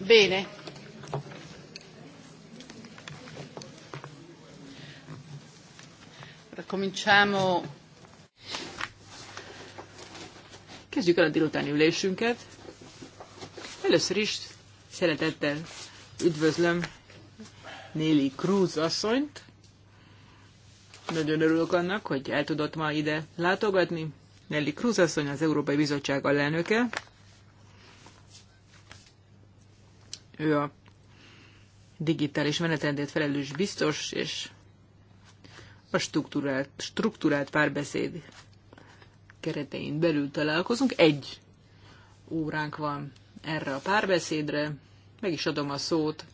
Bene. Cominciamo. Kezdjük el a délutáni ülésünket. Először is szeretettel üdvözlöm Néli Cruz asszonyt. Nagyon örülök annak, hogy el tudott ma ide látogatni. Nelly Cruz asszony az Európai Bizottság alelnöke. Ő a digitális menetrendért felelős biztos, és a struktúrált, struktúrált párbeszéd keretein belül találkozunk. Egy óránk van erre a párbeszédre. Meg is adom a szót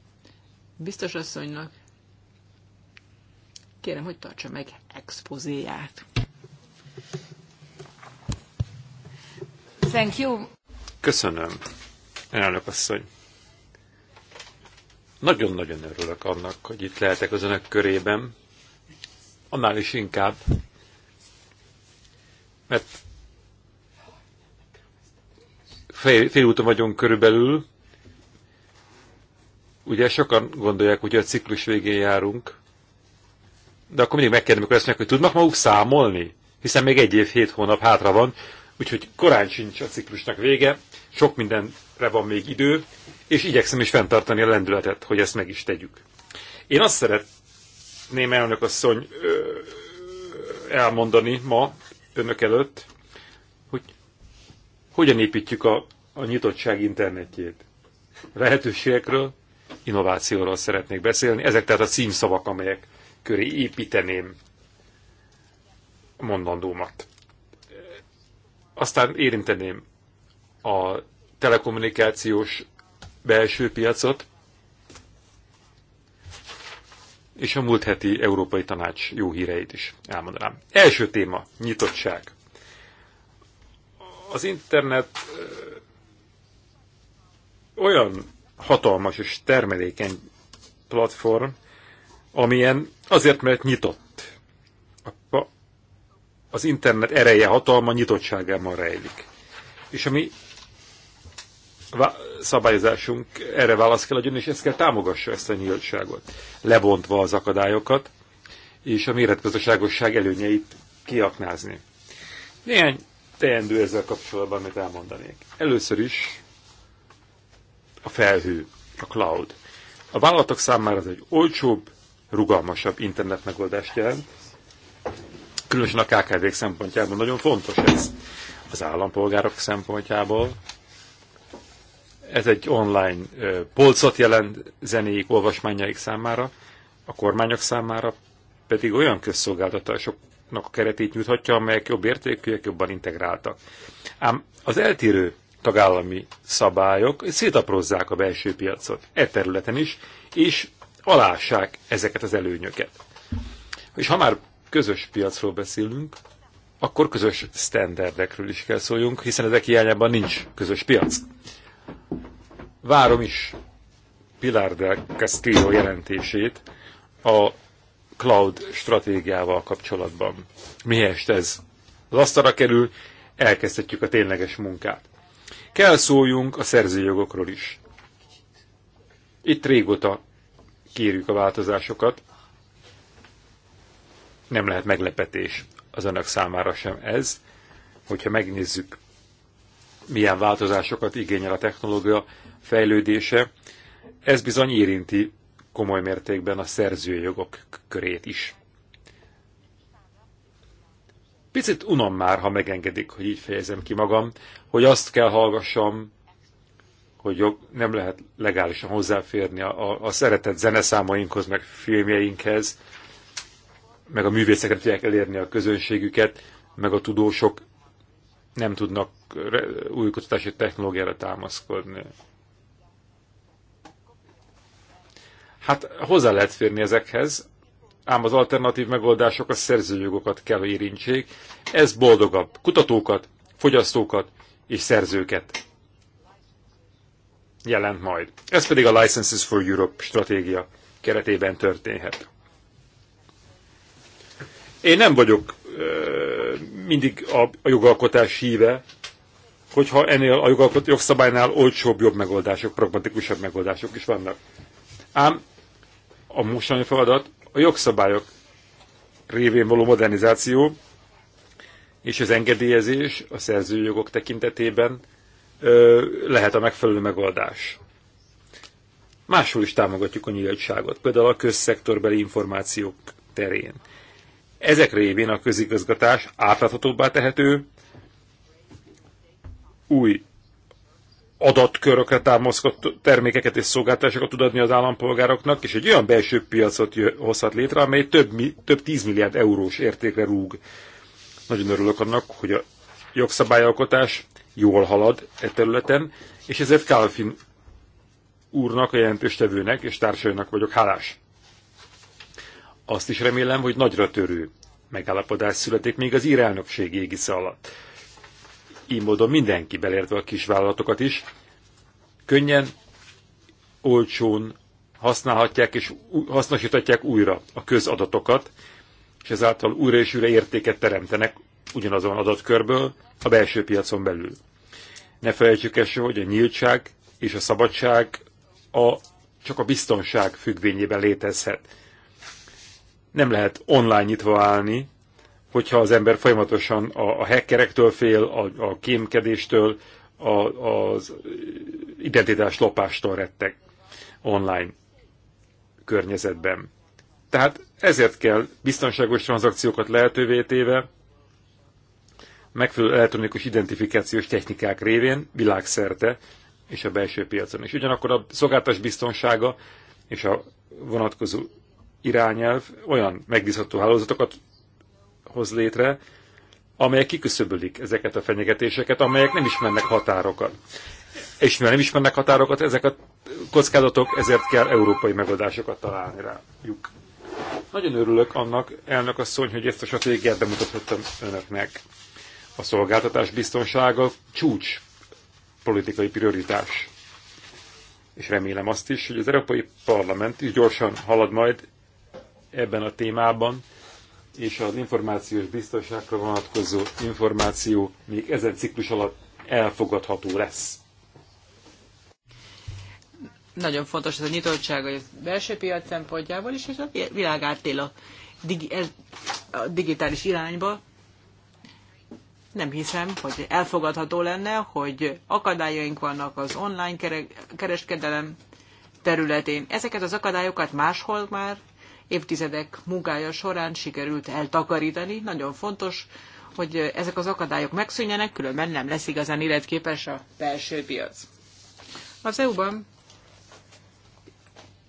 biztos asszonynak. Kérem, hogy tartsa meg expozéját. Thank you. Köszönöm, elnök asszony. Nagyon-nagyon örülök annak, hogy itt lehetek az önök körében, annál is inkább, mert fél, félúton vagyunk körülbelül, ugye sokan gondolják, hogy a ciklus végén járunk, de akkor mindig megkérdem, amikor lesznek, hogy tudnak maguk számolni? Hiszen még egy év, hét hónap hátra van, Úgyhogy korán sincs a ciklusnak vége, sok mindenre van még idő, és igyekszem is fenntartani a lendületet, hogy ezt meg is tegyük. Én azt szeretném elnök asszony elmondani ma önök előtt, hogy hogyan építjük a, a nyitottság internetjét. Lehetőségekről, innovációról szeretnék beszélni. Ezek tehát a címszavak, amelyek köré építeném mondandómat. Aztán érinteném a telekommunikációs belső piacot, és a múlt heti Európai Tanács jó híreit is elmondanám. Első téma, nyitottság. Az internet olyan hatalmas és termelékeny platform, amilyen azért, mert nyitott az internet ereje, hatalma, nyitottságában rejlik. És ami szabályozásunk erre választ kell adjon, és ezt kell támogassa ezt a nyíltságot, lebontva az akadályokat, és a méretgazdaságosság előnyeit kiaknázni. Néhány teendő ezzel kapcsolatban, amit elmondanék. Először is a felhő, a cloud. A vállalatok számára ez egy olcsóbb, rugalmasabb internet megoldást jelent, Különösen a kkv szempontjából nagyon fontos ez az állampolgárok szempontjából. Ez egy online polcot jelent zenéik, olvasmányaik számára, a kormányok számára pedig olyan közszolgáltatásoknak a keretét nyújthatja, amelyek jobb értékűek, jobban integráltak. Ám az eltérő tagállami szabályok szétaprózzák a belső piacot e területen is, és alássák ezeket az előnyöket. És ha már közös piacról beszélünk, akkor közös standardekről is kell szóljunk, hiszen ezek hiányában nincs közös piac. Várom is Pilar del Castillo jelentését a cloud stratégiával kapcsolatban. Mihest ez az asztalra kerül, elkezdhetjük a tényleges munkát. Kell szóljunk a szerzőjogokról is. Itt régóta kérjük a változásokat, nem lehet meglepetés az önök számára sem ez, hogyha megnézzük, milyen változásokat igényel a technológia fejlődése, ez bizony érinti komoly mértékben a szerzőjogok körét is. Picit unom már, ha megengedik, hogy így fejezem ki magam, hogy azt kell hallgassam, hogy jog, nem lehet legálisan hozzáférni a, a, a szeretett zeneszámainkhoz, meg filmjeinkhez, meg a művészekre tudják elérni a közönségüket, meg a tudósok nem tudnak új kutatási technológiára támaszkodni. Hát hozzá lehet férni ezekhez, ám az alternatív megoldások a szerzőjogokat kell érintsék. Ez boldogabb kutatókat, fogyasztókat és szerzőket jelent majd. Ez pedig a Licenses for Europe stratégia keretében történhet. Én nem vagyok mindig a, a jogalkotás híve, hogyha ennél a jogalkot, jogszabálynál olcsóbb, jobb megoldások, pragmatikusabb megoldások is vannak. Ám a mostani feladat a jogszabályok révén való modernizáció és az engedélyezés a szerzőjogok tekintetében ö, lehet a megfelelő megoldás. Máshol is támogatjuk a nyíltságot, például a közszektorbeli információk terén. Ezek révén a közigazgatás átláthatóbbá tehető, új adatkörökre támaszkodott termékeket és szolgáltatásokat tud adni az állampolgároknak, és egy olyan belső piacot hozhat létre, amely több, több 10 milliárd eurós értékre rúg. Nagyon örülök annak, hogy a jogszabályalkotás jól halad e területen, és ezért Calvin úrnak, a jelentéstevőnek és társainak vagyok hálás. Azt is remélem, hogy nagyra törő megállapodás születik még az irányokség égisze alatt. Így módon mindenki, belértve a kisvállalatokat is, könnyen, olcsón használhatják és hasznosíthatják újra a közadatokat, és ezáltal újra és újra értéket teremtenek ugyanazon adatkörből a belső piacon belül. Ne felejtsük el hogy a nyíltság és a szabadság a, csak a biztonság függvényében létezhet nem lehet online nyitva állni, hogyha az ember folyamatosan a, a hackerektől fél, a, a kémkedéstől, a, az identitás lopástól rettek online környezetben. Tehát ezért kell biztonságos tranzakciókat lehetővé téve, megfelelő elektronikus identifikációs technikák révén világszerte és a belső piacon is. Ugyanakkor a szolgáltatás biztonsága és a vonatkozó irányelv olyan megbízható hálózatokat hoz létre, amelyek kiküszöbölik ezeket a fenyegetéseket, amelyek nem ismernek határokat. És mivel nem ismernek határokat, ezek a kockázatok, ezért kell európai megoldásokat találni rájuk. Nagyon örülök annak, elnök asszony, hogy ezt a stratégiát bemutathattam önöknek. A szolgáltatás biztonsága csúcs politikai prioritás. És remélem azt is, hogy az Európai Parlament is gyorsan halad majd ebben a témában, és az információs biztonságra vonatkozó információ még ezen ciklus alatt elfogadható lesz. Nagyon fontos ez a nyitottság a belső piac szempontjából is, és a világ átél a, digi, a digitális irányba. Nem hiszem, hogy elfogadható lenne, hogy akadályaink vannak az online kereskedelem területén. Ezeket az akadályokat máshol már évtizedek munkája során sikerült eltakarítani. Nagyon fontos, hogy ezek az akadályok megszűnjenek, különben nem lesz igazán életképes a belső piac. Az EU-ban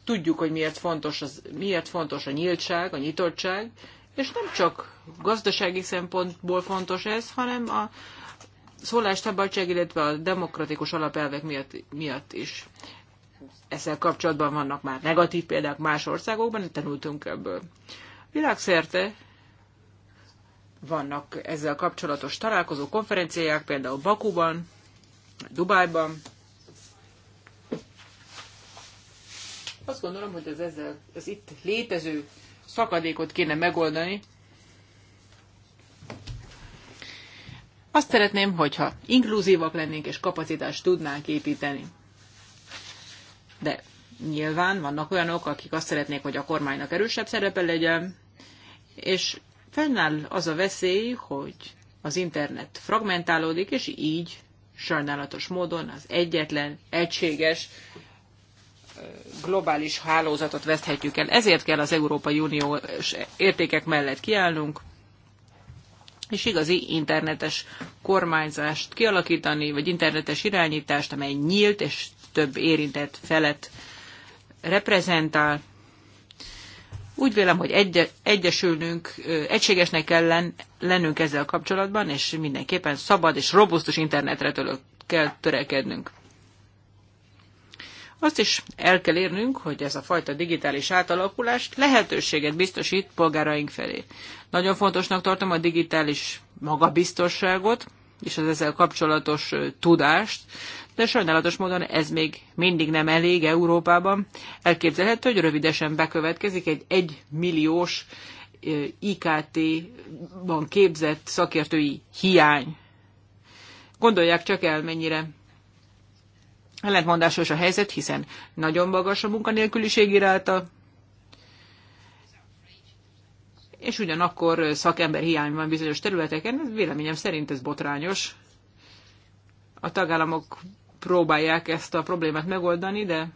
tudjuk, hogy miért fontos, az, miért fontos a nyíltság, a nyitottság, és nem csak gazdasági szempontból fontos ez, hanem a szólásszabadság, illetve a demokratikus alapelvek miatt, miatt is ezzel kapcsolatban vannak már negatív példák más országokban, tanultunk ebből. Világszerte vannak ezzel kapcsolatos találkozó konferenciák, például Bakuban, Dubájban. Azt gondolom, hogy az, ezzel, az itt létező szakadékot kéne megoldani. Azt szeretném, hogyha inkluzívak lennénk és kapacitást tudnánk építeni de nyilván vannak olyanok, akik azt szeretnék, hogy a kormánynak erősebb szerepe legyen, és fennáll az a veszély, hogy az internet fragmentálódik, és így sajnálatos módon az egyetlen egységes globális hálózatot veszthetjük el. Ezért kell az Európai Unió értékek mellett kiállnunk, és igazi internetes kormányzást kialakítani, vagy internetes irányítást, amely nyílt és több érintett felet reprezentál. Úgy vélem, hogy egy, egyesülnünk, egységesnek kell len, lennünk ezzel kapcsolatban, és mindenképpen szabad és robusztus internetre tölök, kell törekednünk. Azt is el kell érnünk, hogy ez a fajta digitális átalakulás lehetőséget biztosít polgáraink felé. Nagyon fontosnak tartom a digitális magabiztosságot és az ezzel kapcsolatos tudást de sajnálatos módon ez még mindig nem elég Európában. Elképzelhető, hogy rövidesen bekövetkezik egy egymilliós eh, IKT-ban képzett szakértői hiány. Gondolják csak el, mennyire ellentmondásos a helyzet, hiszen nagyon magas a munkanélküliség iráta, és ugyanakkor szakember hiány van bizonyos területeken, véleményem szerint ez botrányos. A tagállamok próbálják ezt a problémát megoldani, de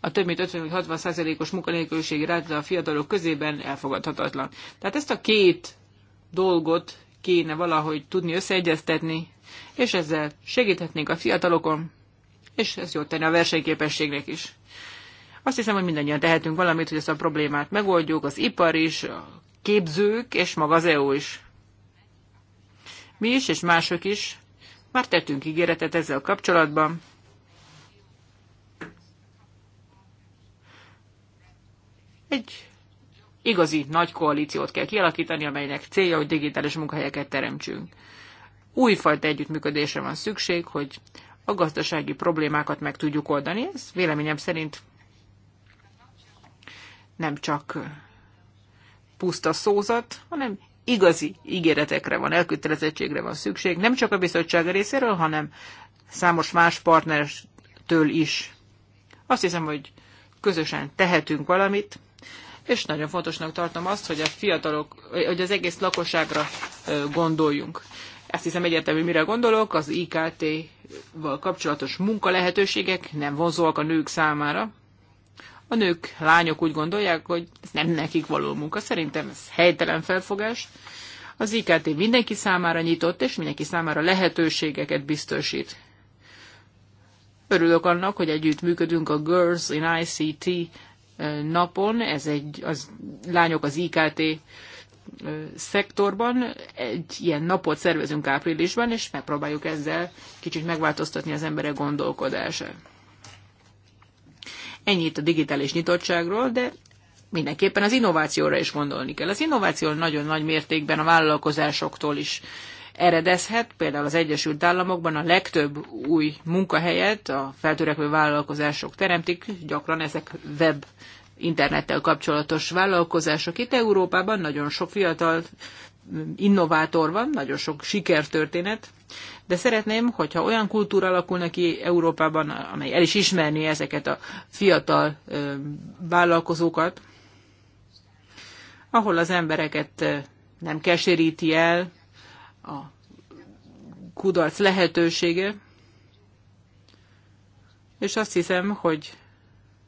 a több mint 50-60%-os munkanélküliségi ráta a fiatalok közében elfogadhatatlan. Tehát ezt a két dolgot kéne valahogy tudni összeegyeztetni, és ezzel segíthetnénk a fiatalokon, és ez jót tenni a versenyképességnek is. Azt hiszem, hogy mindannyian tehetünk valamit, hogy ezt a problémát megoldjuk, az ipar is, a képzők és maga az EU is. Mi is, és mások is már tettünk ígéretet ezzel kapcsolatban. Egy igazi nagy koalíciót kell kialakítani, amelynek célja, hogy digitális munkahelyeket teremtsünk. Újfajta együttműködésre van szükség, hogy a gazdasági problémákat meg tudjuk oldani. Ez véleményem szerint nem csak puszta szózat, hanem igazi ígéretekre van, elkötelezettségre van szükség, nem csak a bizottság részéről, hanem számos más partnertől is. Azt hiszem, hogy közösen tehetünk valamit, és nagyon fontosnak tartom azt, hogy a fiatalok, hogy az egész lakosságra gondoljunk. Ezt hiszem egyértelmű, mire gondolok, az IKT-val kapcsolatos munkalehetőségek nem vonzóak a nők számára. A nők, lányok úgy gondolják, hogy ez nem nekik való munka. Szerintem ez helytelen felfogás. Az IKT mindenki számára nyitott, és mindenki számára lehetőségeket biztosít. Örülök annak, hogy együtt működünk a Girls in ICT eh, napon, ez egy, az lányok az IKT eh, szektorban. Egy ilyen napot szervezünk áprilisban, és megpróbáljuk ezzel kicsit megváltoztatni az emberek gondolkodását. Ennyit a digitális nyitottságról, de mindenképpen az innovációra is gondolni kell. Az innováció nagyon nagy mértékben a vállalkozásoktól is eredezhet, például az Egyesült Államokban a legtöbb új munkahelyet a feltörekvő vállalkozások teremtik, gyakran ezek web internettel kapcsolatos vállalkozások. Itt Európában nagyon sok fiatal innovátor van, nagyon sok sikertörténet, de szeretném, hogyha olyan kultúra alakul neki Európában, amely el is ismerni ezeket a fiatal vállalkozókat, ahol az embereket nem keseríti el a kudarc lehetősége, és azt hiszem, hogy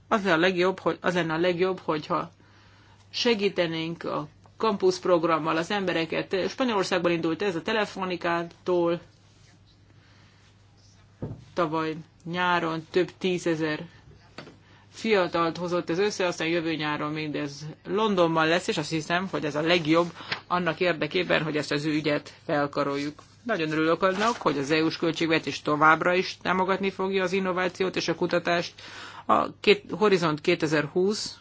az, a legjobb, hogy az lenne a legjobb, hogyha segítenénk a kampusz programmal az embereket. Spanyolországban indult ez a telefonikától. Tavaly nyáron több tízezer fiatalt hozott ez össze, aztán jövő nyáron mindez Londonban lesz, és azt hiszem, hogy ez a legjobb annak érdekében, hogy ezt az ügyet felkaroljuk. Nagyon örülök annak, hogy az EU-s költségvetés továbbra is támogatni fogja az innovációt és a kutatást. A két, Horizont 2020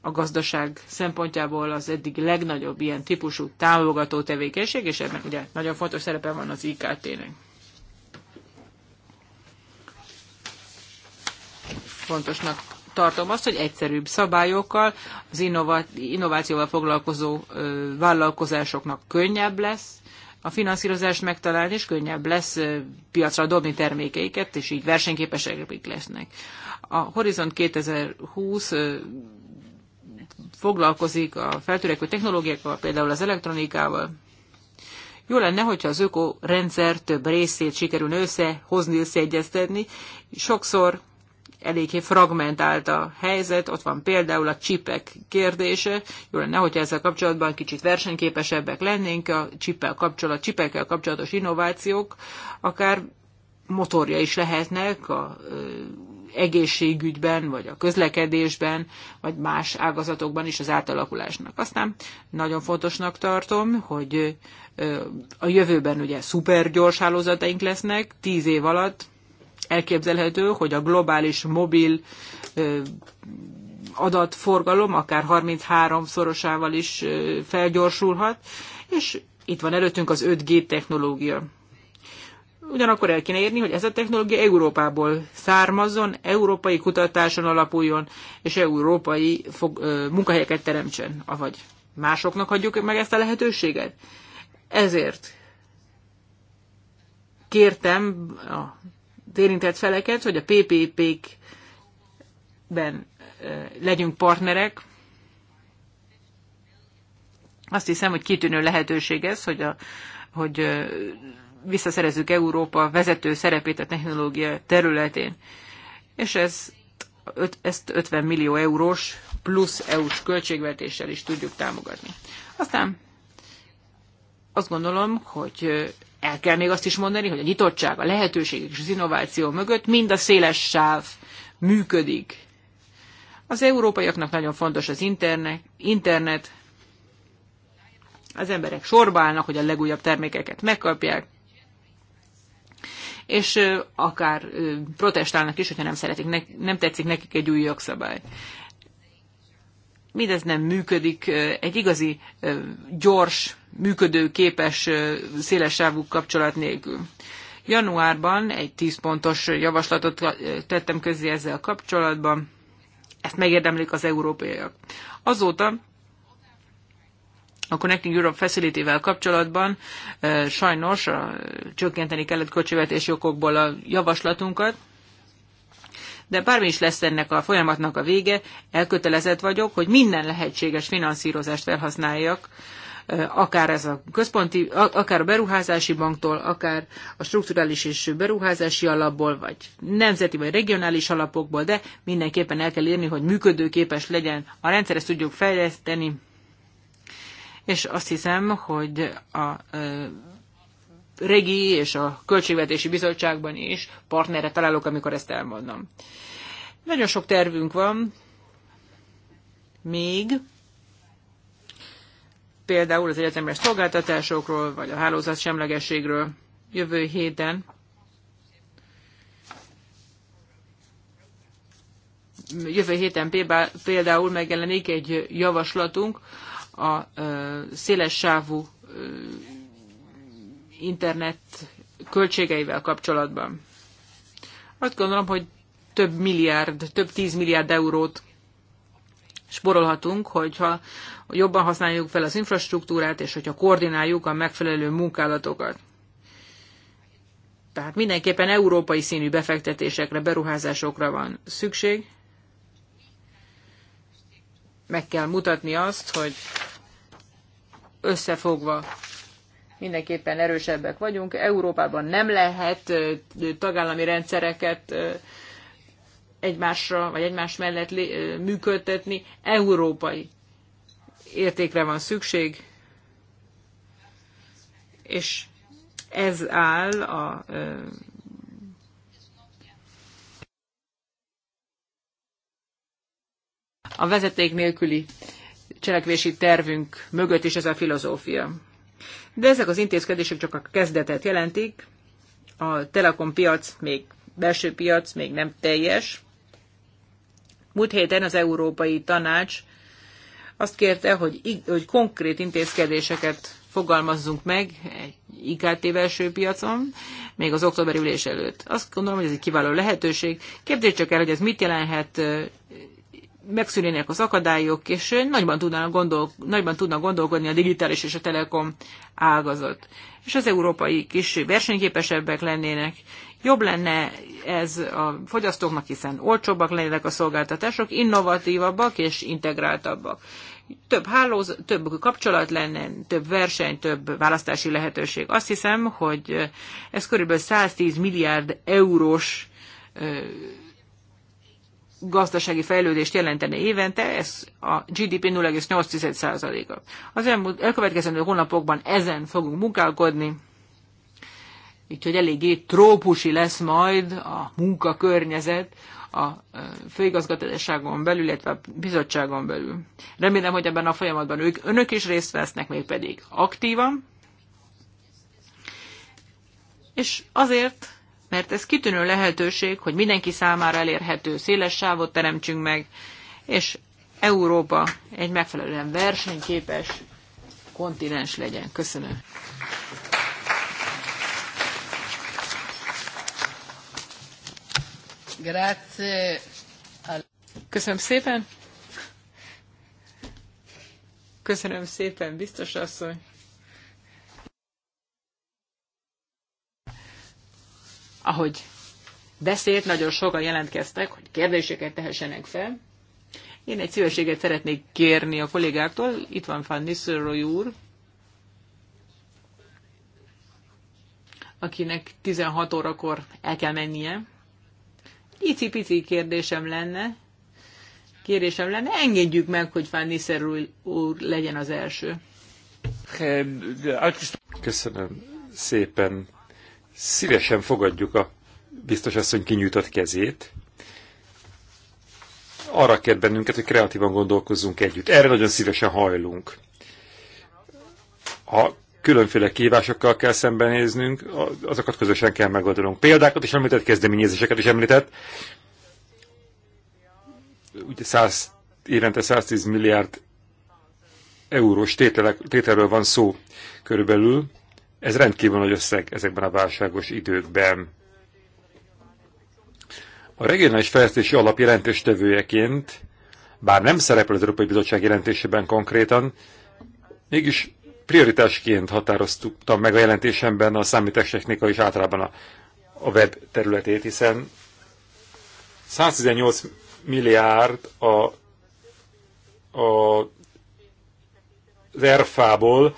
a gazdaság szempontjából az eddig legnagyobb ilyen típusú támogató tevékenység, és ennek ugye nagyon fontos szerepe van az IKT-nek. Fontosnak tartom azt, hogy egyszerűbb szabályokkal az innovációval foglalkozó vállalkozásoknak könnyebb lesz a finanszírozást megtalálni, és könnyebb lesz piacra dobni termékeiket, és így versenyképesek lesznek. A Horizont 2020 foglalkozik a feltörekvő technológiákkal, például az elektronikával. Jó lenne, hogyha az ökorendszer több részét sikerülne összehozni, összeegyeztetni. Sokszor eléggé fragmentált a helyzet, ott van például a csipek kérdése, jó lenne, hogyha ezzel kapcsolatban kicsit versenyképesebbek lennénk, a csipel kapcsolat, csipekkel kapcsolatos innovációk akár motorja is lehetnek a egészségügyben, vagy a közlekedésben, vagy más ágazatokban is az átalakulásnak. Aztán nagyon fontosnak tartom, hogy a jövőben ugye szupergyors hálózataink lesznek, tíz év alatt elképzelhető, hogy a globális mobil adatforgalom akár 33 szorosával is felgyorsulhat, és itt van előttünk az 5G technológia ugyanakkor el kéne érni, hogy ez a technológia Európából származzon, európai kutatáson alapuljon, és európai fog, ö, munkahelyeket teremtsen, avagy másoknak hagyjuk meg ezt a lehetőséget. Ezért kértem a érintett feleket, hogy a PPP-kben legyünk partnerek. Azt hiszem, hogy kitűnő lehetőség ez, hogy, a, hogy visszaszerezzük Európa vezető szerepét a technológia területén. És ez, ezt 50 millió eurós plusz EU-s költségvetéssel is tudjuk támogatni. Aztán azt gondolom, hogy el kell még azt is mondani, hogy a nyitottság, a lehetőség és az innováció mögött mind a széles sáv működik. Az európaiaknak nagyon fontos az internet, internet az emberek sorbálnak, hogy a legújabb termékeket megkapják, és akár protestálnak is, hogyha nem szeretik, nem tetszik nekik egy új jogszabály. Mindez nem működik. Egy igazi, gyors, működő képes szélesávú kapcsolat nélkül. Januárban egy tíz pontos javaslatot tettem közé ezzel a kapcsolatban. Ezt megérdemlik az európaiak. Azóta a Connecting Europe Facility-vel kapcsolatban sajnos a, csökkenteni kellett költségvetési okokból a javaslatunkat, de bármi is lesz ennek a folyamatnak a vége, elkötelezett vagyok, hogy minden lehetséges finanszírozást felhasználjak, akár ez a központi, akár a beruházási banktól, akár a strukturális és beruházási alapból, vagy nemzeti vagy regionális alapokból, de mindenképpen el kell érni, hogy működőképes legyen a rendszer, ezt tudjuk fejleszteni, és azt hiszem, hogy a regi és a költségvetési bizottságban is partnerre találok, amikor ezt elmondom. Nagyon sok tervünk van, még például az egyetemes szolgáltatásokról, vagy a hálózat semlegességről jövő héten jövő héten például megjelenik egy javaslatunk a széles sávú internet költségeivel kapcsolatban. Azt gondolom, hogy több milliárd, több tíz milliárd eurót sporolhatunk, hogyha jobban használjuk fel az infrastruktúrát, és hogyha koordináljuk a megfelelő munkálatokat. Tehát mindenképpen európai színű befektetésekre, beruházásokra van szükség meg kell mutatni azt, hogy összefogva mindenképpen erősebbek vagyunk. Európában nem lehet tagállami rendszereket egymásra vagy egymás mellett működtetni. Európai értékre van szükség, és ez áll a A vezeték nélküli cselekvési tervünk mögött is ez a filozófia. De ezek az intézkedések csak a kezdetet jelentik. A telekom piac még belső piac még nem teljes. Múlt héten az Európai Tanács azt kérte, hogy, hogy konkrét intézkedéseket fogalmazzunk meg egy IKT belső piacon, még az októberi ülés előtt. Azt gondolom, hogy ez egy kiváló lehetőség. Képzeljük csak el, hogy ez mit jelenthet megszűnének az akadályok, és nagyban tudna, gondol, nagyban tudna gondolkodni a digitális és a telekom ágazat. És az európai kis versenyképesebbek lennének, jobb lenne ez a fogyasztóknak, hiszen olcsóbbak lennének a szolgáltatások, innovatívabbak és integráltabbak. Több hálóz, több kapcsolat lenne, több verseny, több választási lehetőség. Azt hiszem, hogy ez körülbelül 110 milliárd eurós gazdasági fejlődést jelentene évente, ez a GDP 0,8%-a. Az elmúlt, elkövetkezendő hónapokban ezen fogunk munkálkodni, úgyhogy eléggé trópusi lesz majd a munkakörnyezet a főigazgatóságon belül, illetve a bizottságon belül. Remélem, hogy ebben a folyamatban ők, önök is részt vesznek, mégpedig aktívan, és azért mert ez kitűnő lehetőség, hogy mindenki számára elérhető széles sávot teremtsünk meg, és Európa egy megfelelően versenyképes kontinens legyen. Köszönöm. Grazie. Köszönöm szépen. Köszönöm szépen, biztos asszony. Ahogy beszélt, nagyon sokan jelentkeztek, hogy kérdéseket tehessenek fel. Én egy szívességet szeretnék kérni a kollégáktól. Itt van Van Nisselrooy úr, akinek 16 órakor el kell mennie. Icipici kérdésem lenne, kérdésem lenne, engedjük meg, hogy Van Nisselrooy úr legyen az első. Köszönöm szépen Szívesen fogadjuk a biztos asszony kinyújtott kezét. Arra kér bennünket, hogy kreatívan gondolkozzunk együtt. Erre nagyon szívesen hajlunk. Ha különféle kívásokkal kell szembenéznünk, azokat közösen kell megoldanunk. Példákat is említett, kezdeményezéseket is említett. Ugye 100, évente 110 milliárd eurós tételek, tételről van szó körülbelül. Ez rendkívül nagy összeg ezekben a válságos időkben. A regionális fejlesztési alap jelentéstevőjeként, bár nem szerepel az Európai Bizottság jelentésében konkrétan, mégis prioritásként határoztam meg a jelentésemben a számítástechnika és általában a, a web területét, hiszen 118 milliárd a, a, az ERFA-ból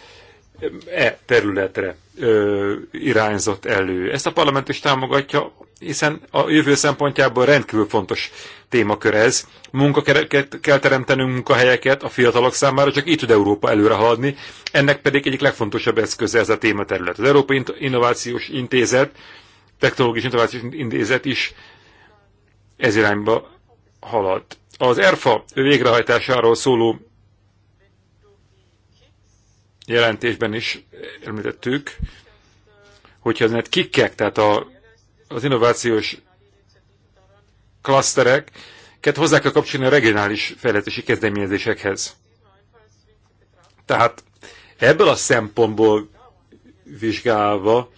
e területre ö, irányzott elő. Ezt a parlament is támogatja, hiszen a jövő szempontjából rendkívül fontos témakör ez. Munkakeret kell teremtenünk munkahelyeket a fiatalok számára, csak így tud Európa előre haladni. Ennek pedig egyik legfontosabb eszköze ez a tématerület. Az Európai Innovációs Intézet, Technológiai Innovációs Intézet is ez irányba halad. Az ERFA végrehajtásáról szóló jelentésben is említettük, hogyha ezeket kikkek, tehát a, az innovációs klasztereket hozzá kell kapcsolni a regionális fejlesztési kezdeményezésekhez. Tehát ebből a szempontból vizsgálva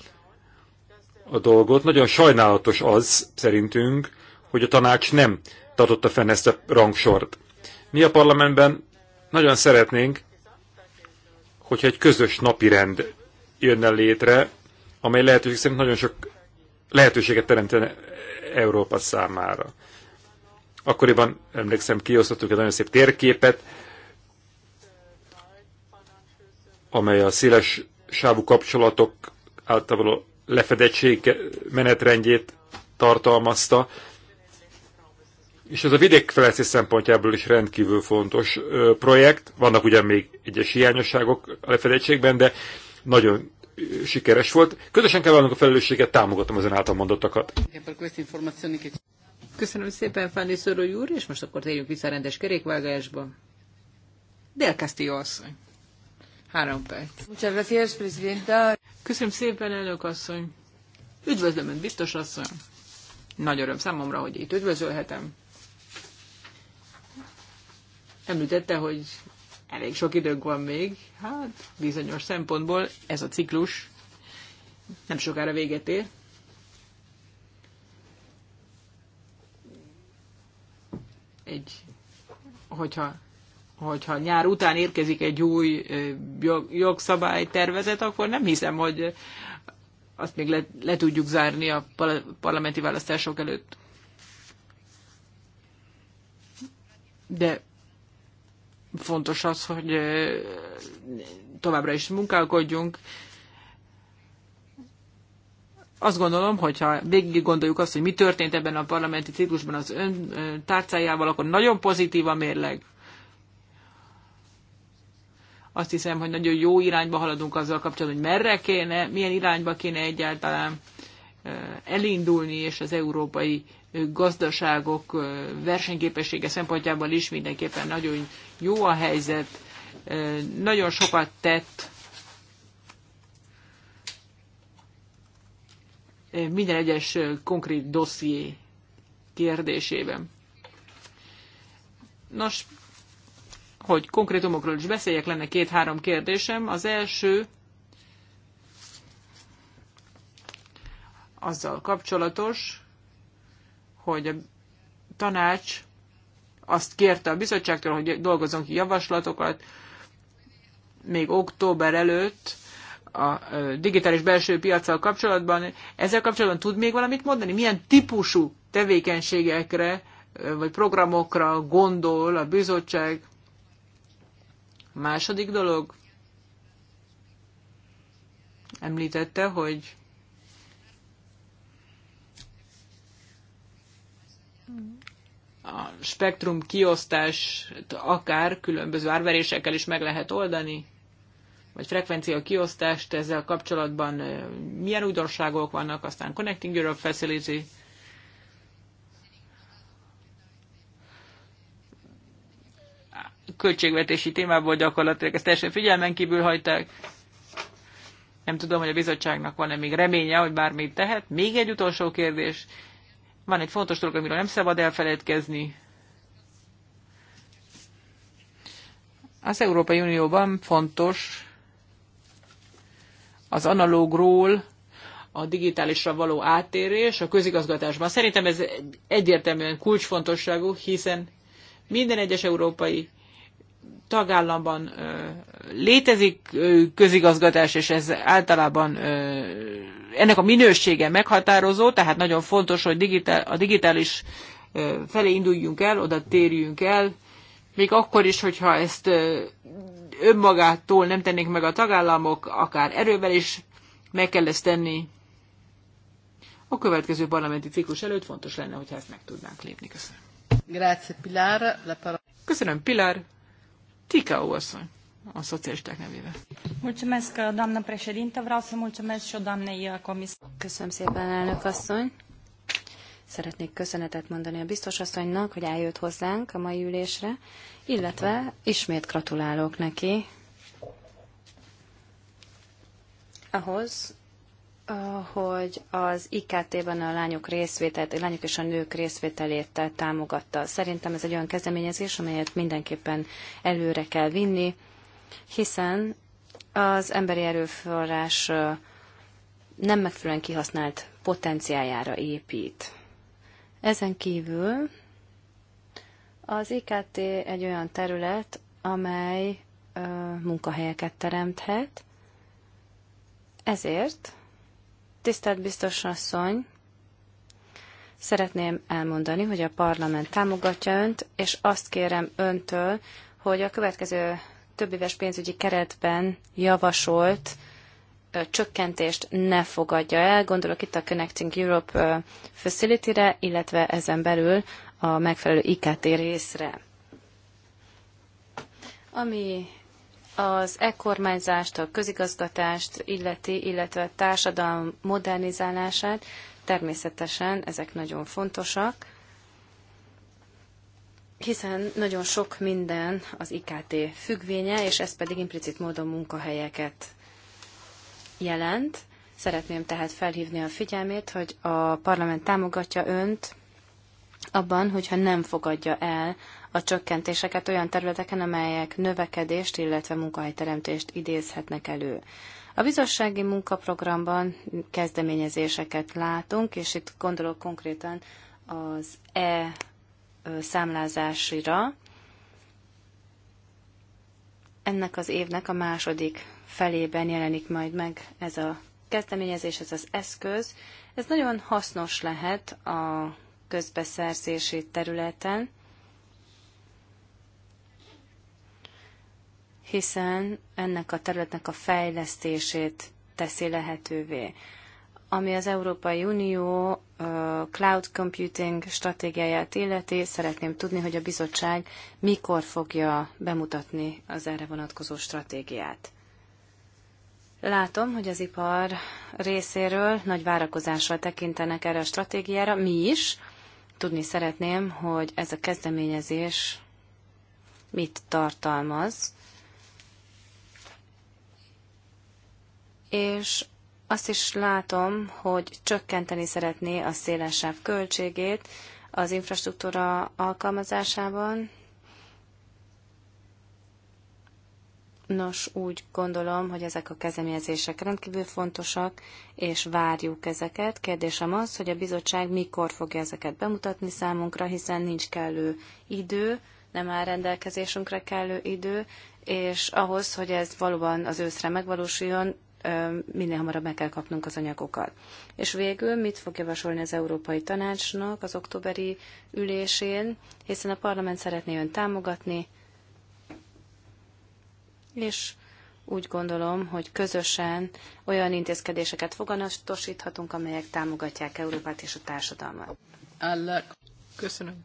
a dolgot, nagyon sajnálatos az szerintünk, hogy a tanács nem tartotta fenn ezt a rangsort. Mi a parlamentben nagyon szeretnénk, hogyha egy közös napirend jönne létre, amely lehetőség szerint nagyon sok lehetőséget teremtene Európa számára. Akkoriban, emlékszem, kiosztottuk egy nagyon szép térképet, amely a széles sávú kapcsolatok általában lefedettség menetrendjét tartalmazta, és ez a vidékfejlesztés szempontjából is rendkívül fontos projekt. Vannak ugyan még egyes hiányosságok a lefedettségben, de nagyon sikeres volt. Közösen kell vállalnunk a felelősséget, támogatom ezen által mondottakat. Köszönöm szépen, Fándi Szoró úr, és most akkor térjünk vissza a rendes kerékvágásba. Del Castillo asszony. Három perc. Köszönöm szépen, elnök asszony. Üdvözlöm, biztos asszony. Nagy öröm számomra, hogy itt üdvözölhetem. Említette, hogy elég sok időnk van még, hát bizonyos szempontból ez a ciklus nem sokára véget ér. Egy, hogyha, hogyha nyár után érkezik egy új jog, jogszabálytervezet, akkor nem hiszem, hogy azt még le, le tudjuk zárni a parlamenti választások előtt. De fontos az, hogy továbbra is munkálkodjunk. Azt gondolom, hogyha végig gondoljuk azt, hogy mi történt ebben a parlamenti ciklusban az ön tárcájával, akkor nagyon pozitív a mérleg. Azt hiszem, hogy nagyon jó irányba haladunk azzal kapcsolatban, hogy merre kéne, milyen irányba kéne egyáltalán elindulni, és az európai gazdaságok versenyképessége szempontjából is mindenképpen nagyon jó a helyzet, nagyon sokat tett minden egyes konkrét dosszié kérdésében. Nos, hogy konkrétumokról is beszéljek, lenne két-három kérdésem. Az első azzal kapcsolatos, hogy a tanács azt kérte a bizottságtól, hogy dolgozzon ki javaslatokat még október előtt a digitális belső piacsal kapcsolatban. Ezzel kapcsolatban tud még valamit mondani? Milyen típusú tevékenységekre vagy programokra gondol a bizottság? Második dolog, említette, hogy a spektrum kiosztást akár különböző árverésekkel is meg lehet oldani, vagy frekvencia kiosztást ezzel kapcsolatban milyen újdonságok vannak, aztán Connecting Europe Facility, költségvetési témából gyakorlatilag ezt teljesen figyelmen kívül hagyták. Nem tudom, hogy a bizottságnak van-e még reménye, hogy bármit tehet. Még egy utolsó kérdés. Van egy fontos dolog, amiről nem szabad elfeledkezni. Az Európai Unióban fontos az analógról a digitálisra való áttérés a közigazgatásban. Szerintem ez egyértelműen kulcsfontosságú, hiszen minden egyes európai tagállamban létezik közigazgatás, és ez általában ennek a minősége meghatározó, tehát nagyon fontos, hogy digitál, a digitális felé induljunk el, oda térjünk el, még akkor is, hogyha ezt önmagától nem tennék meg a tagállamok, akár erővel is meg kell ezt tenni. A következő parlamenti ciklus előtt fontos lenne, hogyha ezt meg tudnánk lépni. Köszönöm. Grazie, Pilar. Köszönöm, Pilar. Ticau asszony, a szocialisták nevével. Mulțumesc, președintă. Vreau să mulțumesc și doamnei comisar. Köszönöm szépen, elnök asszony. Szeretnék köszönetet mondani a biztos asszonynak, hogy eljött hozzánk a mai ülésre, illetve ismét gratulálok neki ahhoz, hogy az IKT-ben a lányok részvételt, a lányok és a nők részvételét támogatta. Szerintem ez egy olyan kezdeményezés, amelyet mindenképpen előre kell vinni, hiszen az emberi erőforrás nem megfelelően kihasznált potenciájára épít. Ezen kívül az IKT egy olyan terület, amely munkahelyeket teremthet, ezért Tisztelt biztos asszony, szeretném elmondani, hogy a parlament támogatja önt, és azt kérem öntől, hogy a következő többéves pénzügyi keretben javasolt csökkentést ne fogadja el. Gondolok itt a Connecting Europe Facility-re, illetve ezen belül a megfelelő IKT részre. Ami az e-kormányzást, a közigazgatást illeti, illetve a társadalom modernizálását, természetesen ezek nagyon fontosak, hiszen nagyon sok minden az IKT függvénye, és ez pedig implicit módon munkahelyeket jelent. Szeretném tehát felhívni a figyelmét, hogy a parlament támogatja önt abban, hogyha nem fogadja el a csökkentéseket olyan területeken, amelyek növekedést, illetve munkahelyteremtést idézhetnek elő. A bizottsági munkaprogramban kezdeményezéseket látunk, és itt gondolok konkrétan az E számlázásira. Ennek az évnek a második felében jelenik majd meg ez a kezdeményezés, ez az eszköz. Ez nagyon hasznos lehet a közbeszerzési területen, hiszen ennek a területnek a fejlesztését teszi lehetővé. Ami az Európai Unió cloud computing stratégiáját illeti, szeretném tudni, hogy a bizottság mikor fogja bemutatni az erre vonatkozó stratégiát. Látom, hogy az ipar részéről nagy várakozással tekintenek erre a stratégiára, mi is, Tudni szeretném, hogy ez a kezdeményezés mit tartalmaz, és azt is látom, hogy csökkenteni szeretné a szélesebb költségét az infrastruktúra alkalmazásában, Nos, úgy gondolom, hogy ezek a kezemjelzések rendkívül fontosak, és várjuk ezeket. Kérdésem az, hogy a bizottság mikor fogja ezeket bemutatni számunkra, hiszen nincs kellő idő, nem áll rendelkezésünkre kellő idő, és ahhoz, hogy ez valóban az őszre megvalósuljon, minél hamarabb meg kell kapnunk az anyagokat. És végül mit fog javasolni az Európai Tanácsnak az októberi ülésén, hiszen a parlament szeretné ön támogatni, és úgy gondolom, hogy közösen olyan intézkedéseket foganatosíthatunk, amelyek támogatják Európát és a társadalmat. Állak. Köszönöm.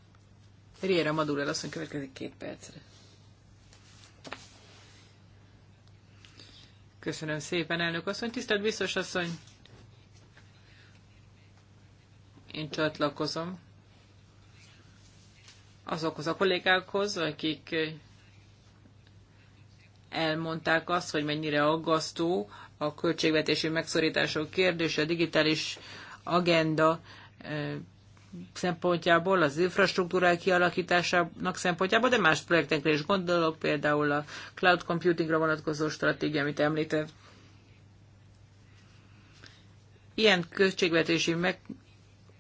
Riera Maduro asszony következik két percre. Köszönöm szépen, elnök asszony. Tisztelt biztos asszony! Én csatlakozom azokhoz a kollégákhoz, akik elmondták azt, hogy mennyire aggasztó a költségvetési megszorítások kérdése, a digitális agenda eh, szempontjából, az infrastruktúrák kialakításának szempontjából, de más projektekre is gondolok, például a cloud computingra vonatkozó stratégia, amit említett. Ilyen költségvetési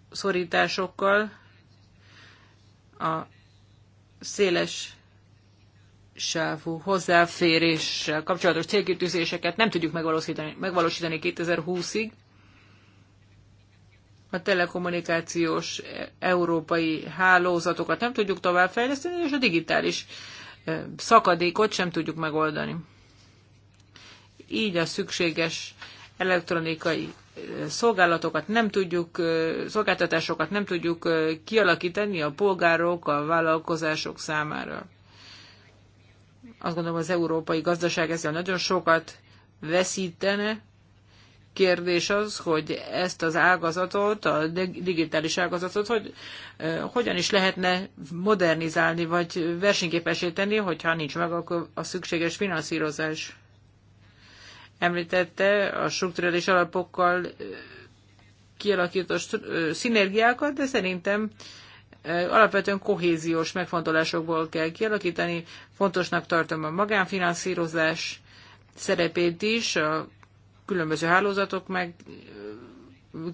megszorításokkal a széles sávú hozzáféréssel kapcsolatos célkitűzéseket nem tudjuk megvalósítani, megvalósítani 2020-ig. A telekommunikációs e, európai hálózatokat nem tudjuk továbbfejleszteni, és a digitális e, szakadékot sem tudjuk megoldani. Így a szükséges elektronikai e, szolgálatokat nem tudjuk, szolgáltatásokat nem tudjuk kialakítani a polgárok, a vállalkozások számára. Azt gondolom az európai gazdaság ezzel nagyon sokat veszítene. Kérdés az, hogy ezt az ágazatot, a digitális ágazatot, hogy hogyan is lehetne modernizálni, vagy versenyképesíteni, hogyha nincs meg a szükséges finanszírozás. Említette a strukturális alapokkal kialakított szinergiákat, de szerintem alapvetően kohéziós megfontolásokból kell kialakítani. Fontosnak tartom a magánfinanszírozás szerepét is, a különböző hálózatok meg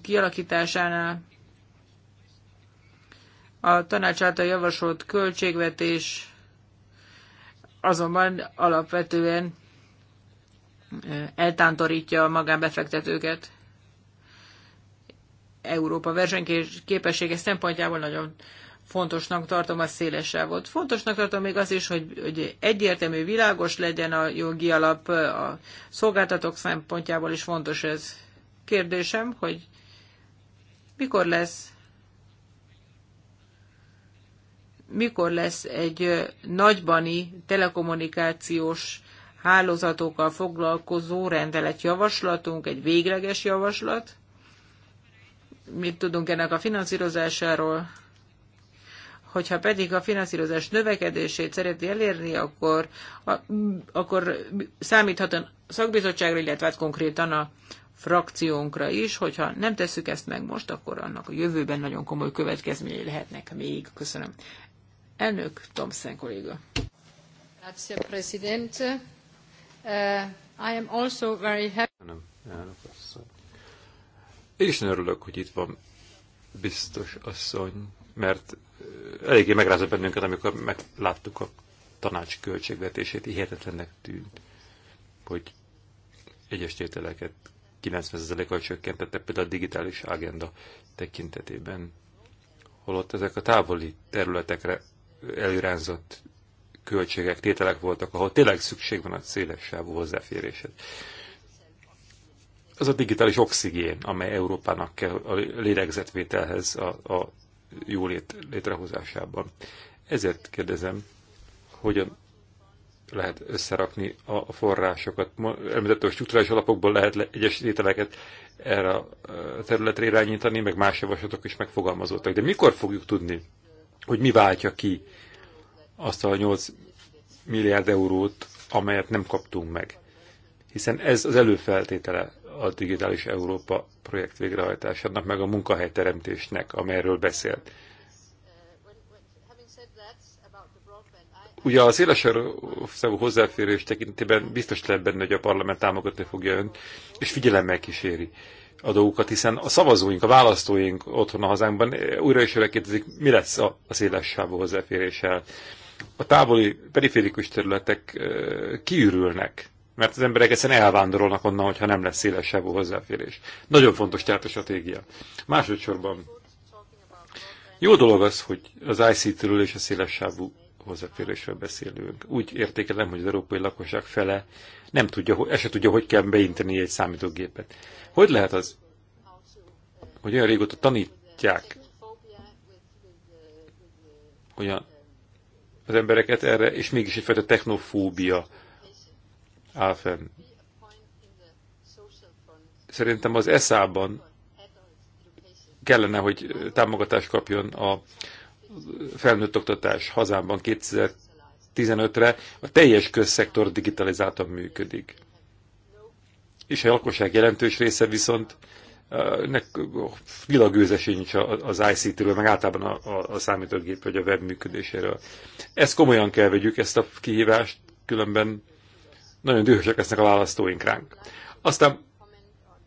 kialakításánál. A tanács által javasolt költségvetés azonban alapvetően eltántorítja a magánbefektetőket. Európa versenyképessége szempontjából nagyon fontosnak tartom a széles sávot. Fontosnak tartom még az is, hogy, hogy egyértelmű, világos legyen a jogi alap, a szolgáltatók szempontjából is fontos ez. Kérdésem, hogy mikor lesz mikor lesz egy nagybani telekommunikációs hálózatokkal foglalkozó rendelet javaslatunk, egy végleges javaslat? Mit tudunk ennek a finanszírozásáról? Hogyha pedig a finanszírozás növekedését szereti elérni, akkor, a, akkor számíthat a szakbizottságra, illetve hát konkrétan a frakciónkra is, hogyha nem tesszük ezt meg most, akkor annak a jövőben nagyon komoly következményei lehetnek még. Köszönöm. Elnök Tomszen kolléga. Grazie, Presidente. Uh, I am also very happy. Nem, elnök asszony. Én is örülök, hogy itt van biztos asszony, mert eléggé megrázott bennünket, amikor megláttuk a tanács költségvetését, hihetetlennek tűnt, hogy egyes tételeket 90%-kal csökkentette, például a digitális agenda tekintetében, holott ezek a távoli területekre előránzott költségek, tételek voltak, ahol tényleg szükség van a széles sávú hozzáférésed. Az a digitális oxigén, amely Európának kell a lélegzetvételhez, a, a jólét létrehozásában. Ezért kérdezem, hogyan lehet összerakni a forrásokat. Említett, hogy struktúrális alapokból lehet egyes ételeket erre a területre irányítani, meg más javaslatok is megfogalmazottak. De mikor fogjuk tudni, hogy mi váltja ki azt a 8 milliárd eurót, amelyet nem kaptunk meg? Hiszen ez az előfeltétele a Digitális Európa projekt végrehajtásának, meg a munkahelyteremtésnek, amelyről beszélt. Ugye a szavú hozzáférés tekintében biztos lehet benne, hogy a parlament támogatni fogja önt, és figyelemmel kíséri a dolgokat, hiszen a szavazóink, a választóink otthon a hazánkban újra is újra kérdezik, mi lesz a széles sávú hozzáféréssel. A távoli periférikus területek kiürülnek mert az emberek egyszerűen elvándorolnak onnan, hogyha nem lesz sávú hozzáférés. Nagyon fontos tehát a stratégia. Másodszorban jó dolog az, hogy az ICT-ről és a sávú hozzáférésről beszélünk. Úgy értékelem, hogy az európai lakosság fele nem tudja, el se tudja, hogy kell beinteni egy számítógépet. Hogy lehet az, hogy olyan régóta tanítják olyan az embereket erre, és mégis egyfajta technofóbia áll fenn. Szerintem az ESZÁ-ban kellene, hogy támogatást kapjon a felnőtt oktatás hazámban 2015-re. A teljes közszektor digitalizáltan működik. És a lakosság jelentős része viszont eh, nek oh, világőze sincs az ICT-ről, meg általában a, a, a számítógép vagy a web működéséről. Ezt komolyan kell vegyük, ezt a kihívást, különben nagyon dühösek lesznek a választóink ránk. Aztán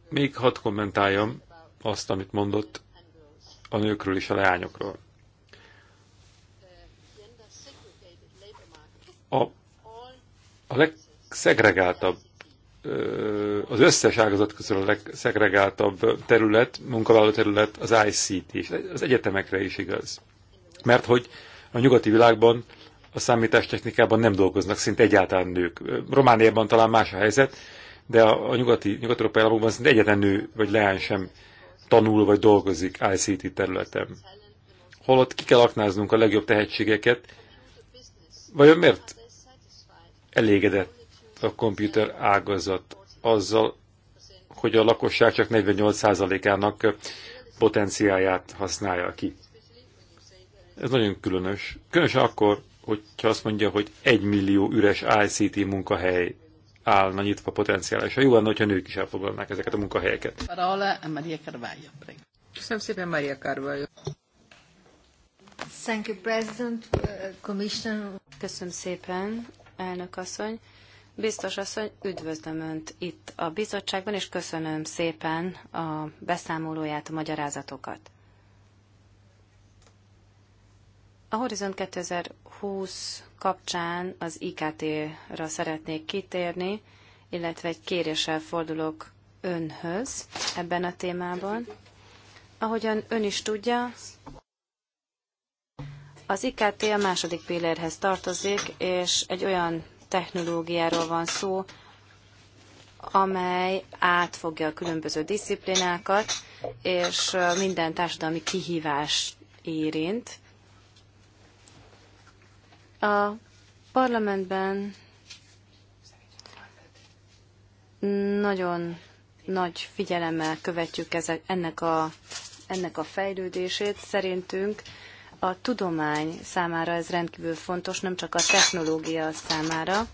még hat kommentáljam azt, amit mondott a nőkről és a leányokról. A, a legszegregáltabb, az összes ágazat közül a legszegregáltabb terület, munkavállaló terület az ICT, és az egyetemekre is igaz. Mert hogy a nyugati világban a számítástechnikában nem dolgoznak szinte egyáltalán nők. Romániában talán más a helyzet, de a, a nyugati, nyugat-európai államokban szinte egyetlen nő vagy leány sem tanul vagy dolgozik ICT területen. Holott ki kell aknáznunk a legjobb tehetségeket, vagy miért elégedett a komputer ágazat azzal, hogy a lakosság csak 48%-ának potenciáját használja ki. Ez nagyon különös. Különösen akkor, hogyha azt mondja, hogy egy millió üres ICT munkahely állna nyitva potenciálisan. Jó lenne, hogyha nők is elfoglalnák ezeket a munkahelyeket. Maria Köszönöm szépen, Maria Carvalho. Thank you, President, uh, Commissioner. Köszönöm szépen, elnök asszony. Biztos asszony, üdvözlöm Önt itt a bizottságban, és köszönöm szépen a beszámolóját, a magyarázatokat. A Horizont 2020 kapcsán az IKT-ra szeretnék kitérni, illetve egy kéréssel fordulok önhöz ebben a témában. Ahogyan ön is tudja, az IKT a második pillérhez tartozik, és egy olyan technológiáról van szó, amely átfogja a különböző disziplinákat, és minden társadalmi kihívást érint. A parlamentben nagyon nagy figyelemmel követjük ezek, ennek, a, ennek a fejlődését. Szerintünk a tudomány számára ez rendkívül fontos, nem csak a technológia számára.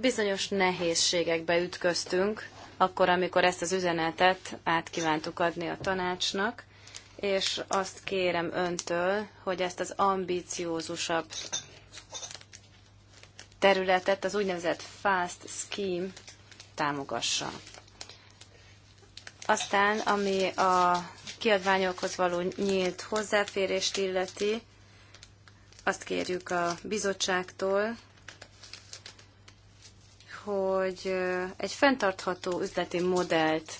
Bizonyos nehézségekbe ütköztünk akkor, amikor ezt az üzenetet át kívántuk adni a tanácsnak, és azt kérem öntől, hogy ezt az ambíciózusabb területet, az úgynevezett Fast Scheme támogassa. Aztán, ami a kiadványokhoz való nyílt hozzáférést illeti, azt kérjük a bizottságtól, hogy egy fenntartható üzleti modellt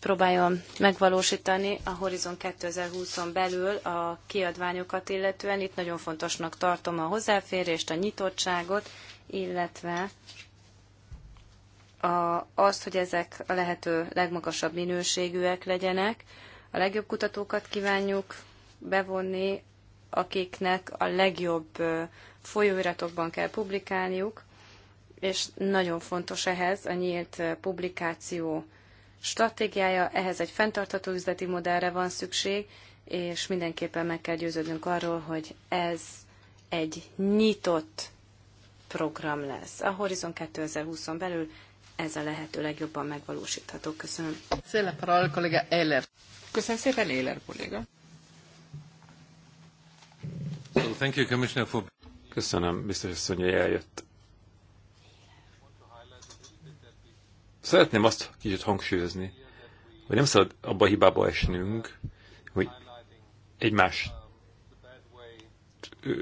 próbáljon megvalósítani a Horizon 2020-on belül a kiadványokat illetően. Itt nagyon fontosnak tartom a hozzáférést, a nyitottságot, illetve a, azt, hogy ezek a lehető legmagasabb minőségűek legyenek. A legjobb kutatókat kívánjuk bevonni, akiknek a legjobb folyóiratokban kell publikálniuk, és nagyon fontos ehhez a nyílt eh, publikáció stratégiája, ehhez egy fenntartható üzleti modellre van szükség, és mindenképpen meg kell győződnünk arról, hogy ez egy nyitott program lesz. A Horizon 2020-on belül ez a lehető legjobban megvalósítható. Köszönöm. Széle parol, kolléga Eller. Köszönöm szépen, Eller kolléga. So, thank you, Commissioner, for... Köszönöm, biztos hogy eljött Szeretném azt kicsit hangsúlyozni, hogy nem szabad abba a hibába esnünk, hogy egymást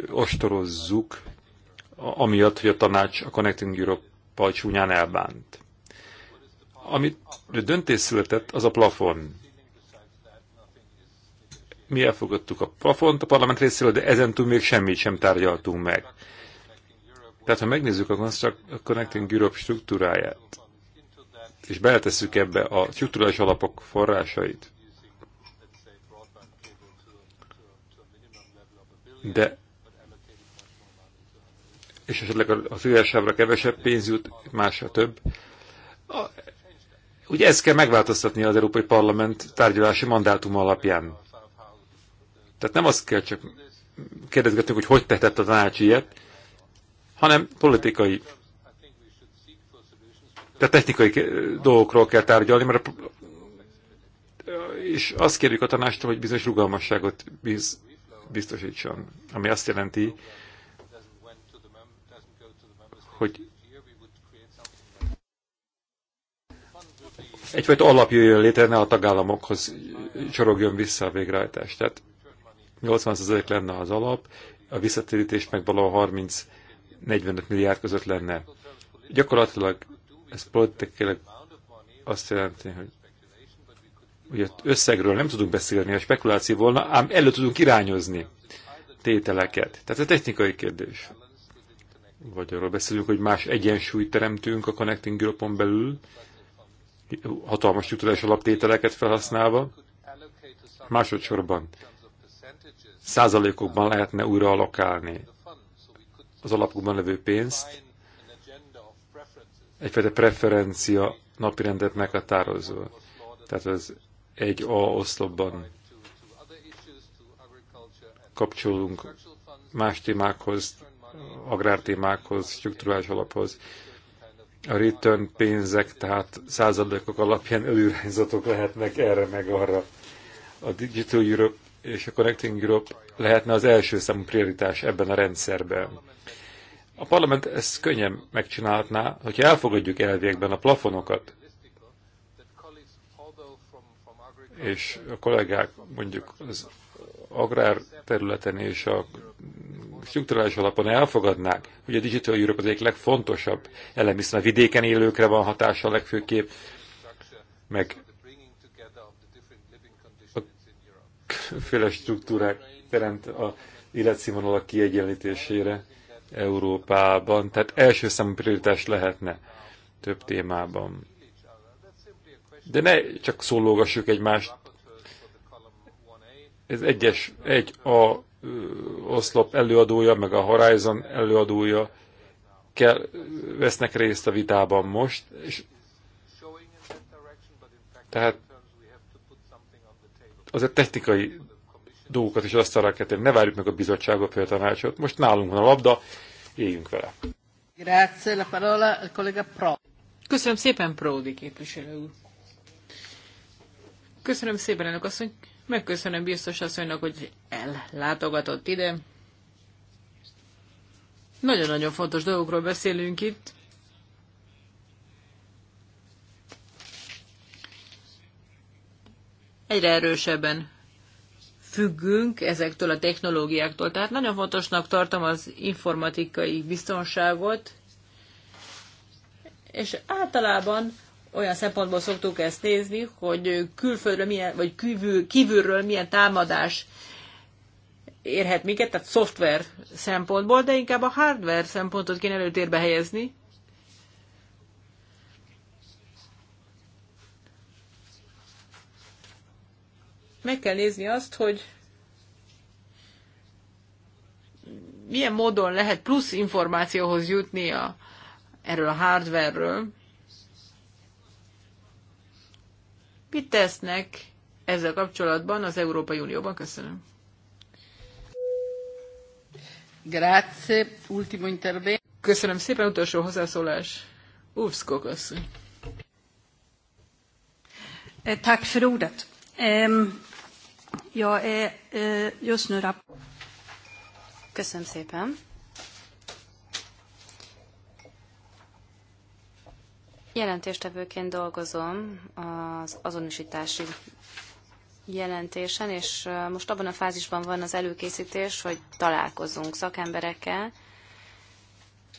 ostorozzuk, amiatt, hogy a tanács a Connecting Europe-pal csúnyán elbánt. Amit döntés született, az a plafon. Mi elfogadtuk a plafont a parlament részéről, de ezen túl még semmit sem tárgyaltunk meg. Tehát, ha megnézzük a Connecting Europe struktúráját, és beletesszük ebbe a struktúrális alapok forrásait, de és esetleg a szívesávra kevesebb pénz jut, másra több. A, ugye ezt kell megváltoztatni az Európai Parlament tárgyalási mandátum alapján. Tehát nem azt kell csak kérdezgetni, hogy hogy tehetett a tanács ilyet, hanem politikai tehát technikai dolgokról kell tárgyalni, mert a, és azt kérjük a tanástól, hogy bizonyos rugalmasságot biz, biztosítson, ami azt jelenti, hogy egyfajta alap jöjjön létre, ne a tagállamokhoz csorogjon vissza a végrehajtás. Tehát 80% lenne az alap, a visszatérítés meg valahol 30-45 milliárd között lenne. Gyakorlatilag ez politikailag azt jelenti, hogy ugye összegről nem tudunk beszélni, a spekuláció volna, ám elő tudunk irányozni tételeket. Tehát ez technikai kérdés. Vagy arról beszélünk, hogy más egyensúlyt teremtünk a Connecting europe belül, hatalmas jutodás alaptételeket felhasználva. Másodszorban százalékokban lehetne újra alokálni az alapokban levő pénzt, egyfajta preferencia napirendet meghatározva. Tehát az egy A oszlopban kapcsolunk más témákhoz, agrártémákhoz, struktúrás alaphoz. A return pénzek, tehát százalékok alapján előirányzatok lehetnek erre meg arra. A Digital Europe és a Connecting Europe lehetne az első számú prioritás ebben a rendszerben. A parlament ezt könnyen megcsinálhatná, hogyha elfogadjuk elvégben a plafonokat, és a kollégák mondjuk az agrár területen és a struktúrális alapon elfogadnák, hogy a Digital Europe az egyik legfontosabb elem, hiszen a vidéken élőkre van hatása legfőképp, meg a féle struktúrák teremt a életszínvonalak kiegyenlítésére. Európában, tehát első számú prioritás lehetne több témában. De ne csak szólógassuk egymást. Ez egyes, egy a oszlop előadója, meg a Horizon előadója kell, vesznek részt a vitában most, és tehát azért technikai dolgokat is azt kell tenni. Ne várjuk meg a bizottságot vagy a tanácsot. Most nálunk van a labda, éljünk vele. Grazie, la parola collega Pro. Köszönöm szépen, Pródi képviselő úr. Köszönöm szépen, elnök asszony. Megköszönöm biztos asszonynak, hogy ellátogatott ide. Nagyon-nagyon fontos dolgokról beszélünk itt. Egyre erősebben függünk ezektől a technológiáktól. Tehát nagyon fontosnak tartom az informatikai biztonságot, és általában olyan szempontból szoktuk ezt nézni, hogy külföldről milyen, vagy kívül, kívülről milyen támadás érhet minket, tehát szoftver szempontból, de inkább a hardware szempontot kéne előtérbe helyezni. meg kell nézni azt, hogy milyen módon lehet plusz információhoz jutni a, erről a hardware-ről. Mit tesznek ezzel kapcsolatban az Európai Unióban? Köszönöm. Grazie. Ultimo intervento. Köszönöm szépen, utolsó hozzászólás. Uvszkok asszony. Eh, tack för ordet. Ehm, Ja, eh, just nu Köszönöm szépen. Jelentéstevőként dolgozom az azonosítási jelentésen, és most abban a fázisban van az előkészítés, hogy találkozunk szakemberekkel.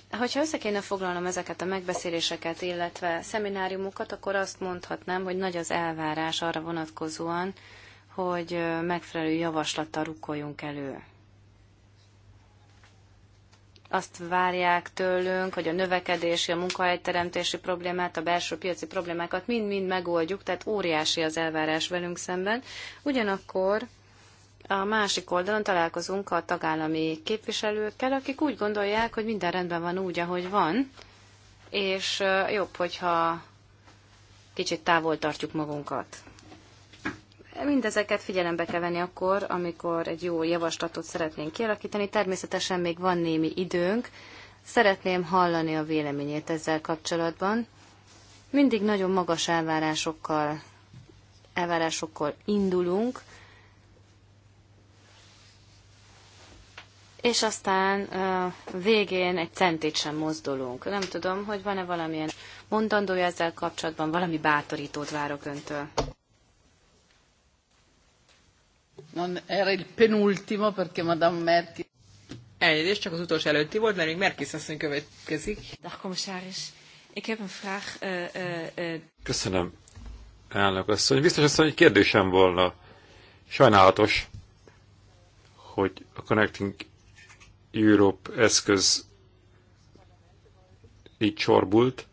Hogyha össze kéne foglalnom ezeket a megbeszéléseket, illetve szemináriumokat, akkor azt mondhatnám, hogy nagy az elvárás arra vonatkozóan, hogy megfelelő javaslattal rukkoljunk elő. Azt várják tőlünk, hogy a növekedési, a munkahelyteremtési problémát, a belső piaci problémákat mind-mind megoldjuk, tehát óriási az elvárás velünk szemben. Ugyanakkor a másik oldalon találkozunk a tagállami képviselőkkel, akik úgy gondolják, hogy minden rendben van úgy, ahogy van, és jobb, hogyha kicsit távol tartjuk magunkat. Mindezeket figyelembe kell venni akkor, amikor egy jó javaslatot szeretnénk kialakítani. Természetesen még van némi időnk. Szeretném hallani a véleményét ezzel kapcsolatban. Mindig nagyon magas elvárásokkal, elvárásokkal indulunk, és aztán végén egy centét sem mozdulunk. Nem tudom, hogy van-e valamilyen mondandója ezzel kapcsolatban, valami bátorítót várok öntől. Non era il penultimo perché Madame Merkel... Elnézést, csak az utolsó előtti volt, mert még Merkis asszony következik. Dag, commissaris. Ik heb een vraag... Uh, uh, uh... Köszönöm, elnök asszony. Biztos asszony, hogy kérdésem volna. Sajnálatos, hogy a Connecting Europe eszköz így csorbult.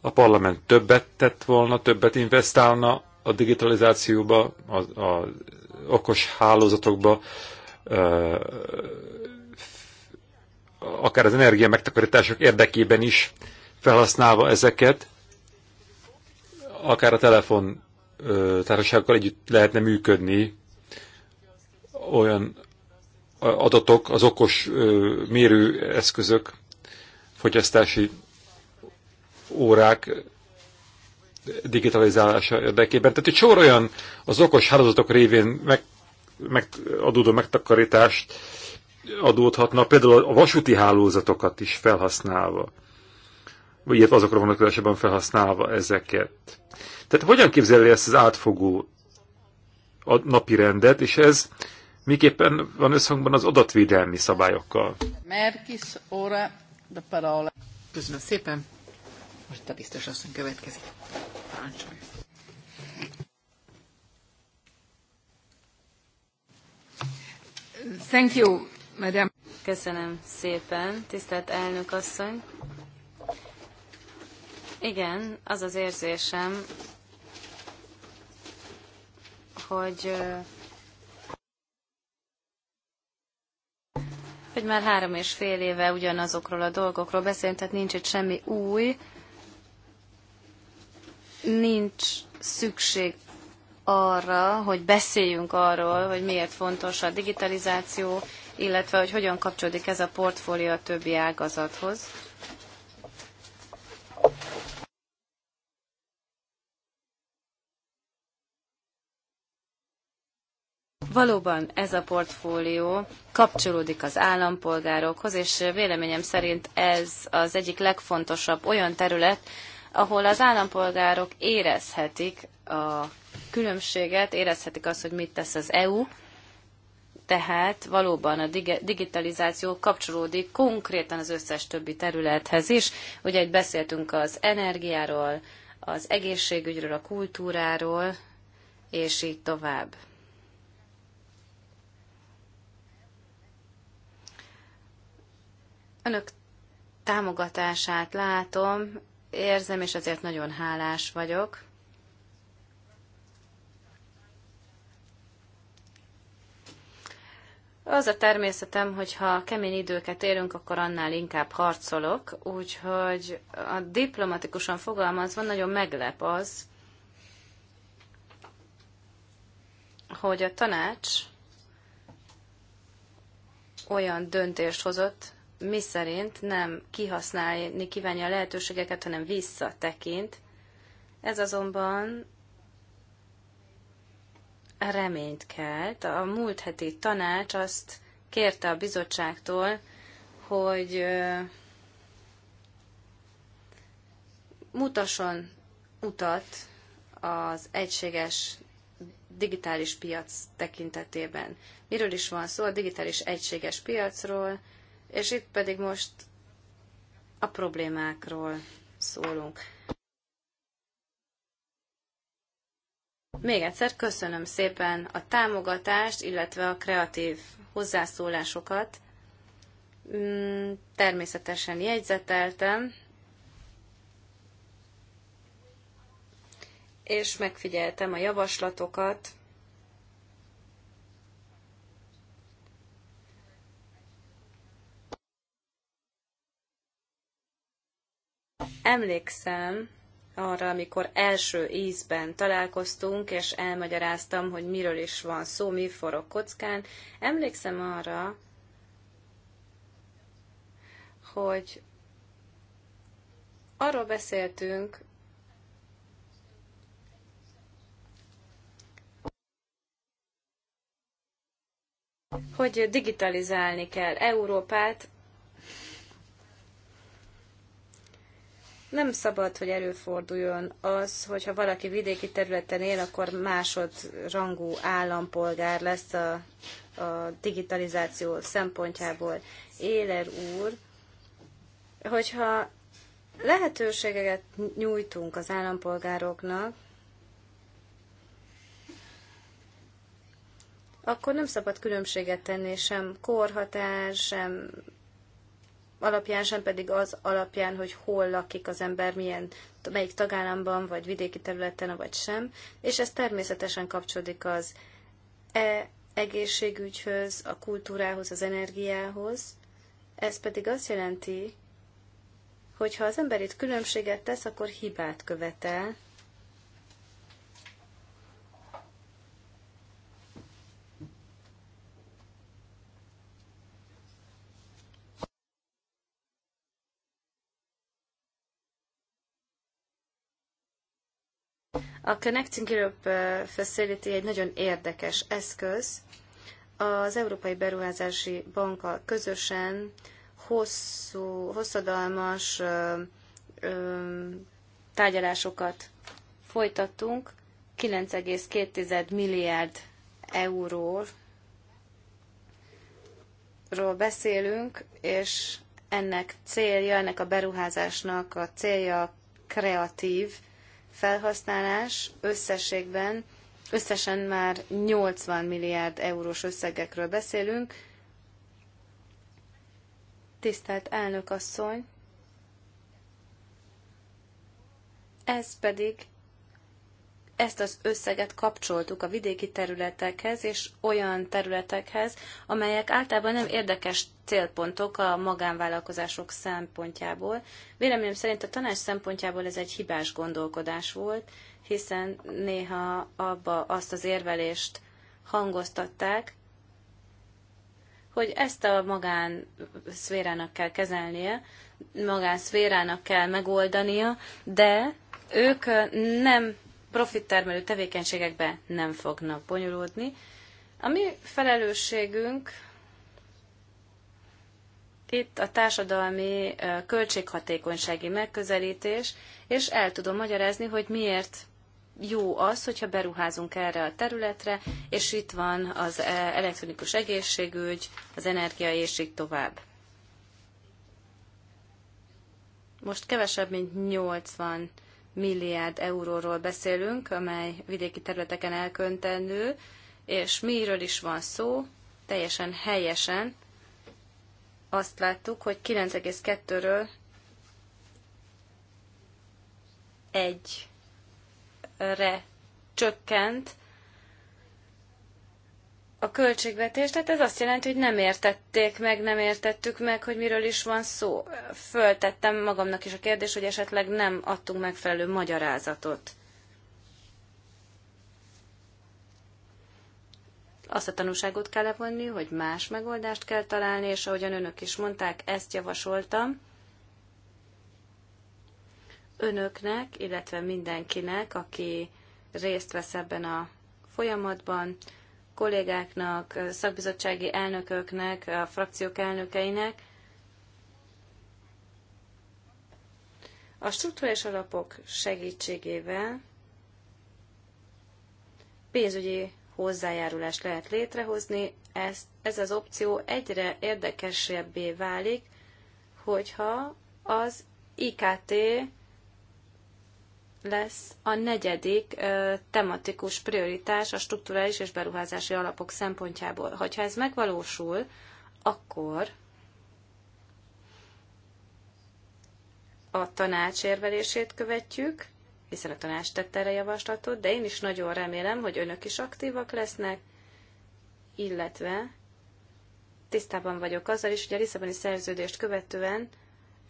A parlament többet tett volna, többet investálna a digitalizációba, az, az okos hálózatokba, akár az energia megtakarítások érdekében is felhasználva ezeket, akár a telefon társasággal együtt lehetne működni olyan adatok, az okos mérőeszközök, fogyasztási órák digitalizálása érdekében. Tehát egy sor olyan az okos hálózatok révén meg, meg, adódó megtakarítást adódhatna, például a vasúti hálózatokat is felhasználva, vagy ilyet azokra vonatkozásában felhasználva ezeket. Tehát hogyan képzeli ezt az átfogó a napi rendet, és ez miképpen van összhangban az adatvédelmi szabályokkal. Merkis, óra, de parola. Köszönöm szépen. Most a biztos asszony következik. Parancsolj. Thank you, madam. Köszönöm szépen, tisztelt elnök asszony. Igen, az az érzésem, hogy hogy már három és fél éve ugyanazokról a dolgokról beszélünk, tehát nincs itt semmi új nincs szükség arra, hogy beszéljünk arról, hogy miért fontos a digitalizáció, illetve hogy hogyan kapcsolódik ez a portfólió a többi ágazathoz. Valóban ez a portfólió kapcsolódik az állampolgárokhoz, és véleményem szerint ez az egyik legfontosabb olyan terület, ahol az állampolgárok érezhetik a különbséget, érezhetik azt, hogy mit tesz az EU, tehát valóban a digitalizáció kapcsolódik konkrétan az összes többi területhez is. Ugye itt beszéltünk az energiáról, az egészségügyről, a kultúráról, és így tovább. Önök támogatását látom érzem, és azért nagyon hálás vagyok. Az a természetem, hogy ha kemény időket érünk, akkor annál inkább harcolok, úgyhogy a diplomatikusan fogalmazva nagyon meglep az, hogy a tanács olyan döntést hozott, mi szerint nem kihasználni kívánja a lehetőségeket, hanem visszatekint. Ez azonban reményt kelt. A múlt heti tanács azt kérte a bizottságtól, hogy mutasson utat az egységes digitális piac tekintetében. Miről is van szó? A digitális egységes piacról, és itt pedig most a problémákról szólunk. Még egyszer köszönöm szépen a támogatást, illetve a kreatív hozzászólásokat. Mm, természetesen jegyzeteltem, és megfigyeltem a javaslatokat, Emlékszem arra, amikor első ízben találkoztunk, és elmagyaráztam, hogy miről is van szó, mi forog kockán. Emlékszem arra, hogy arról beszéltünk, hogy digitalizálni kell Európát, Nem szabad, hogy előforduljon az, hogyha valaki vidéki területen él, akkor másodrangú állampolgár lesz a, a digitalizáció szempontjából. Éler úr, hogyha lehetőségeket nyújtunk az állampolgároknak, akkor nem szabad különbséget tenni sem korhatár, sem alapján, sem pedig az alapján, hogy hol lakik az ember, milyen, melyik tagállamban, vagy vidéki területen, vagy sem. És ez természetesen kapcsolódik az e egészségügyhöz, a kultúrához, az energiához. Ez pedig azt jelenti, hogy ha az ember itt különbséget tesz, akkor hibát követel, A Connecting Europe eh, Facility egy nagyon érdekes eszköz. Az Európai Beruházási Bankkal közösen hosszú, hosszadalmas ö, eh, ö, eh, tárgyalásokat folytattunk. 9,2 milliárd euróról beszélünk, és ennek célja, ennek a beruházásnak a célja kreatív felhasználás összességben, összesen már 80 milliárd eurós összegekről beszélünk. Tisztelt elnök asszony, ez pedig ezt az összeget kapcsoltuk a vidéki területekhez és olyan területekhez, amelyek általában nem érdekes célpontok a magánvállalkozások szempontjából. Véleményem szerint a tanács szempontjából ez egy hibás gondolkodás volt, hiszen néha abba azt az érvelést hangoztatták, hogy ezt a magán kell kezelnie, magán kell megoldania, de ők nem profittermelő tevékenységekbe nem fognak bonyolódni. A mi felelősségünk itt a társadalmi költséghatékonysági megközelítés, és el tudom magyarázni, hogy miért jó az, hogyha beruházunk erre a területre, és itt van az elektronikus egészségügy, az energia, és így tovább. Most kevesebb, mint 80 milliárd euróról beszélünk, amely vidéki területeken elköntendő, és miről is van szó, teljesen helyesen azt láttuk, hogy 9,2-ről egyre csökkent a költségvetést, tehát ez azt jelenti, hogy nem értették meg, nem értettük meg, hogy miről is van szó. Föltettem magamnak is a kérdést, hogy esetleg nem adtunk megfelelő magyarázatot. Azt a tanúságot kell levonni, hogy más megoldást kell találni, és ahogyan önök is mondták, ezt javasoltam önöknek, illetve mindenkinek, aki részt vesz ebben a folyamatban, kollégáknak, szakbizottsági elnököknek, a frakciók elnökeinek. A struktúrás alapok segítségével pénzügyi hozzájárulást lehet létrehozni, ez, ez az opció egyre érdekesebbé válik, hogyha az IKT lesz a negyedik ö, tematikus prioritás a strukturális és beruházási alapok szempontjából. Hogyha ez megvalósul, akkor a tanács érvelését követjük, hiszen a tanács tette erre javaslatot, de én is nagyon remélem, hogy önök is aktívak lesznek, illetve tisztában vagyok azzal is, hogy a Lisszaboni szerződést követően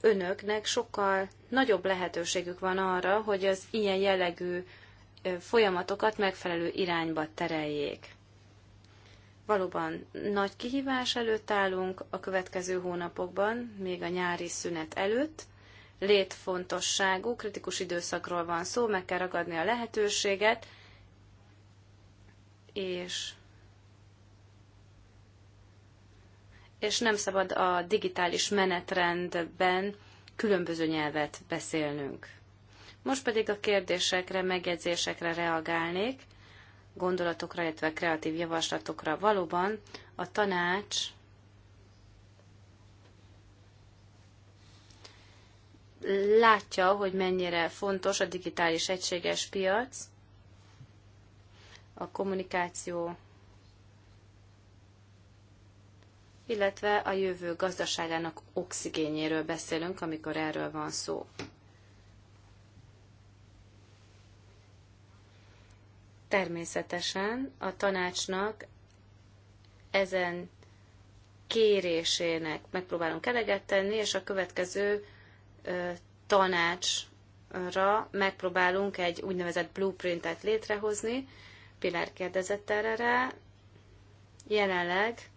önöknek sokkal nagyobb lehetőségük van arra, hogy az ilyen jellegű folyamatokat megfelelő irányba tereljék. Valóban nagy kihívás előtt állunk a következő hónapokban, még a nyári szünet előtt. Létfontosságú, kritikus időszakról van szó, meg kell ragadni a lehetőséget, és és nem szabad a digitális menetrendben különböző nyelvet beszélnünk. Most pedig a kérdésekre, megjegyzésekre reagálnék, gondolatokra, illetve kreatív javaslatokra. Valóban a tanács látja, hogy mennyire fontos a digitális egységes piac, a kommunikáció illetve a jövő gazdaságának oxigénjéről beszélünk, amikor erről van szó. Természetesen a tanácsnak ezen kérésének megpróbálunk eleget tenni, és a következő tanácsra megpróbálunk egy úgynevezett blueprintet létrehozni. Pilár kérdezett erre rá. Jelenleg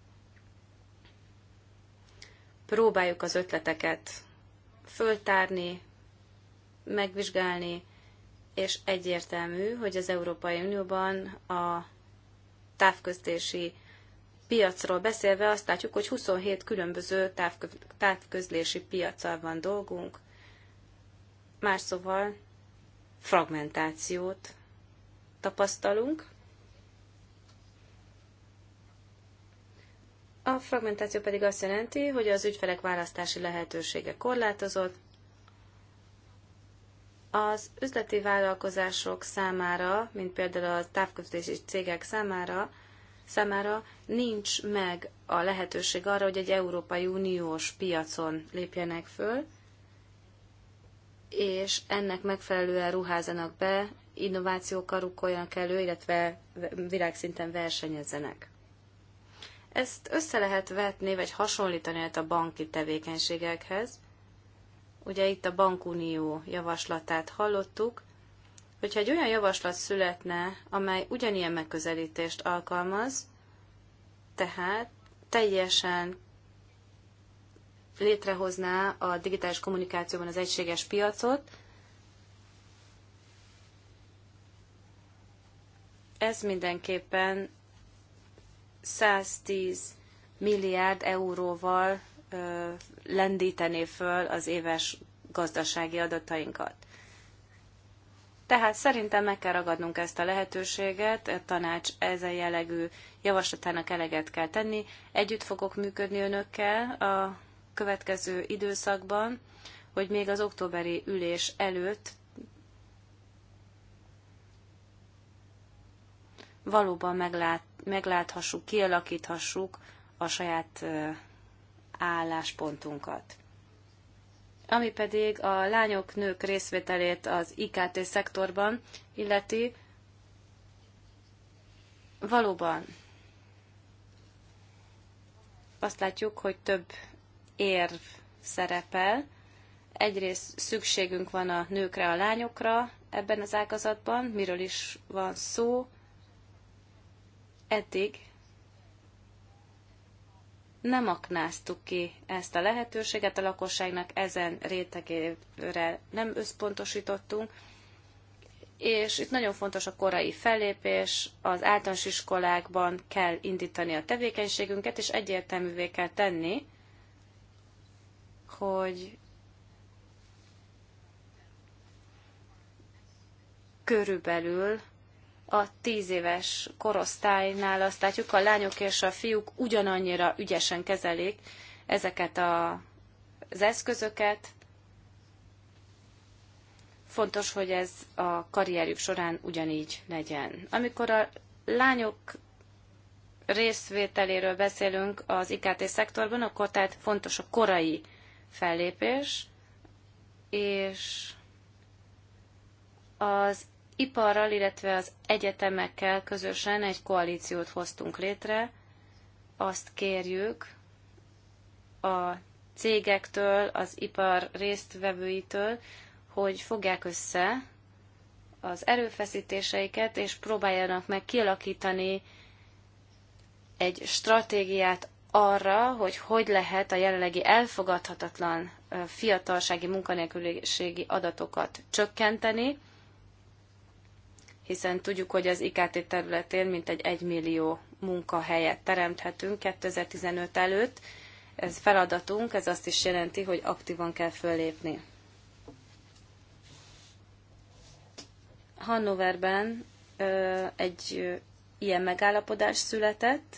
próbáljuk az ötleteket föltárni, megvizsgálni, és egyértelmű, hogy az Európai Unióban a távközlési piacról beszélve azt látjuk, hogy 27 különböző távközlési piacsal van dolgunk, más szóval fragmentációt tapasztalunk, A fragmentáció pedig azt jelenti, hogy az ügyfelek választási lehetősége korlátozott, az üzleti vállalkozások számára, mint például a távközlési cégek számára, számára nincs meg a lehetőség arra, hogy egy Európai Uniós piacon lépjenek föl, és ennek megfelelően ruházanak be, innovációkkal rukkoljanak elő, illetve világszinten versenyezzenek. Ezt össze lehet vetni, vagy hasonlítani lehet a banki tevékenységekhez. Ugye itt a bankunió javaslatát hallottuk. Hogyha egy olyan javaslat születne, amely ugyanilyen megközelítést alkalmaz, tehát teljesen létrehozná a digitális kommunikációban az egységes piacot, ez mindenképpen 110 milliárd euróval ö, lendítené föl az éves gazdasági adatainkat. Tehát szerintem meg kell ragadnunk ezt a lehetőséget, a tanács ezen jellegű javaslatának eleget kell tenni. Együtt fogok működni önökkel a következő időszakban, hogy még az októberi ülés előtt valóban meglát, megláthassuk, kialakíthassuk a saját álláspontunkat. Ami pedig a lányok, nők részvételét az IKT szektorban illeti, valóban azt látjuk, hogy több érv szerepel. Egyrészt szükségünk van a nőkre, a lányokra ebben az ágazatban, miről is van szó eddig nem aknáztuk ki ezt a lehetőséget a lakosságnak, ezen rétegére nem összpontosítottunk, és itt nagyon fontos a korai fellépés, az általános iskolákban kell indítani a tevékenységünket, és egyértelművé kell tenni, hogy körülbelül a tíz éves korosztálynál azt látjuk, a lányok és a fiúk ugyanannyira ügyesen kezelik ezeket a, az eszközöket. Fontos, hogy ez a karrierjük során ugyanígy legyen. Amikor a lányok részvételéről beszélünk az IKT szektorban, akkor tehát fontos a korai fellépés, és az iparral, illetve az egyetemekkel közösen egy koalíciót hoztunk létre. Azt kérjük a cégektől, az ipar résztvevőitől, hogy fogják össze az erőfeszítéseiket, és próbáljanak meg kialakítani egy stratégiát arra, hogy hogy lehet a jelenlegi elfogadhatatlan fiatalsági munkanélküliségi adatokat csökkenteni, hiszen tudjuk, hogy az IKT területén mintegy 1 millió munkahelyet teremthetünk 2015 előtt. Ez feladatunk, ez azt is jelenti, hogy aktívan kell föllépni. Hannoverben egy ilyen megállapodás született,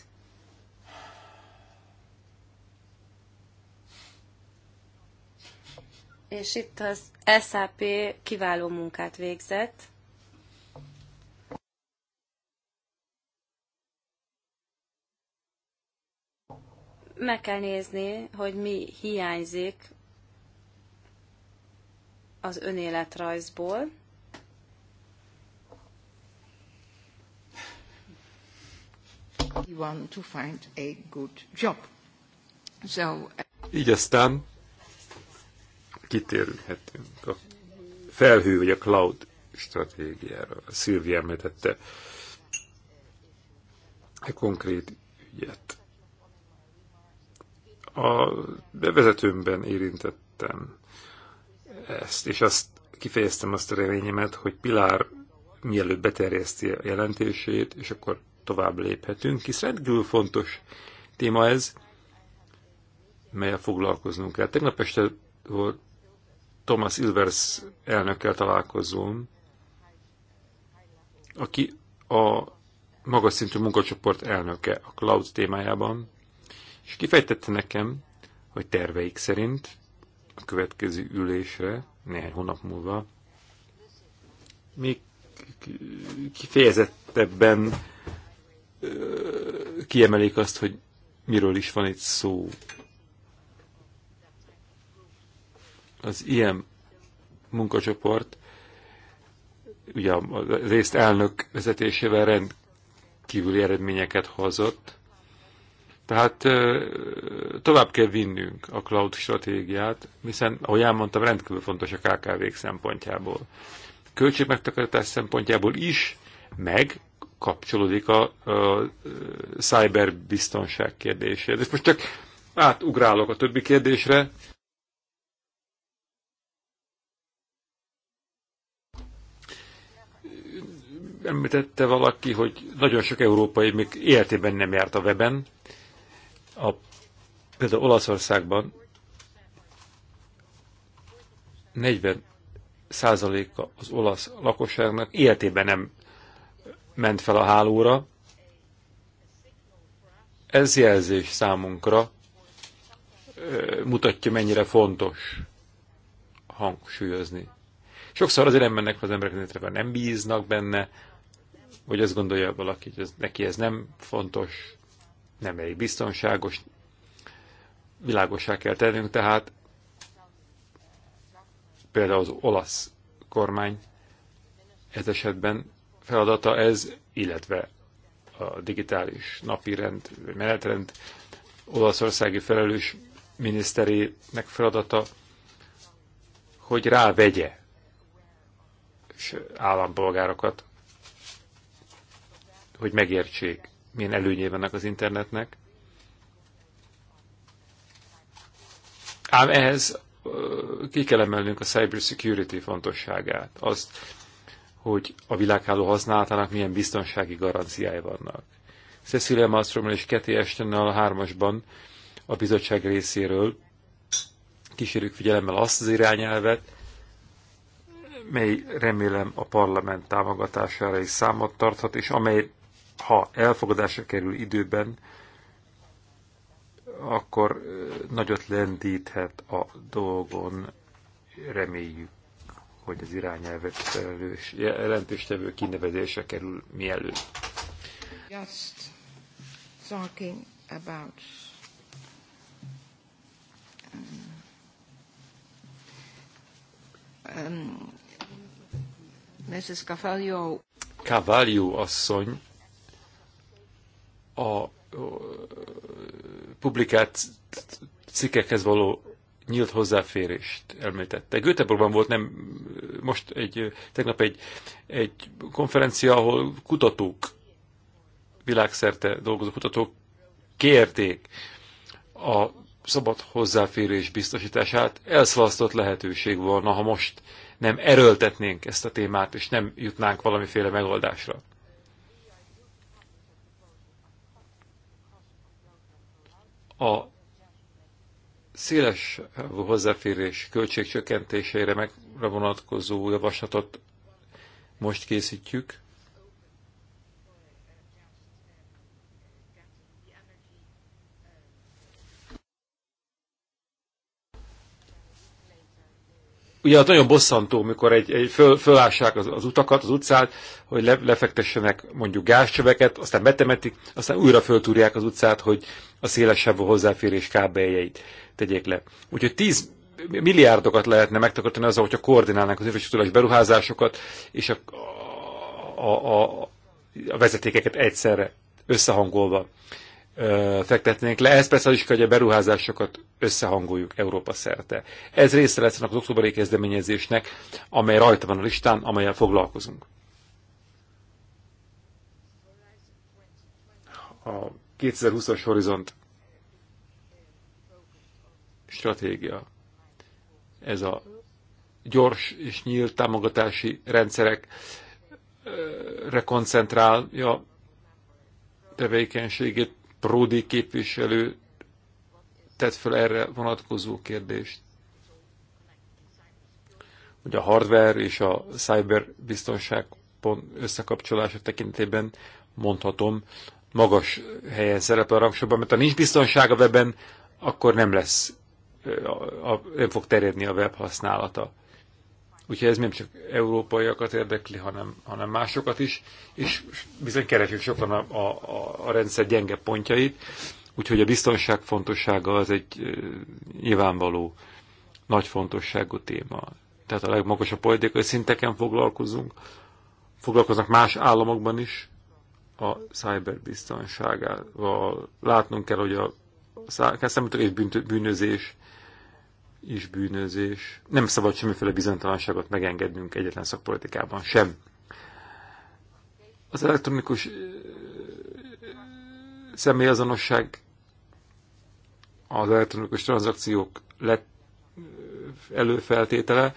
és itt az SAP kiváló munkát végzett, meg kell nézni, hogy mi hiányzik az önéletrajzból. want to find a good job. So... Uh, Így aztán kitérhetünk a felhő vagy a cloud stratégiára. Szilvi említette a konkrét ügyet. A bevezetőmben érintettem ezt, és azt kifejeztem azt a reményemet, hogy Pilár mielőbb beterjeszti a jelentését, és akkor tovább léphetünk, hisz rendkívül fontos téma ez, melyel foglalkoznunk kell. Tegnap este volt Thomas Ilvers elnökkel találkozom, aki a magas szintű munkacsoport elnöke a cloud témájában, és kifejtette nekem, hogy terveik szerint a következő ülésre, néhány hónap múlva, még kifejezettebben kiemelik azt, hogy miről is van itt szó. Az ilyen munkacsoport, ugye a részt elnök vezetésével rendkívüli eredményeket hozott, tehát tovább kell vinnünk a cloud stratégiát, hiszen, ahogy elmondtam, rendkívül fontos a kkv szempontjából. Költségmegtakarítás szempontjából is, meg kapcsolódik a, a, a cyberbiztonság kérdéséhez. És most csak átugrálok a többi kérdésre. Említette valaki, hogy nagyon sok európai még életében nem járt a weben, a, például Olaszországban 40 százaléka az olasz lakosságnak életében nem ment fel a hálóra. Ez jelzés számunkra mutatja, mennyire fontos hangsúlyozni. Sokszor azért nem mennek az emberek mert nem bíznak benne, vagy azt gondolja valaki, hogy ez, neki ez nem fontos, nem elég biztonságos. Világosá kell tennünk, tehát például az olasz kormány ez esetben feladata ez, illetve a digitális napirend, menetrend olaszországi felelős miniszterének feladata, hogy rávegye állampolgárokat, hogy megértsék milyen előnyei vannak az internetnek. Ám ehhez ki kell emelnünk a cybersecurity fontosságát, azt, hogy a világháló használatának milyen biztonsági garanciái vannak. Cecilia Malmström és Keti Estennel a hármasban a bizottság részéről kísérjük figyelemmel azt az irányelvet, mely remélem a parlament támogatására is számot tarthat, és amely ha elfogadásra kerül időben, akkor nagyot lendíthet a dolgon. Reméljük, hogy az irányelvet felelős jelentéstevő kinevezése kerül mielőtt. Just talking about um, um Mrs. Cavaglio. Cavaglio asszony a publikált cikkekhez való nyílt hozzáférést említette. Göteborgban volt nem, most egy, tegnap egy, egy konferencia, ahol kutatók, világszerte dolgozó kutatók kérték a szabad hozzáférés biztosítását. Elszalasztott lehetőség volna, ha most nem erőltetnénk ezt a témát, és nem jutnánk valamiféle megoldásra. A széles hozzáférés költségcsökkentéseire megra vonatkozó javaslatot most készítjük, Ugye az nagyon bosszantó, mikor egy, egy föl, fölássák az, az utakat, az utcát, hogy le, lefektessenek mondjuk gázcsöveket, aztán betemetik, aztán újra föltúrják az utcát, hogy a szélesebb hozzáférés kábeljeit tegyék le. Úgyhogy 10 milliárdokat lehetne megtakarítani azzal, hogyha koordinálnánk az infrastruktúrás beruházásokat és a, a, a, a vezetékeket egyszerre összehangolva fektetnénk le. Ez persze is hogy a beruházásokat összehangoljuk Európa szerte. Ez része lesz az októberi kezdeményezésnek, amely rajta van a listán, amelyen foglalkozunk. A 2020-as horizont stratégia. Ez a gyors és nyílt támogatási rendszerekre koncentrálja tevékenységét Pródi képviselő tett fel erre vonatkozó kérdést, hogy a hardware és a cyber biztonság pont összekapcsolása tekintében mondhatom, magas helyen szerepel a rangsorban, mert ha nincs biztonság a webben, akkor nem lesz, nem fog terjedni a web használata. Úgyhogy ez nem csak európaiakat érdekli, hanem, hanem másokat is, és bizony keresik sokan a, a, a rendszer gyenge pontjait, úgyhogy a biztonság fontossága az egy nyilvánvaló nagy fontosságú téma. Tehát a legmagasabb politikai szinteken foglalkozunk, foglalkoznak más államokban is a cyberbiztonságával. Látnunk kell, hogy a számítógépes bűnözés és bűnözés. Nem szabad semmiféle bizonytalanságot megengednünk egyetlen szakpolitikában sem. Az elektronikus személyazonosság az elektronikus tranzakciók előfeltétele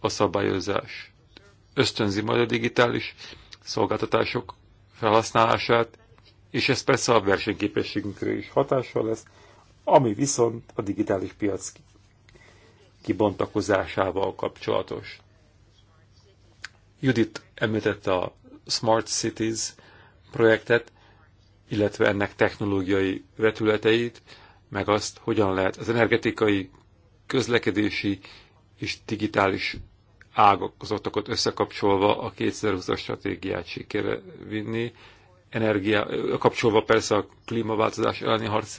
a szabályozás. Ösztönzi majd a digitális szolgáltatások felhasználását, és ez persze a versenyképességünkre is hatással lesz, ami viszont a digitális piac kibontakozásával kapcsolatos. Judit említette a Smart Cities projektet, illetve ennek technológiai vetületeit, meg azt, hogyan lehet az energetikai, közlekedési és digitális ágazatokat összekapcsolva a 2020-as stratégiát sikerre vinni, energia, kapcsolva persze a klímaváltozás elleni harc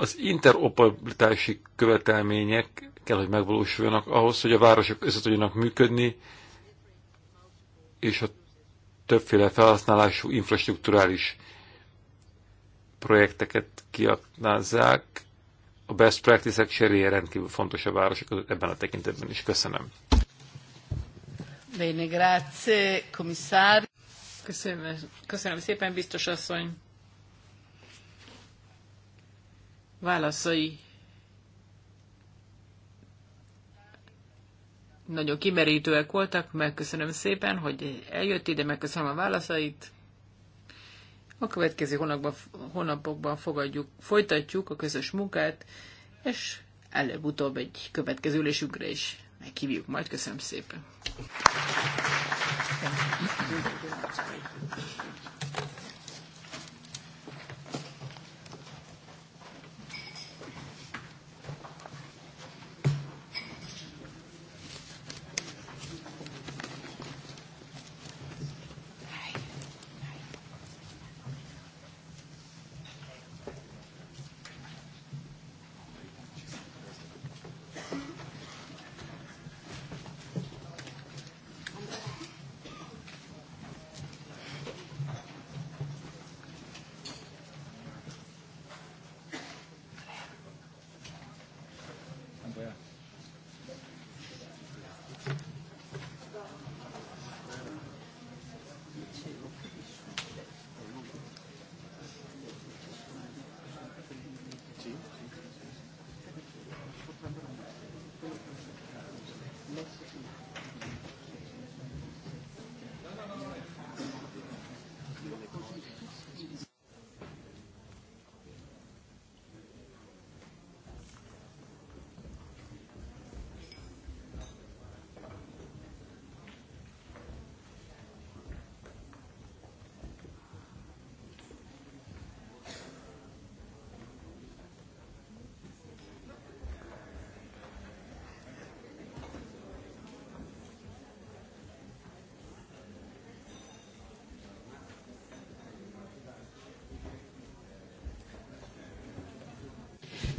az interoperabilitási követelmények kell, hogy megvalósuljanak ahhoz, hogy a városok össze tudjanak működni, és a többféle felhasználású infrastruktúrális projekteket kiaknázzák. A best practices cseréje rendkívül fontos a városok ebben a tekintetben is. Köszönöm. Bene, grazie, Commissario. Köszönöm, köszönöm szépen, biztos asszony. válaszai nagyon kimerítőek voltak, megköszönöm szépen, hogy eljött ide, megköszönöm a válaszait. A következő hónapban, hónapokban fogadjuk, folytatjuk a közös munkát, és előbb-utóbb egy következő ülésünkre is meghívjuk majd. Köszönöm szépen!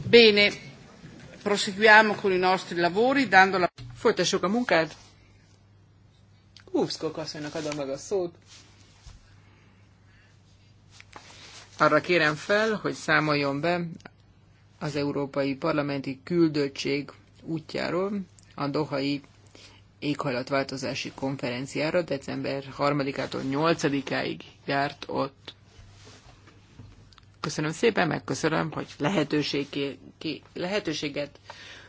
Bene, proseguiamo con i nostri lavori, dando la... Folytassuk a munkát. Úvszkok asszonynak adom meg a szót. Arra kérem fel, hogy számoljon be az Európai Parlamenti Küldöttség útjáról a Dohai éghajlatváltozási konferenciára december 3-ától 8-áig járt ott. Köszönöm szépen, megköszönöm, hogy lehetőséget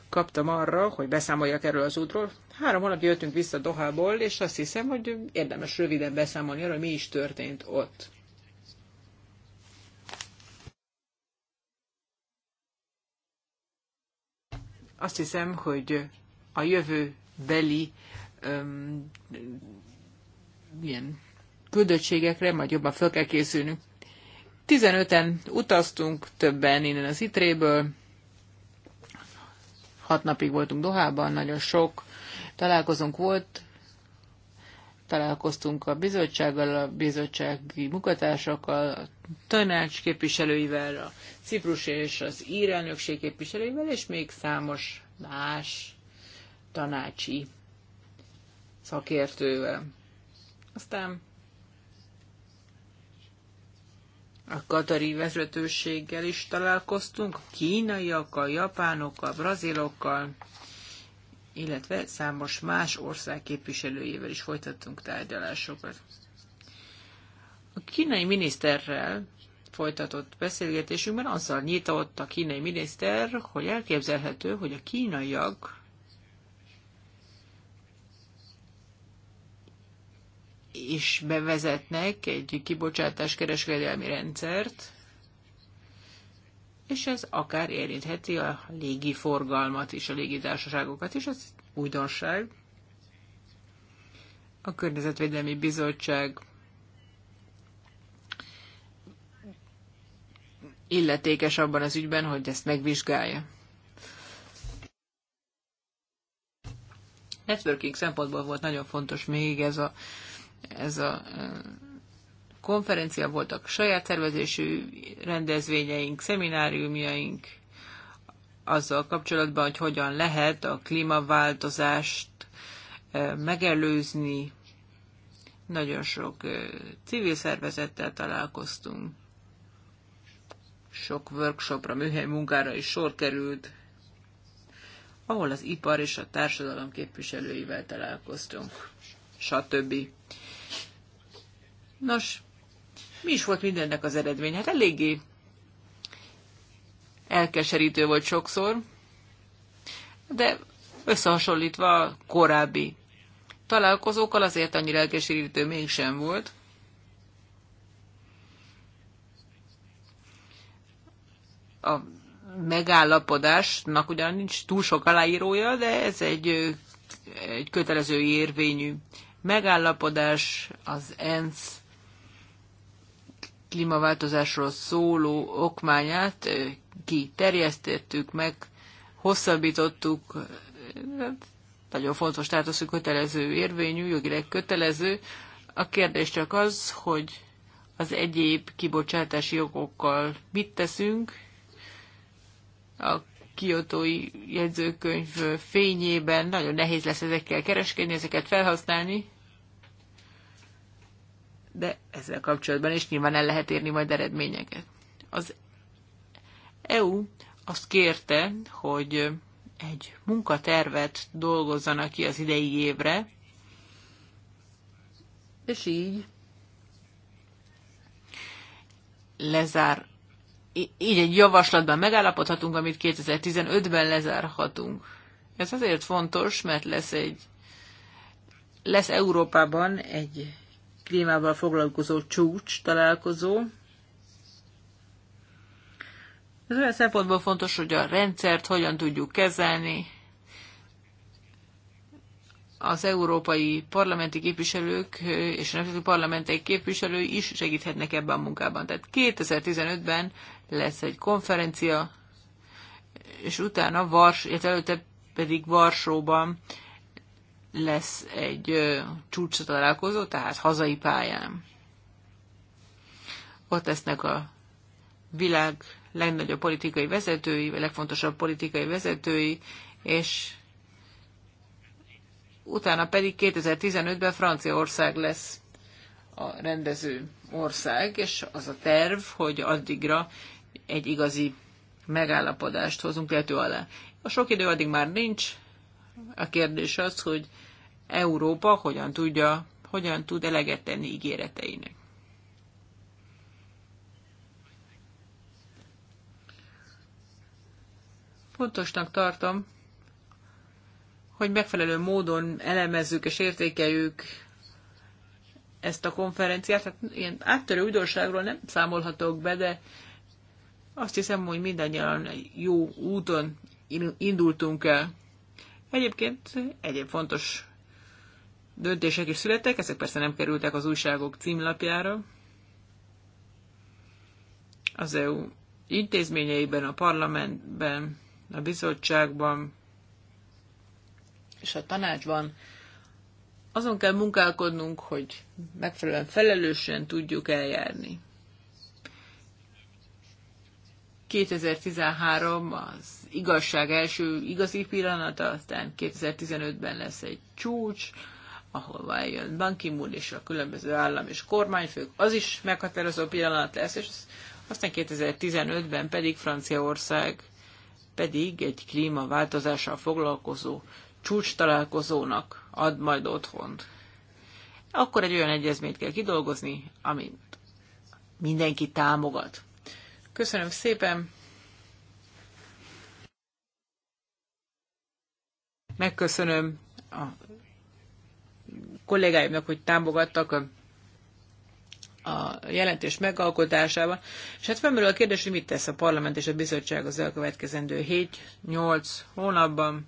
kaptam arra, hogy beszámoljak erről az útról. Három hónapja jöttünk vissza Dohából, és azt hiszem, hogy érdemes röviden beszámolni arról, hogy mi is történt ott. Azt hiszem, hogy a jövő beli um, ilyen küldöttségekre majd jobban fel kell készülnünk. 15-en utaztunk, többen innen az Itréből. Hat napig voltunk Dohában, nagyon sok találkozunk volt, találkoztunk a bizottsággal, a bizottsági munkatársakkal, a tanács képviselőivel, a ciprus és az ír elnökség képviselőivel, és még számos más tanácsi szakértővel. Aztán a katari vezetőséggel is találkoztunk, kínaiakkal, japánokkal, brazilokkal, illetve számos más ország képviselőjével is folytattunk tárgyalásokat. A kínai miniszterrel folytatott beszélgetésünkben azzal nyitott a kínai miniszter, hogy elképzelhető, hogy a kínaiak és bevezetnek egy kibocsátás kereskedelmi rendszert, és ez akár érintheti a légi forgalmat is, a légitársaságokat is, ez újdonság. A Környezetvédelmi Bizottság illetékes abban az ügyben, hogy ezt megvizsgálja. Networking szempontból volt nagyon fontos még ez a ez a konferencia, voltak saját szervezésű rendezvényeink, szemináriumjaink, azzal kapcsolatban, hogy hogyan lehet a klímaváltozást megelőzni. Nagyon sok civil szervezettel találkoztunk. Sok workshopra, műhely munkára is sor került, ahol az ipar és a társadalom képviselőivel találkoztunk, stb. Nos, mi is volt mindennek az eredmény? Hát eléggé elkeserítő volt sokszor, de összehasonlítva a korábbi találkozókkal azért annyira elkeserítő mégsem volt. A megállapodásnak ugyan nincs túl sok aláírója, de ez egy, egy kötelező érvényű megállapodás, az ENSZ klímaváltozásról szóló okmányát kiterjesztettük meg, hosszabbítottuk, hát nagyon fontos státuszú kötelező érvényű, jogileg kötelező. A kérdés csak az, hogy az egyéb kibocsátási jogokkal mit teszünk, a kiotói jegyzőkönyv fényében nagyon nehéz lesz ezekkel kereskedni, ezeket felhasználni, de ezzel kapcsolatban is nyilván el lehet érni majd eredményeket. Az EU azt kérte, hogy egy munkatervet dolgozzanak ki az idei évre, és így lezár, így egy javaslatban megállapodhatunk, amit 2015-ben lezárhatunk. Ez azért fontos, mert lesz egy lesz Európában egy klímával foglalkozó csúcs találkozó. Ez olyan szempontból fontos, hogy a rendszert hogyan tudjuk kezelni. Az európai parlamenti képviselők és a nemzeti parlamentek képviselői is segíthetnek ebben a munkában. Tehát 2015-ben lesz egy konferencia, és utána Vars, illetve előtte pedig Varsóban lesz egy csúcs találkozó, tehát hazai pályán. Ott lesznek a világ legnagyobb politikai vezetői, vagy legfontosabb politikai vezetői, és utána pedig 2015-ben Franciaország lesz a rendező ország, és az a terv, hogy addigra egy igazi megállapodást hozunk lehető alá. A sok idő addig már nincs. A kérdés az, hogy Európa hogyan tudja, hogyan tud eleget tenni ígéreteinek. Fontosnak tartom, hogy megfelelő módon elemezzük és értékeljük ezt a konferenciát. Hát ilyen áttörő újdonságról nem számolhatok be, de azt hiszem, hogy mindannyian jó úton indultunk el. Egyébként egyéb fontos döntések is születtek, ezek persze nem kerültek az újságok címlapjára. Az EU intézményeiben, a parlamentben, a bizottságban és a tanácsban azon kell munkálkodnunk, hogy megfelelően felelősen tudjuk eljárni. 2013 az igazság első igazi pillanata, aztán 2015-ben lesz egy csúcs, ahova eljön Ban ki és a különböző állam és kormányfők, az is meghatározó pillanat lesz, és aztán 2015-ben pedig Franciaország pedig egy klímaváltozással foglalkozó csúcs találkozónak ad majd otthont. Akkor egy olyan egyezményt kell kidolgozni, amit mindenki támogat. Köszönöm szépen! Megköszönöm a kollégáimnak, hogy támogattak a, a jelentés megalkotásában. És hát felmerül a kérdés, hogy mit tesz a parlament és a bizottság az elkövetkezendő 7-8 hónapban.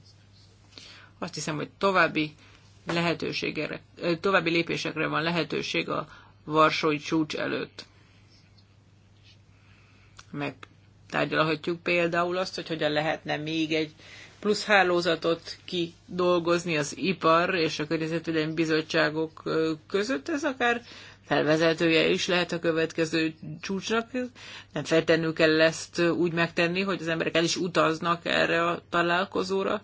Azt hiszem, hogy további lehetőségre, további lépésekre van lehetőség a Varsói csúcs előtt. Meg tárgyalhatjuk például azt, hogy hogyan lehetne még egy plusz hálózatot kidolgozni az ipar és a környezetvédelmi bizottságok között, ez akár felvezetője is lehet a következő csúcsnak. Nem feltennül kell ezt úgy megtenni, hogy az emberek el is utaznak erre a találkozóra.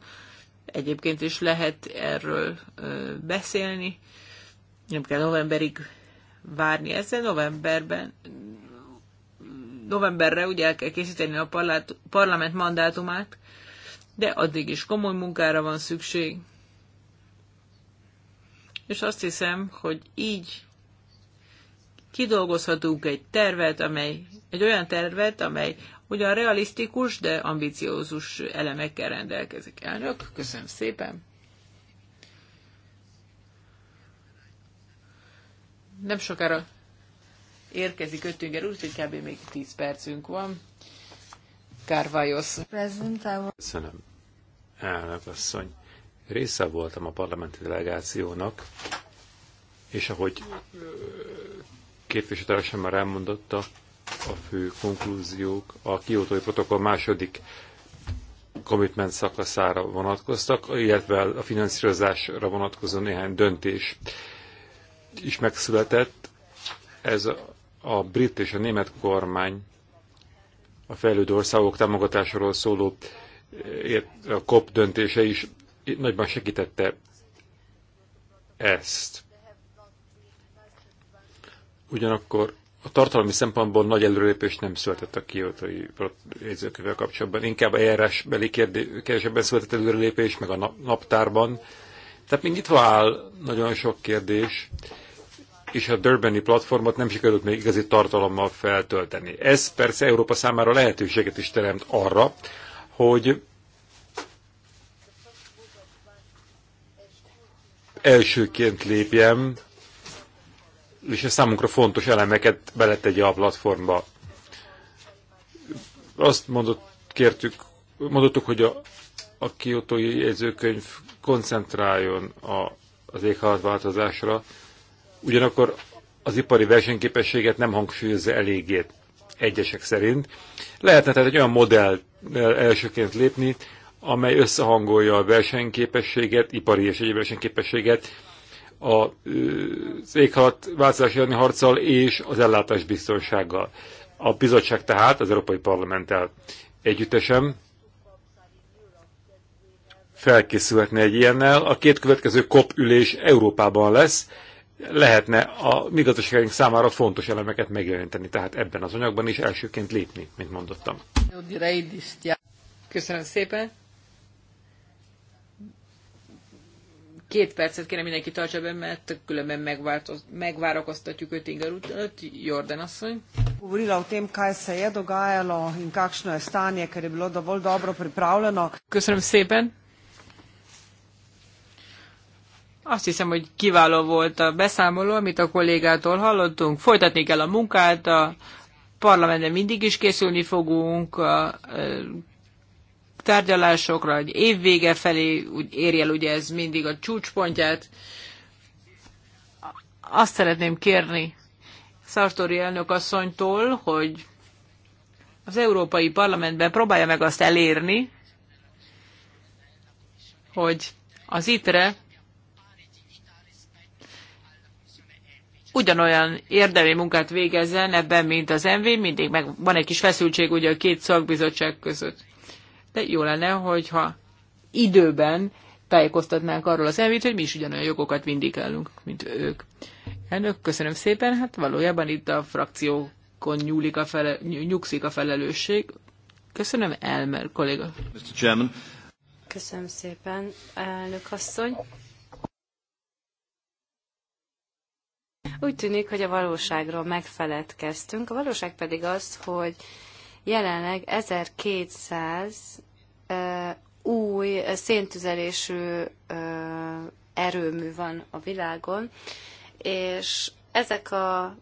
Egyébként is lehet erről beszélni. Nem kell novemberig várni ezzel. Novemberben novemberre ugye el kell készíteni a parlament mandátumát, de addig is komoly munkára van szükség. És azt hiszem, hogy így kidolgozhatunk egy tervet, amely, egy olyan tervet, amely ugyan realisztikus, de ambiciózus elemekkel rendelkezik. Elnök, köszönöm szépen! Nem sokára érkezik Öttinger úr, hogy kb. még 10 percünk van. Kárvályos. Köszönöm. Elnök asszony. Része voltam a parlamenti delegációnak, és ahogy képviselőtársam már elmondotta, a fő konklúziók a kiotói protokoll második commitment szakaszára vonatkoztak, illetve a finanszírozásra vonatkozó néhány döntés is megszületett. Ez a brit és a német kormány a fejlődő országok támogatásáról szóló eh, a COP döntése is nagyban segítette ezt. Ugyanakkor a tartalmi szempontból nagy előrelépés nem született a kiotai jegyzőkövel kapcsolatban. Inkább eljárásbeli kérdésben született előrelépés, meg a naptárban. Tehát még nyitva áll nagyon sok kérdés és a Durbani platformot nem sikerült még igazi tartalommal feltölteni. Ez persze Európa számára lehetőséget is teremt arra, hogy elsőként lépjem, és a számunkra fontos elemeket beletegye a platformba. Azt mondott, kértük, mondottuk, hogy a, a kiotói jegyzőkönyv koncentráljon a, az éghajlatváltozásra, változásra, ugyanakkor az ipari versenyképességet nem hangsúlyozza eléggé egyesek szerint. Lehetne tehát egy olyan modell eh, elsőként lépni, amely összehangolja a versenyképességet, ipari és egyéb versenyképességet a eh, éghalat változási elleni harccal és az ellátás biztonsággal. A bizottság tehát az Európai Parlamenttel együttesen felkészülhetne egy ilyennel. A két következő COP ülés Európában lesz, lehetne a mi gazdaságaink számára fontos elemeket megjelenteni, tehát ebben az anyagban is elsőként lépni, mint mondottam. Köszönöm szépen. Két percet kérem mindenki tartsa be, mert különben megvárakoztatjuk őt Inger utat, Jordan asszony. Govorila o tem, kaj se je dogajalo in kakšno je stanje, ker je bilo dovolj dobro pripravljeno. Köszönöm szépen. Azt hiszem, hogy kiváló volt a beszámoló, amit a kollégától hallottunk. Folytatni kell a munkát, a parlamentben mindig is készülni fogunk, a tárgyalásokra, egy évvége felé úgy érje el ugye ez mindig a csúcspontját. Azt szeretném kérni Szartori elnök asszonytól, hogy az Európai Parlamentben próbálja meg azt elérni, hogy az ITRE ugyanolyan érdemi munkát végezzen ebben, mint az MV, mindig meg van egy kis feszültség ugye a két szakbizottság között. De jó lenne, hogyha időben tájékoztatnánk arról az elvét, hogy mi is ugyanolyan jogokat vindikálunk, mint ők. Elnök, köszönöm szépen, hát valójában itt a frakciókon nyúlik a fele, nyugszik a felelősség. Köszönöm, Elmer kolléga. Mr. Chairman. Köszönöm szépen, elnök asszony. Úgy tűnik, hogy a valóságról megfeledkeztünk. A valóság pedig az, hogy jelenleg 1200 új széntüzelésű erőmű van a világon, és ezek a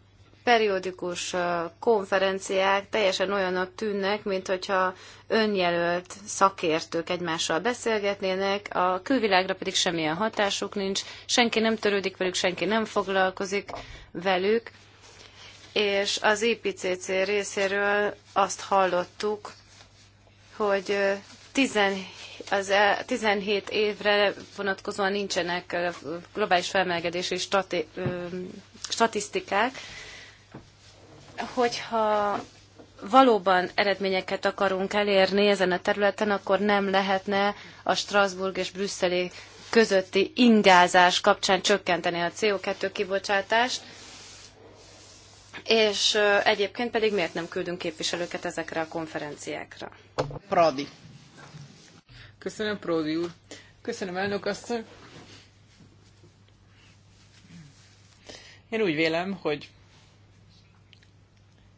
periódikus konferenciák teljesen olyanok tűnnek, mint hogyha önjelölt szakértők egymással beszélgetnének, a külvilágra pedig semmilyen hatásuk nincs, senki nem törődik velük, senki nem foglalkozik velük, és az IPCC részéről azt hallottuk, hogy 17 17 évre vonatkozóan nincsenek globális felmelegedési stati, statisztikák, hogyha valóban eredményeket akarunk elérni ezen a területen, akkor nem lehetne a Strasbourg és brüsszeli közötti ingázás kapcsán csökkenteni a CO2 kibocsátást, és egyébként pedig miért nem küldünk képviselőket ezekre a konferenciákra? Pradi. Köszönöm, Prodi úr. Köszönöm, elnök asszony. Én úgy vélem, hogy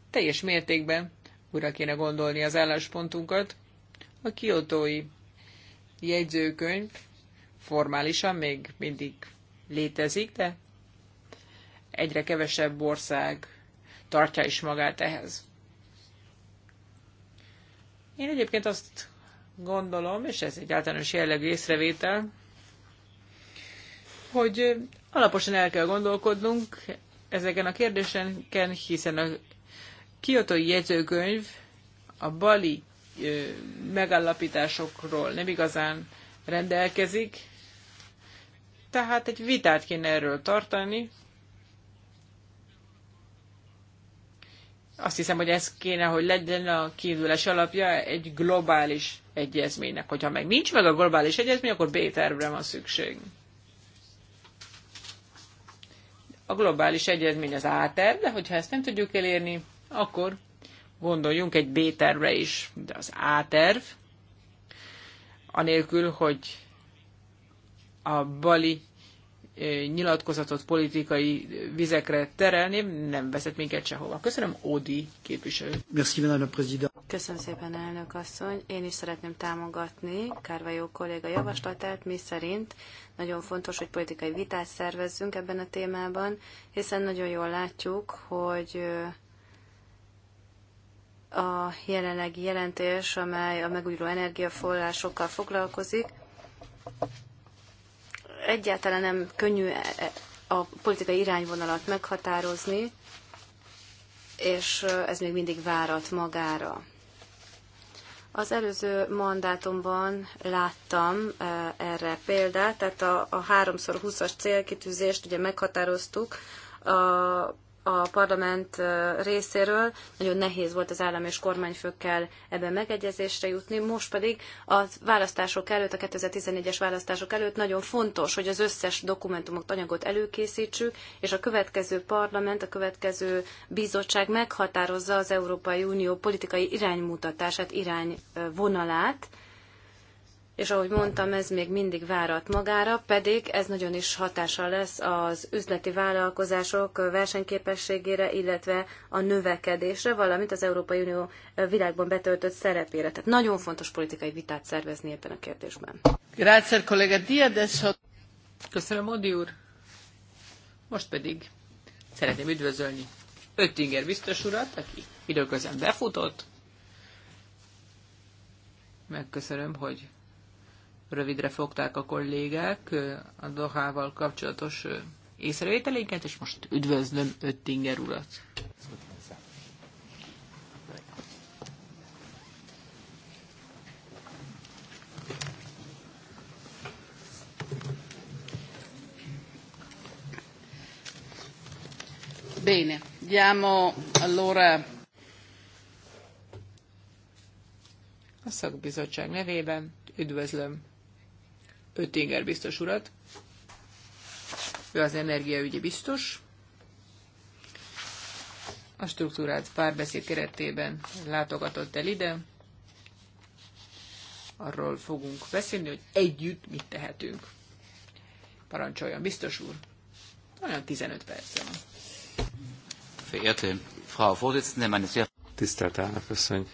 teljes mértékben újra kéne gondolni az álláspontunkat. A kiotói jegyzőkönyv formálisan még mindig létezik, de egyre kevesebb ország tartja is magát ehhez. Én egyébként azt gondolom, és ez egy általános jellegű észrevétel, hogy alaposan el kell gondolkodnunk ezeken a kérdéseken, hiszen a kiotói jegyzőkönyv a bali megállapításokról nem igazán rendelkezik, tehát egy vitát kéne erről tartani. Azt hiszem, hogy ez kéne, hogy legyen a kiindulási alapja egy globális egyezménynek. Hogyha meg nincs meg a globális egyezmény, akkor B-tervre van szükség. A globális egyezmény az A-terv, de hogyha ezt nem tudjuk elérni, akkor gondoljunk egy B-tervre is, de az A-terv, anélkül, hogy a bali nyilatkozatot politikai vizekre terelném, nem veszett minket sehova. Köszönöm, Odi képviselő. Merci, Madame la Présidente. Köszönöm szépen, elnök asszony. Én is szeretném támogatni jó kolléga javaslatát, mi szerint nagyon fontos, hogy politikai vitát szervezzünk ebben a témában, hiszen nagyon jól látjuk, hogy a jelenlegi jelentés, amely a megújuló energiaforrásokkal foglalkozik, egyáltalán nem könnyű e- e- a politikai irányvonalat meghatározni, és ez még mindig várat magára. Az előző mandátumban láttam erre példát, tehát a, a 3x20-as célkitűzést ugye meghatároztuk, a a parlament részéről. Nagyon nehéz volt az állam és kormányfőkkel ebben megegyezésre jutni. Most pedig a választások előtt, a 2014-es választások előtt nagyon fontos, hogy az összes dokumentumot, anyagot előkészítsük, és a következő parlament, a következő bizottság meghatározza az Európai Unió politikai iránymutatását, irányvonalát, és ahogy mondtam, ez még mindig várat magára, pedig ez nagyon is hatással lesz az üzleti vállalkozások versenyképességére, illetve a növekedésre, valamint az Európai Unió világban betöltött szerepére. Tehát nagyon fontos politikai vitát szervezni ebben a kérdésben. Grazie, kollega Diades. Köszönöm, Odi úr. Most pedig szeretném üdvözölni Öttinger biztos urat, aki időközben befutott. Megköszönöm, hogy rövidre fogták a kollégák a Dohával kapcsolatos észrevételéket, és most üdvözlöm Öttinger urat. Bene, diamo allora a szakbizottság nevében üdvözlöm Öttinger biztos urat. Ő az energiaügyi biztos. A struktúrát párbeszéd keretében látogatott el ide. Arról fogunk beszélni, hogy együtt mit tehetünk. Parancsoljon, biztos úr. Olyan 15 perc van. Verehrte Frau Vorsitzende, meine sehr... Tisztelt elnök köszönj.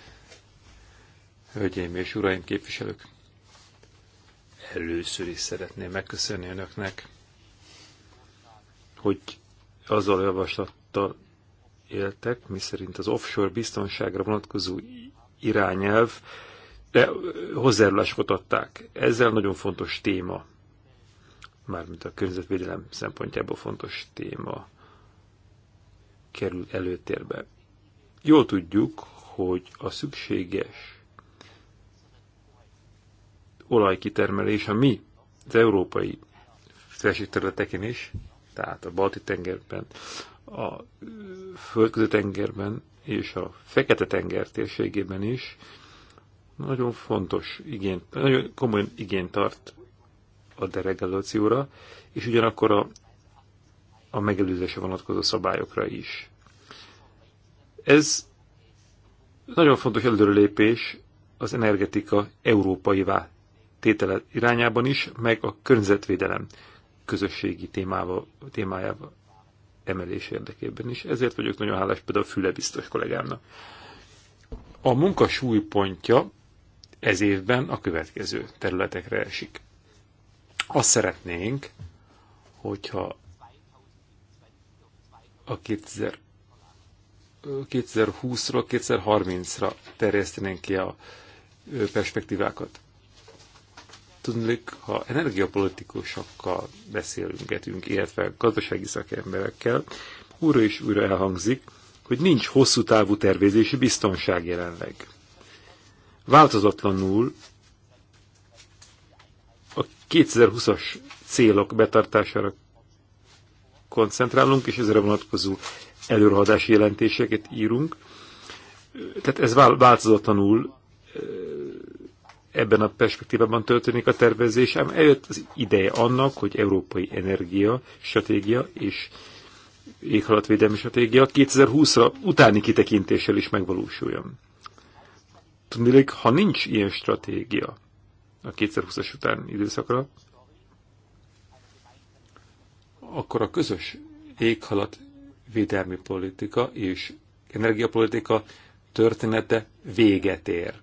hölgyeim és uraim képviselők! Először is szeretném megköszönni önöknek, hogy azzal a javaslattal éltek, miszerint az offshore biztonságra vonatkozó irányelv hozzájárulásokat adták. Ezzel nagyon fontos téma, mármint a környezetvédelem szempontjából fontos téma kerül előtérbe. Jól tudjuk, hogy a szükséges olajkitermelés a mi, az európai területeken is, tehát a Balti-tengerben, a Földközi-tengerben és a Fekete-tenger térségében is nagyon fontos igényt, nagyon komoly igényt tart a deregulációra, és ugyanakkor a, a megelőzése vonatkozó szabályokra is. Ez nagyon fontos előrelépés az energetika európai tétele irányában is, meg a környezetvédelem közösségi témával, témájával emelés érdekében is. Ezért vagyok nagyon hálás például a Füle biztos kollégámnak. A munka súlypontja ez évben a következő területekre esik. Azt szeretnénk, hogyha a 2020-ról 2030-ra terjesztenénk ki a perspektívákat. Tudnék, ha energiapolitikusokkal beszélünk, illetve gazdasági szakemberekkel, újra és újra elhangzik, hogy nincs hosszú távú tervezési biztonság jelenleg. Változatlanul a 2020-as célok betartására koncentrálunk, és ezre vonatkozó előrehadási jelentéseket írunk. Tehát ez változatlanul ebben a perspektívában történik a tervezés, ám eljött az ideje annak, hogy európai energia, stratégia és éghalatvédelmi stratégia 2020-ra utáni kitekintéssel is megvalósuljon. Tudnélik, ha nincs ilyen stratégia a 2020-as után időszakra, akkor a közös éghalat védelmi politika és energiapolitika története véget ér.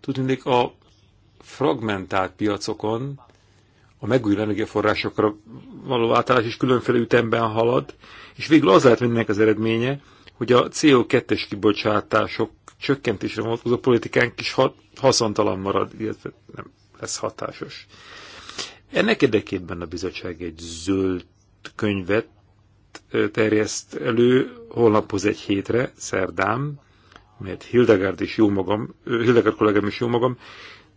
Tudnék, a fragmentált piacokon a megújuló energiaforrásokra való átállás is különféle ütemben halad, és végül az lehet mindenek az eredménye, hogy a CO2-es kibocsátások csökkentésre vonatkozó politikánk is haszontalan marad, illetve nem lesz hatásos. Ennek érdekében a bizottság egy zöld könyvet terjeszt elő holnaphoz egy hétre, szerdán, mert Hildegard is jó magam, Hildegard kollégám is jó magam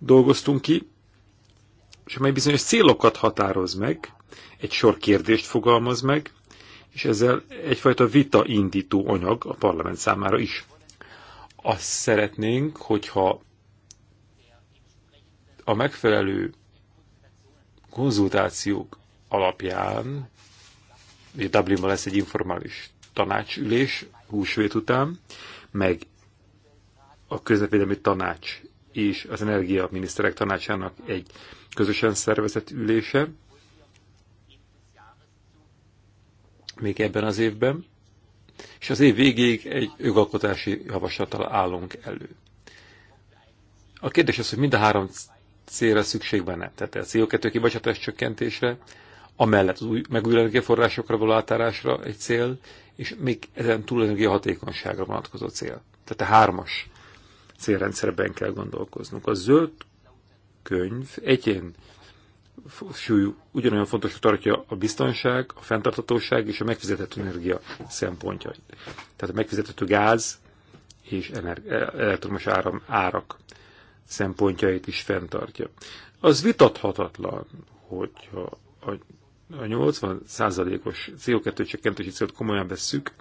dolgoztunk ki, és amely bizonyos célokat határoz meg, egy sor kérdést fogalmaz meg, és ezzel egyfajta vita indító anyag a parlament számára is. Azt szeretnénk, hogyha a megfelelő konzultációk alapján, ugye Dublinban lesz egy informális tanácsülés húsvét után, meg a közvetvédelmi tanács és az energiaminiszterek tanácsának egy közösen szervezett ülése, még ebben az évben, és az év végéig egy jogalkotási javaslattal állunk elő. A kérdés az, hogy mind a három célra szükség van-e, tehát a CO2 kibocsátás csökkentésre, amellett az új megújuló forrásokra való átárásra egy cél, és még ezen túl energiahatékonyságra hatékonyságra vonatkozó cél. Tehát a hármas célrendszerben kell gondolkoznunk. A zöld könyv egyén súlyú, ugyanolyan fontos tartja a biztonság, a fenntarthatóság és a megfizethető energia szempontjait. Tehát a megfizethető gáz és e- elektromos áram árak szempontjait is fenntartja. Az vitathatatlan, hogyha a, a 80%-os CO2 csökkentési célt komolyan vesszük,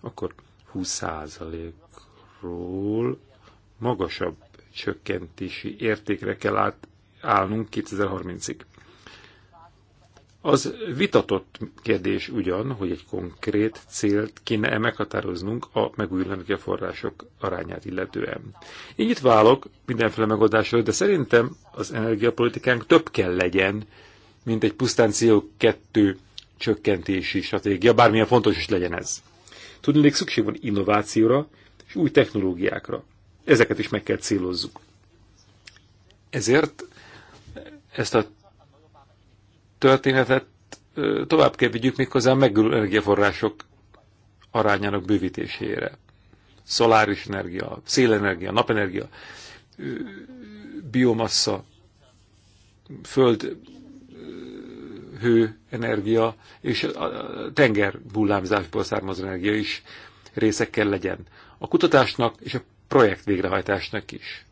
akkor 20%-ról magasabb csökkentési értékre kell állnunk 2030-ig. Az vitatott kérdés ugyan, hogy egy konkrét célt kéne-e meghatároznunk a megújuló energiaforrások arányát illetően. Én itt válok mindenféle megoldásról, de szerintem az energiapolitikánk több kell legyen, mint egy pusztán CO2 csökkentési stratégia, bármilyen fontos is legyen ez. Tudnék, szükség van innovációra és új technológiákra ezeket is meg kell célozzuk. Ezért ezt a történetet tovább kell vigyük méghozzá megülő energiaforrások arányának bővítésére. Szoláris energia, szélenergia, napenergia, biomassa, föld, hő, energia és a tenger hullámzásból származó energia is részekkel legyen. A kutatásnak és a projekt végrehajtásnak is.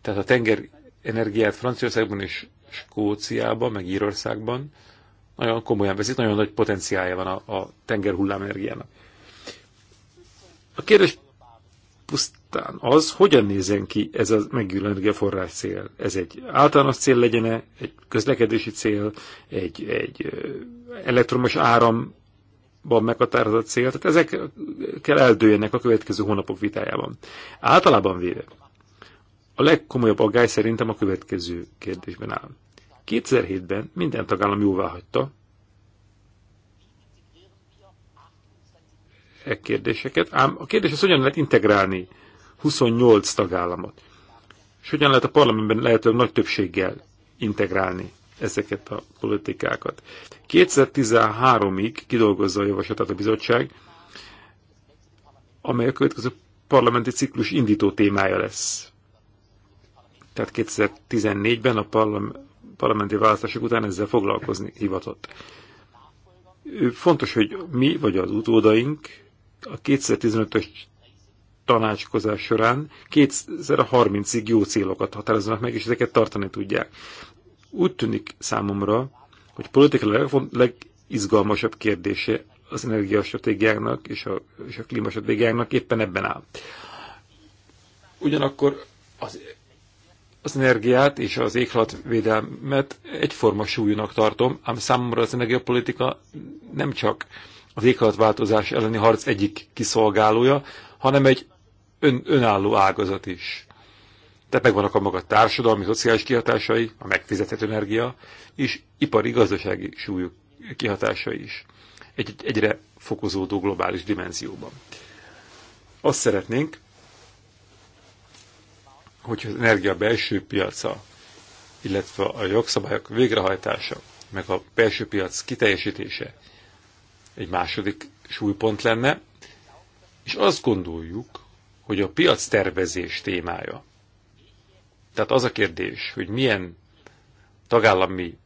Tehát a tenger energiát Franciaországban és Skóciában, meg Írországban nagyon komolyan veszik, nagyon nagy potenciálja van a, a tenger hullámenergiának. A kérdés pusztán az, hogyan nézzen ki ez a megújuló energiaforrás cél. Ez egy általános cél legyen -e, egy közlekedési cél, egy, egy elektromos áram van meghatározott cél, tehát ezek kell eldőjenek a következő hónapok vitájában. Általában véve, a legkomolyabb aggály szerintem a következő kérdésben áll. 2007-ben minden tagállam jóvá hagyta e kérdéseket, ám a kérdés az, hogyan lehet integrálni 28 tagállamot, és hogyan lehet a parlamentben lehetőleg nagy többséggel integrálni ezeket a politikákat. 2013-ig kidolgozza a javaslatát a bizottság, amely a következő parlamenti ciklus indító témája lesz. Tehát 2014-ben a parlamenti választások után ezzel foglalkozni hivatott. Fontos, hogy mi vagy az utódaink a 2015-ös tanácskozás során 2030-ig jó célokat határoznak meg, és ezeket tartani tudják. Úgy tűnik számomra, hogy politikailag legizgalmasabb kérdése az energiastratégiának és a, és a klímastratégiának éppen ebben áll. Ugyanakkor az, az energiát és az éghalatvédelmet egyforma súlyúnak tartom, ám számomra az energiapolitika nem csak az éghalatváltozás elleni harc egyik kiszolgálója, hanem egy ön, önálló ágazat is. Tehát megvannak a maga társadalmi, szociális kihatásai, a megfizethető energia, és ipari, gazdasági súlyú kihatásai is. egy egyre fokozódó globális dimenzióban. Azt szeretnénk, hogy az energia belső piaca, illetve a jogszabályok végrehajtása, meg a belső piac kiteljesítése egy második súlypont lenne, és azt gondoljuk, hogy a piac tervezés témája tehát az a kérdés, hogy milyen tagállami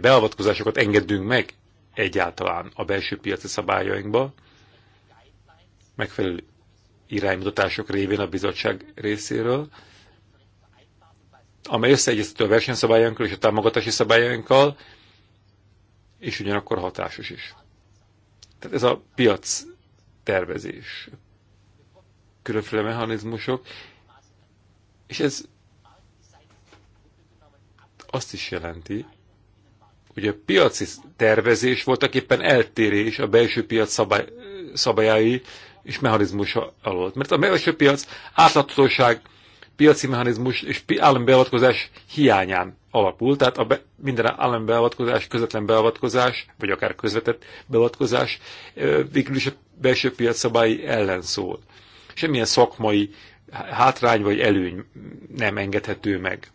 beavatkozásokat engedünk meg egyáltalán a belső piaci szabályainkba, megfelelő iránymutatások révén a bizottság részéről, amely összeegyeztető a versenyszabályainkkal és a támogatási szabályainkkal, és ugyanakkor hatásos is. Tehát ez a piac tervezés, különféle mechanizmusok, és ez azt is jelenti, hogy a piaci tervezés voltak éppen eltérés a belső piac szabály, szabályai és mechanizmusa alól. Mert a belső piac átláthatóság, piaci mechanizmus és állami beavatkozás hiányán alapul, tehát a be, minden állami beavatkozás, közvetlen beavatkozás, vagy akár közvetett beavatkozás végül is a belső piac szabályi ellen szól. Semmilyen szakmai hátrány vagy előny nem engedhető meg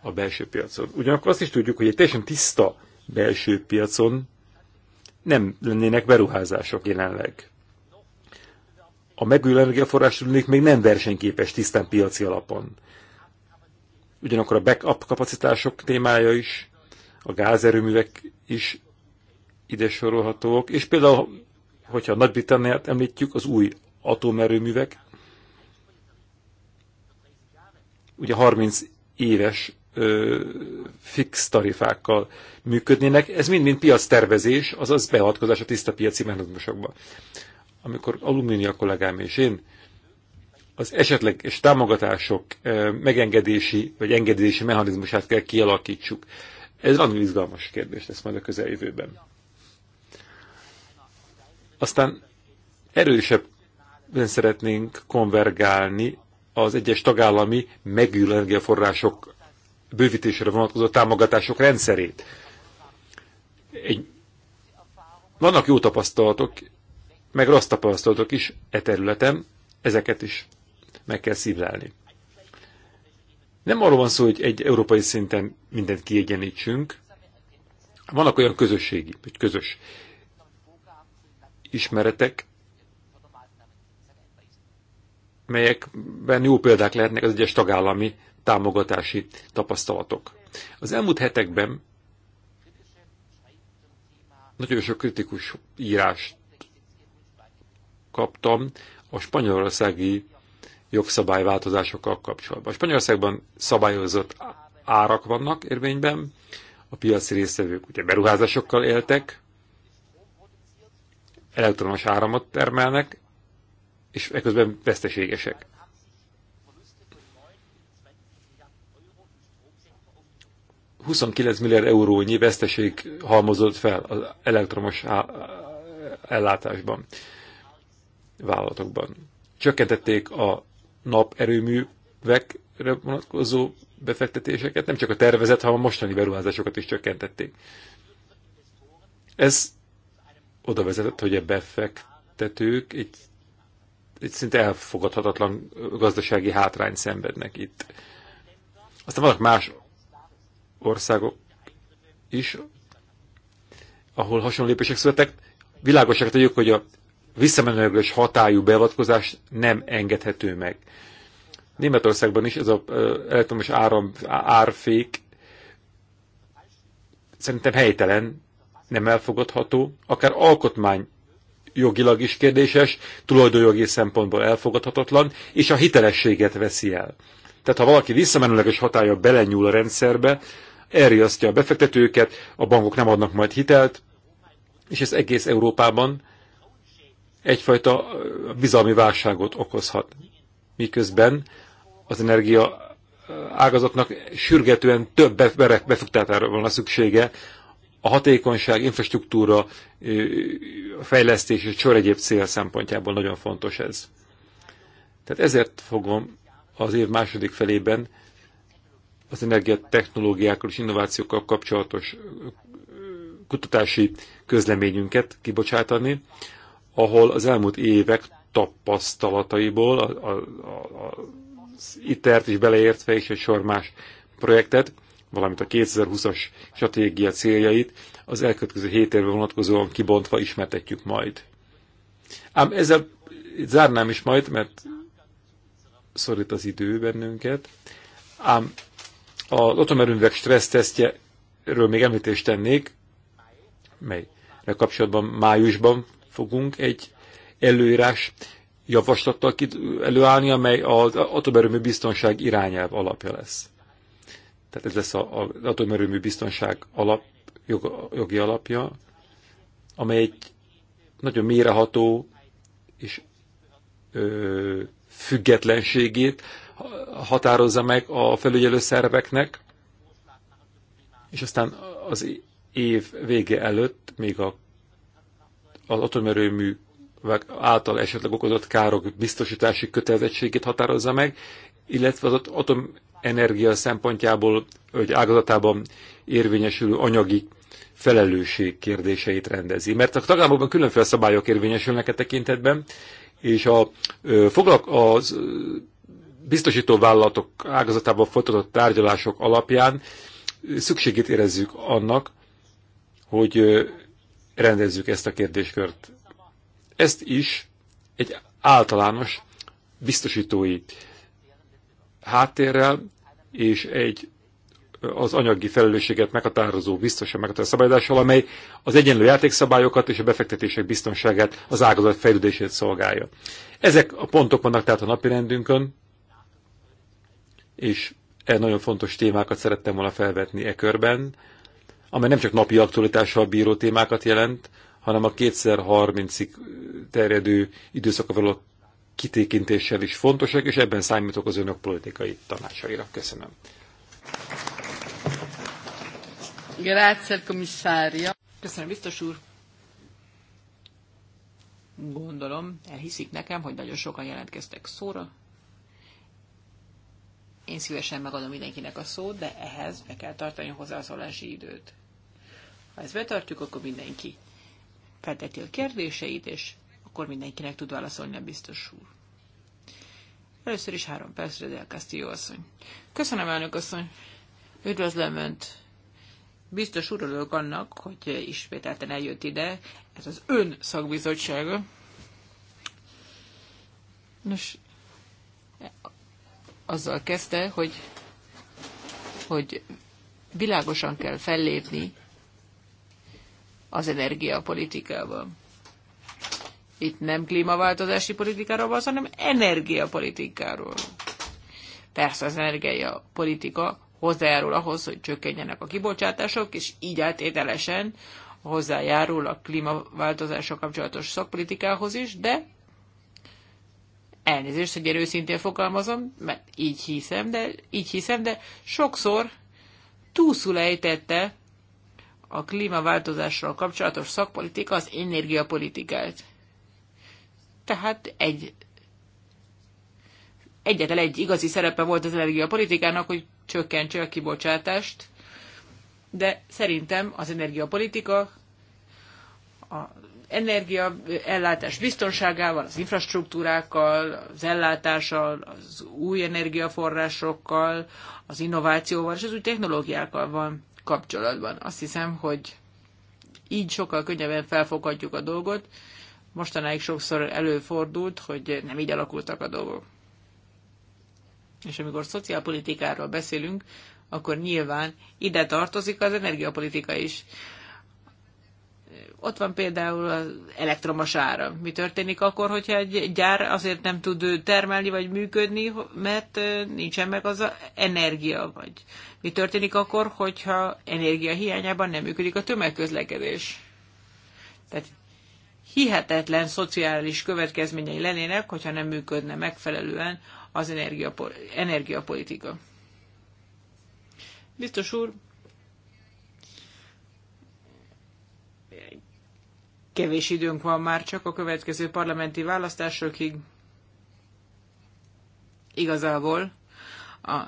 a belső piacon. Ugyanakkor azt is tudjuk, hogy egy teljesen tiszta belső piacon nem lennének beruházások jelenleg. A megújuló energiaforrású még nem versenyképes tisztán piaci alapon. Ugyanakkor a backup kapacitások témája is, a gázerőművek is ide sorolhatók, és például, hogyha Nagy-Britanniát említjük, az új atomerőművek, ugye 30 éves ö, fix tarifákkal működnének. Ez mind-mind piac tervezés, azaz beavatkozás a tiszta piaci mechanizmusokba. Amikor alumínia kollégám és én az esetleges támogatások ö, megengedési vagy engedési mechanizmusát kell kialakítsuk. Ez nagyon izgalmas kérdés lesz majd a közeljövőben. Aztán erősebb szeretnénk konvergálni az egyes tagállami megújuló energiaforrások bővítésére vonatkozó támogatások rendszerét. Egy, vannak jó tapasztalatok, meg rossz tapasztalatok is e területen, ezeket is meg kell szívlelni. Nem arról van szó, hogy egy európai szinten mindent kiegyenítsünk. Vannak olyan közösségi, vagy közös ismeretek, melyekben jó példák lehetnek az egyes tagállami támogatási tapasztalatok. Az elmúlt hetekben nagyon sok kritikus írást kaptam a spanyolországi jogszabályváltozásokkal kapcsolatban. A Spanyolországban szabályozott árak vannak érvényben, a piaci résztvevők ugye beruházásokkal éltek, elektronos áramot termelnek, és ekközben veszteségesek. 29 milliárd eurónyi veszteség halmozott fel az elektromos ellátásban, vállalatokban. Csökkentették a naperőművekre vonatkozó befektetéseket, nem csak a tervezet, hanem a mostani beruházásokat is csökkentették. Ez oda vezetett, hogy a befektetők egy, egy szinte elfogadhatatlan gazdasági hátrány szenvednek itt. Aztán vannak más országok is, ahol hasonló lépések születtek, világosak tegyük, hogy a visszamenőleges hatályú beavatkozás nem engedhető meg. Németországban is ez az elektromos áram, árfék szerintem helytelen, nem elfogadható, akár alkotmány jogilag is kérdéses, tulajdonjogi szempontból elfogadhatatlan, és a hitelességet veszi el. Tehát ha valaki visszamenőleges hatája belenyúl a rendszerbe, elriasztja a befektetőket, a bankok nem adnak majd hitelt, és ez egész Európában egyfajta bizalmi válságot okozhat. Miközben az energia ágazatnak sürgetően több befektetőre van a szüksége, a hatékonyság, infrastruktúra, fejlesztés és sor egyéb cél szempontjából nagyon fontos ez. Tehát ezért fogom az év második felében az energiatechnológiákkal és innovációkkal kapcsolatos kutatási közleményünket kibocsátani, ahol az elmúlt évek tapasztalataiból, a, a, a, az ITER-t is beleértve, és egy sor más projektet, valamint a 2020-as stratégia céljait az elkövetkező 7 évre vonatkozóan kibontva ismertetjük majd. Ám ezzel zárnám is majd, mert szorít az idő bennünket, ám az atomerőművek stressztesztjéről még említést tennék, melyre kapcsolatban májusban fogunk egy előírás javaslattal előállni, amely az atomerőmű biztonság irányelv alapja lesz. Tehát ez lesz az atomerőmű biztonság alap, jog, jogi alapja, amely egy nagyon méreható és ö, függetlenségét határozza meg a felügyelő szerveknek, és aztán az év vége előtt még a, az atomerőmű által esetleg okozott károk biztosítási kötelezettségét határozza meg, illetve az atomenergia szempontjából, hogy ágazatában érvényesülő anyagi felelősség kérdéseit rendezi. Mert a tagállamokban különféle szabályok érvényesülnek e tekintetben, és a, foglalk, az biztosító vállalatok ágazatában folytatott tárgyalások alapján szükségét érezzük annak, hogy rendezzük ezt a kérdéskört. Ezt is egy általános biztosítói háttérrel és egy az anyagi felelősséget meghatározó biztosan meghatározó szabályozással, amely az egyenlő játékszabályokat és a befektetések biztonságát, az ágazat fejlődését szolgálja. Ezek a pontok vannak tehát a napirendünkön, és e nagyon fontos témákat szerettem volna felvetni e körben, amely nem csak napi aktualitással bíró témákat jelent, hanem a 2030-ig terjedő időszakra való kitékintéssel is fontosak, és ebben számítok az önök politikai tanácsaira. Köszönöm. Grazie, commissario. Köszönöm, biztos úr. Gondolom, elhiszik nekem, hogy nagyon sokan jelentkeztek szóra. Én szívesen megadom mindenkinek a szót, de ehhez be kell tartani a hozzászólási időt. Ha ezt betartjuk, akkor mindenki felteti a kérdéseit, és akkor mindenkinek tud válaszolni a biztos úr. Először is három percre, de Castillo asszony. Köszönöm, elnök asszony. Üdvözlöm Önt. Biztos urolók annak, hogy ismételten eljött ide. Ez az ön szakbizottsága. Nos, azzal kezdte, hogy, hogy világosan kell fellépni az energiapolitikában. Itt nem klímaváltozási politikáról van, hanem energiapolitikáról. Persze az energiapolitika hozzájárul ahhoz, hogy csökkenjenek a kibocsátások, és így átételesen hozzájárul a klímaváltozással kapcsolatos szakpolitikához is, de Elnézést, hogy őszintén fogalmazom, mert így hiszem, de így hiszem, de sokszor túlszul ejtette a klímaváltozással kapcsolatos szakpolitika az energiapolitikát. Tehát egy egyetlen egy igazi szerepe volt az energiapolitikának, hogy csökkentse a kibocsátást, de szerintem az energiapolitika a energiaellátás biztonságával, az infrastruktúrákkal, az ellátással, az új energiaforrásokkal, az innovációval és az új technológiákkal van kapcsolatban. Azt hiszem, hogy így sokkal könnyebben felfoghatjuk a dolgot. Mostanáig sokszor előfordult, hogy nem így alakultak a dolgok. És amikor szociálpolitikáról beszélünk, akkor nyilván ide tartozik az energiapolitika is. Ott van például az elektromos áram. Mi történik akkor, hogyha egy gyár azért nem tud termelni vagy működni, mert nincsen meg az a energia? Vagy mi történik akkor, hogyha energia hiányában nem működik a tömegközlekedés? Tehát hihetetlen szociális következményei lennének, hogyha nem működne megfelelően az energiapolitika. Biztos úr, Kevés időnk van már csak a következő parlamenti választásokig. Igazából a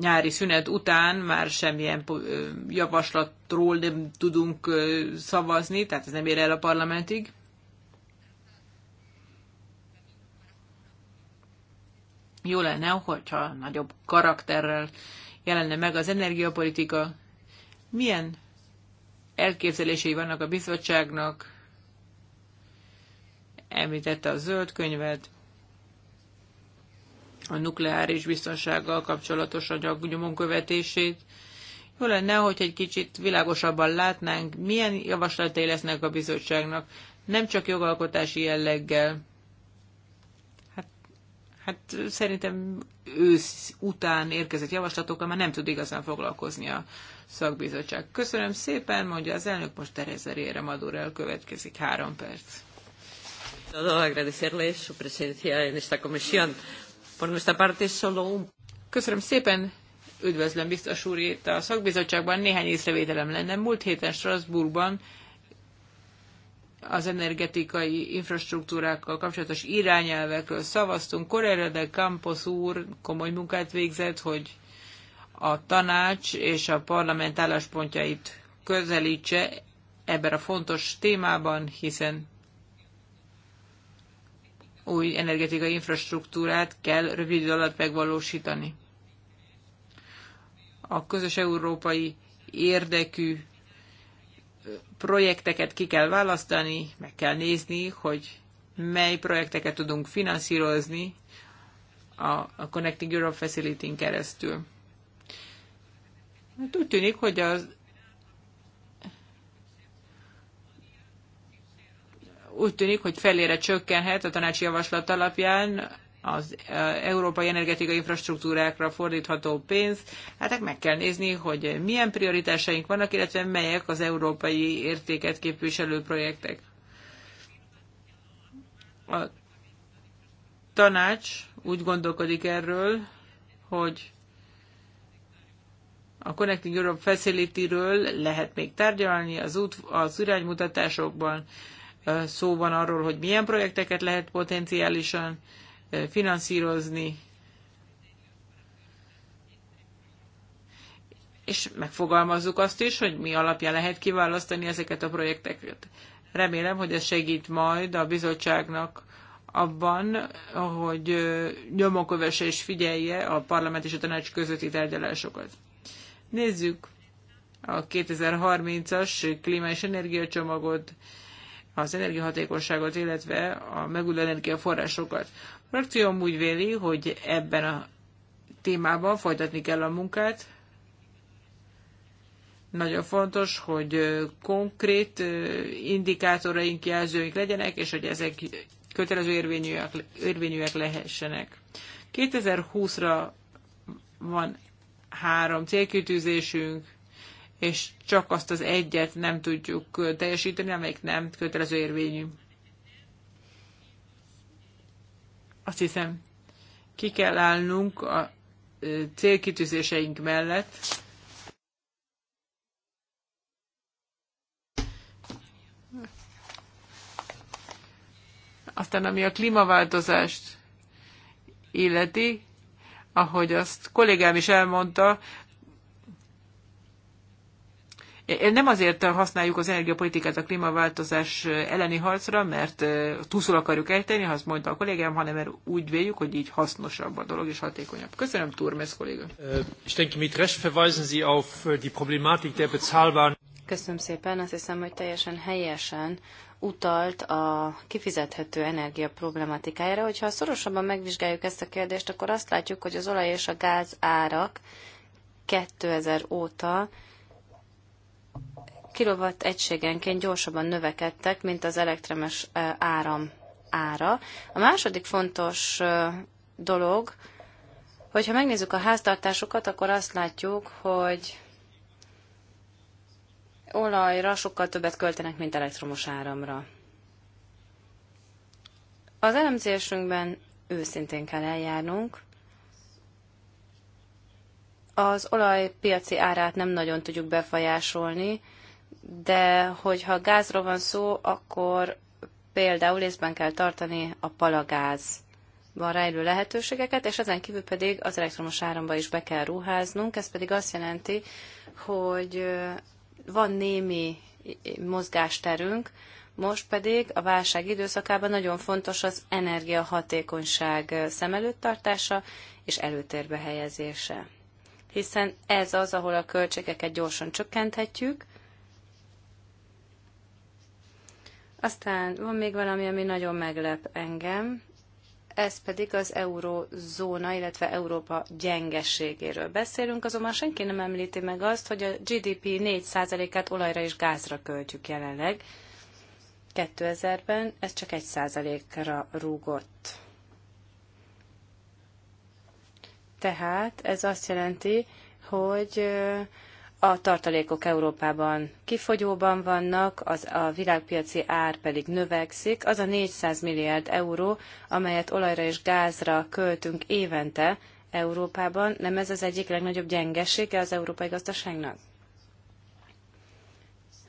nyári szünet után már semmilyen javaslatról nem tudunk szavazni, tehát ez nem ér el a parlamentig. Jó lenne, hogyha nagyobb karakterrel jelenne meg az energiapolitika. Milyen elképzelései vannak a bizottságnak említette a zöld könyvet, a nukleáris biztonsággal kapcsolatos anyagnyomon követését. Jó lenne, hogy egy kicsit világosabban látnánk, milyen javaslatai lesznek a bizottságnak, nem csak jogalkotási jelleggel. Hát, hát szerintem ősz után érkezett javaslatokkal már nem tud igazán foglalkozni a szakbizottság. Köszönöm szépen, mondja az elnök, most Terezerére Madurel következik három perc agradecerle su presencia en esta comisión. Por nuestra parte, solo un... Köszönöm szépen, üdvözlöm biztos úrét a szakbizottságban. Néhány észrevételem lenne. Múlt héten Strasbourgban az energetikai infrastruktúrákkal kapcsolatos irányelvekről szavaztunk. Correra de Campos úr komoly munkát végzett, hogy a tanács és a parlament álláspontjait közelítse ebben a fontos témában, hiszen új energetikai infrastruktúrát kell rövid idő alatt megvalósítani. A közös európai érdekű projekteket ki kell választani, meg kell nézni, hogy mely projekteket tudunk finanszírozni a Connecting Europe Facility-n keresztül. Hát úgy tűnik, hogy az úgy tűnik, hogy felére csökkenhet a tanácsi javaslat alapján az európai energetikai infrastruktúrákra fordítható pénz. Hát meg kell nézni, hogy milyen prioritásaink vannak, illetve melyek az európai értéket képviselő projektek. A tanács úgy gondolkodik erről, hogy a Connecting Europe Facility-ről lehet még tárgyalni az, út, az iránymutatásokban, szó van arról, hogy milyen projekteket lehet potenciálisan finanszírozni, és megfogalmazzuk azt is, hogy mi alapján lehet kiválasztani ezeket a projekteket. Remélem, hogy ez segít majd a bizottságnak abban, hogy nyomokövese és figyelje a parlament és a tanács közötti tárgyalásokat. Nézzük a 2030-as klíma és energiacsomagot, az energiahatékonyságot, illetve a megújuló energiaforrásokat. A frakció úgy véli, hogy ebben a témában folytatni kell a munkát. Nagyon fontos, hogy konkrét indikátoraink, jelzőink legyenek, és hogy ezek kötelező érvényűek, érvényűek lehessenek. 2020-ra van három célkütőzésünk, és csak azt az egyet nem tudjuk teljesíteni, amelyik nem kötelező érvényű. Azt hiszem, ki kell állnunk a célkitűzéseink mellett, Aztán ami a klímaváltozást illeti, ahogy azt kollégám is elmondta, nem azért használjuk az energiapolitikát a klímaváltozás elleni harcra, mert túlszul akarjuk ejteni, azt mondta a kollégám, hanem mert úgy véljük, hogy így hasznosabb a dolog és hatékonyabb. Köszönöm, Turmes kolléga. Ich denke, mit Recht verweisen Sie auf die Problematik der bezahlbaren Köszönöm szépen, azt hiszem, hogy teljesen helyesen utalt a kifizethető energia problematikájára. Hogyha szorosabban megvizsgáljuk ezt a kérdést, akkor azt látjuk, hogy az olaj és a gáz árak 2000 óta kilowatt egységenként gyorsabban növekedtek, mint az elektromos áram ára. A második fontos dolog, hogyha megnézzük a háztartásokat, akkor azt látjuk, hogy olajra sokkal többet költenek, mint elektromos áramra. Az elemzésünkben őszintén kell eljárnunk. Az olaj piaci árát nem nagyon tudjuk befolyásolni, de hogyha gázról van szó, akkor például észben kell tartani a van rejlő lehetőségeket, és ezen kívül pedig az elektromos áramba is be kell ruháznunk. Ez pedig azt jelenti, hogy van némi mozgásterünk, most pedig a válság időszakában nagyon fontos az energiahatékonyság szem előtt tartása és előtérbe helyezése. Hiszen ez az, ahol a költségeket gyorsan csökkenthetjük, Aztán van még valami, ami nagyon meglep engem, ez pedig az eurózóna, illetve Európa gyengeségéről beszélünk, azonban senki nem említi meg azt, hogy a GDP 4%-át olajra és gázra költjük jelenleg. 2000-ben ez csak 1%-ra rúgott. Tehát ez azt jelenti, hogy a tartalékok Európában kifogyóban vannak, az a világpiaci ár pedig növekszik. Az a 400 milliárd euró, amelyet olajra és gázra költünk évente Európában, nem ez az egyik legnagyobb gyengesége az európai gazdaságnak?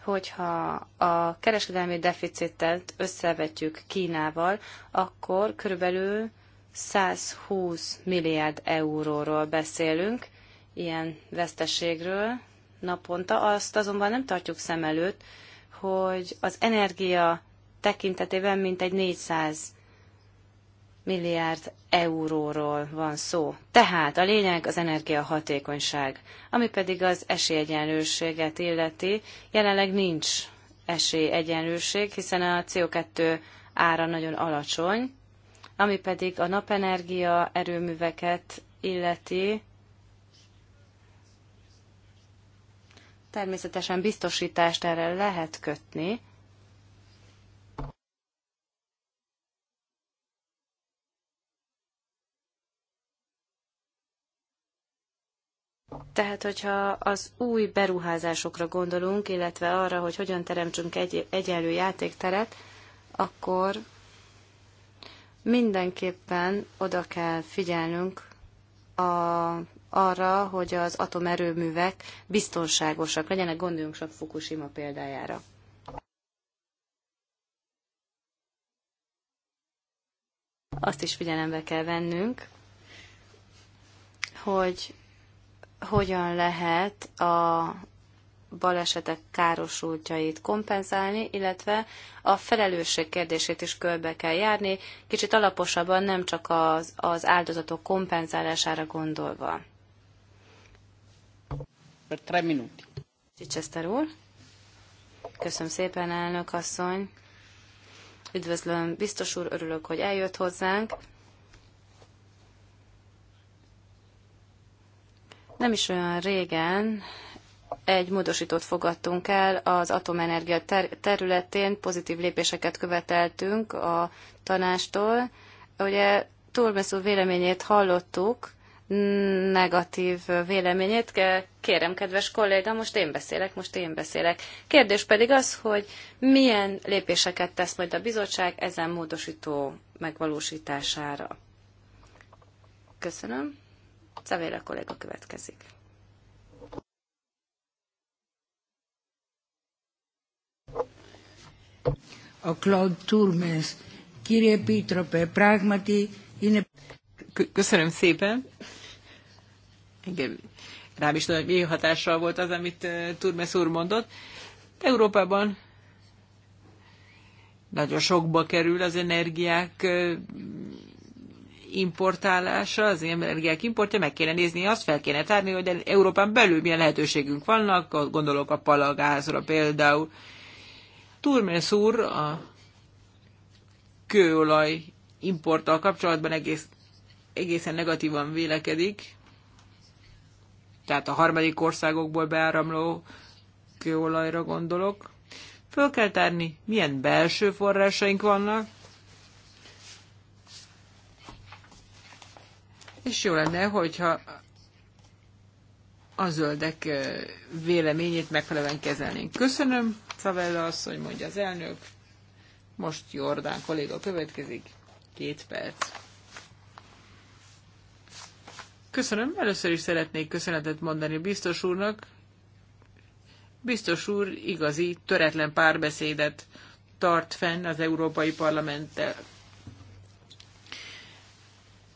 Hogyha a kereskedelmi deficitet összevetjük Kínával, akkor körülbelül 120 milliárd euróról beszélünk, ilyen veszteségről, naponta, azt azonban nem tartjuk szem előtt, hogy az energia tekintetében mintegy 400 milliárd euróról van szó. Tehát a lényeg az energiahatékonyság, ami pedig az esélyegyenlőséget illeti. Jelenleg nincs esélyegyenlőség, hiszen a CO2 ára nagyon alacsony, ami pedig a napenergia erőműveket illeti, Természetesen biztosítást erre lehet kötni, Tehát, hogyha az új beruházásokra gondolunk, illetve arra, hogy hogyan teremtsünk egy, egyenlő játékteret, akkor mindenképpen oda kell figyelnünk a arra, hogy az atomerőművek biztonságosak legyenek, gondoljunk csak Fukushima példájára. Azt is figyelembe kell vennünk, hogy hogyan lehet a balesetek károsultjait kompenzálni, illetve a felelősség kérdését is körbe kell járni, kicsit alaposabban, nem csak az, az áldozatok kompenzálására gondolva per tre minuti. Chichester úr. Köszönöm szépen, elnök asszony. Üdvözlöm, biztos úr, örülök, hogy eljött hozzánk. Nem is olyan régen egy módosítót fogadtunk el az atomenergia ter- területén, pozitív lépéseket követeltünk a tanástól. Ugye Turmes úr véleményét hallottuk, negatív véleményét. Kérem, kedves kolléga, most én beszélek, most én beszélek. Kérdés pedig az, hogy milyen lépéseket tesz majd a bizottság ezen módosító megvalósítására. Köszönöm. Szavéla kolléga következik. A Claude Turmes, κύριε Επίτροπε, Pragmati, Köszönöm szépen. igen, rám is nagy hatással volt az, amit Turmes úr mondott. Európában nagyon sokba kerül az energiák importálása, az energiák importja, meg kéne nézni azt, fel kéne tárni, hogy Európán belül milyen lehetőségünk vannak, gondolok a palagázra például. Turmes úr a kőolaj importtal kapcsolatban egész egészen negatívan vélekedik, tehát a harmadik országokból beáramló kőolajra gondolok. Föl kell tárni, milyen belső forrásaink vannak, és jó lenne, hogyha a zöldek véleményét megfelelően kezelnénk. Köszönöm, Szavella asszony, mondja az elnök. Most Jordán kolléga következik. Két perc. Köszönöm. Először is szeretnék köszönetet mondani biztos úrnak. Biztos úr igazi, töretlen párbeszédet tart fenn az Európai Parlamenttel.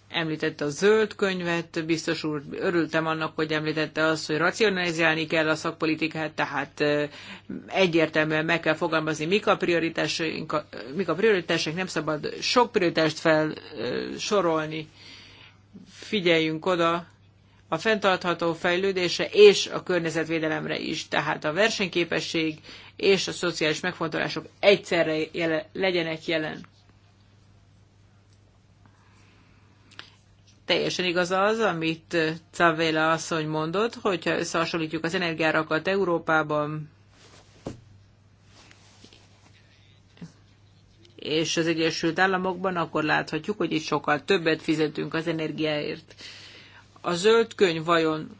Említette a zöld könyvet, biztos úr, örültem annak, hogy említette azt, hogy racionalizálni kell a szakpolitikát, tehát egyértelműen meg kell fogalmazni, mik a prioritásaink, mik a prioritások nem szabad sok prioritást felsorolni figyeljünk oda a fenntartható fejlődése és a környezetvédelemre is. Tehát a versenyképesség és a szociális megfontolások egyszerre jele, legyenek jelen. Teljesen igaz az, amit Cavella asszony mondott, hogyha összehasonlítjuk az energiárakat Európában, és az Egyesült Államokban, akkor láthatjuk, hogy itt sokkal többet fizetünk az energiáért. A zöld könyv vajon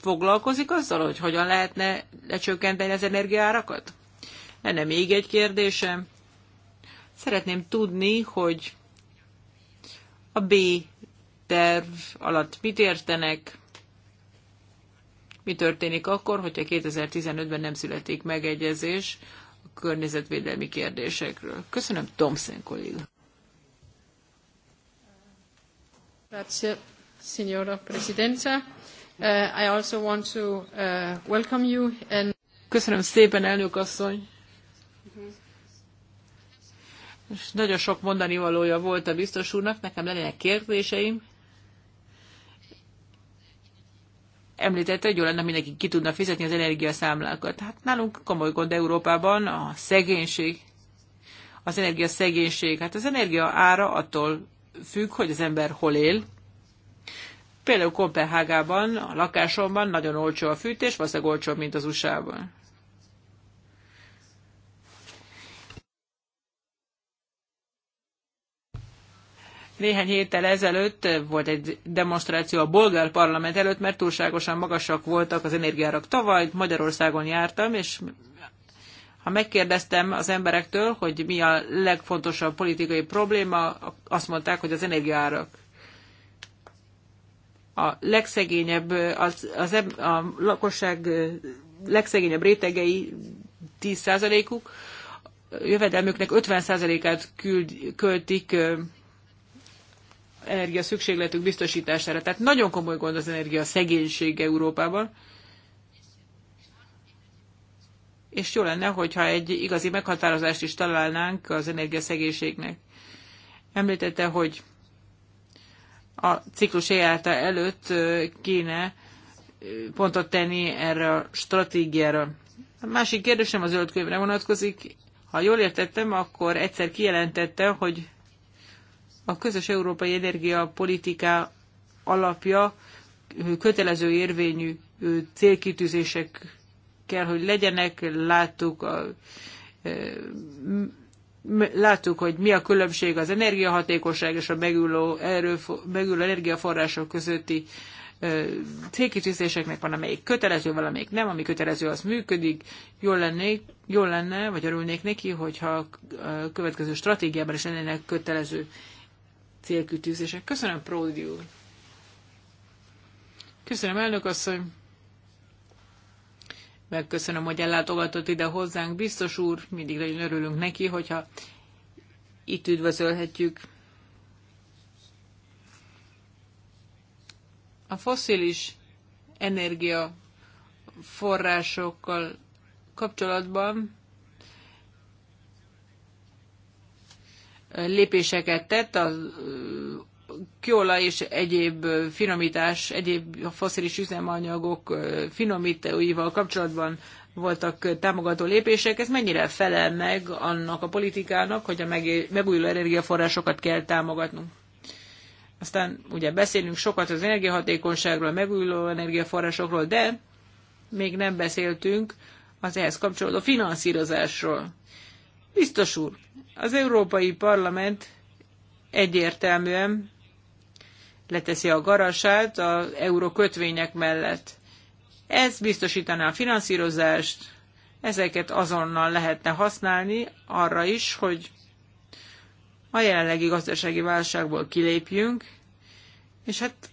foglalkozik azzal, hogy hogyan lehetne lecsökkenteni az energiárakat? Lenne még egy kérdésem. Szeretném tudni, hogy a B terv alatt mit értenek, mi történik akkor, hogyha 2015-ben nem születik megegyezés környezetvédelmi kérdésekről. Köszönöm, Tomszen kolléga. Grazie, signora Presidenza. Uh, I also want to uh, welcome you and... Köszönöm szépen, elnök asszony. És nagyon sok mondani valója volt a biztos úrnak, nekem lennének kérdéseim. említette, hogy jó lenne, mindenki ki tudna fizetni az energiaszámlákat. Hát nálunk komoly gond Európában a szegénység, az energia szegénység. Hát az energia ára attól függ, hogy az ember hol él. Például Kopenhágában, a lakásomban nagyon olcsó a fűtés, valószínűleg olcsóbb, mint az USA-ban. Néhány héttel ezelőtt volt egy demonstráció a bolgár parlament előtt, mert túlságosan magasak voltak az energiárak tavaly. Magyarországon jártam, és ha megkérdeztem az emberektől, hogy mi a legfontosabb politikai probléma, azt mondták, hogy az energiárak. A legszegényebb, az, az, a lakosság legszegényebb rétegei 10%-uk, jövedelmüknek 50%-át küld, költik energia szükségletük biztosítására. Tehát nagyon komoly gond az energia szegénység Európában. És jó lenne, hogyha egy igazi meghatározást is találnánk az energia szegénységnek. Említette, hogy a ciklus éjjelte előtt kéne pontot tenni erre a stratégiára. A másik kérdésem a zöldkövre vonatkozik. Ha jól értettem, akkor egyszer kijelentette, hogy a közös európai energiapolitika alapja kötelező érvényű célkitűzések kell, hogy legyenek. Láttuk, a, láttuk, hogy mi a különbség az energiahatékosság és a megülő, erő, megülő energiaforrások közötti célkitűzéseknek van, amelyik kötelező, valamelyik nem, ami kötelező, az működik. Jól, lennék, jól lenne, vagy örülnék neki, hogyha a következő stratégiában is lennének kötelező célkütűzések. Köszönöm, Pródi úr. Köszönöm, elnök asszony. Megköszönöm, hogy ellátogatott ide hozzánk. Biztos úr, mindig nagyon örülünk neki, hogyha itt üdvözölhetjük. A foszilis energia forrásokkal kapcsolatban lépéseket tett a kiola és egyéb finomítás, egyéb foszilis üzemanyagok finomítóival kapcsolatban voltak támogató lépések. Ez mennyire felel meg annak a politikának, hogy a megújuló energiaforrásokat kell támogatnunk? Aztán ugye beszélünk sokat az energiahatékonyságról, megújuló energiaforrásokról, de még nem beszéltünk az ehhez kapcsolódó finanszírozásról. Biztos úr, az Európai Parlament egyértelműen leteszi a garasát az eurókötvények mellett. Ez biztosítaná a finanszírozást, ezeket azonnal lehetne használni arra is, hogy a jelenlegi gazdasági válságból kilépjünk, és hát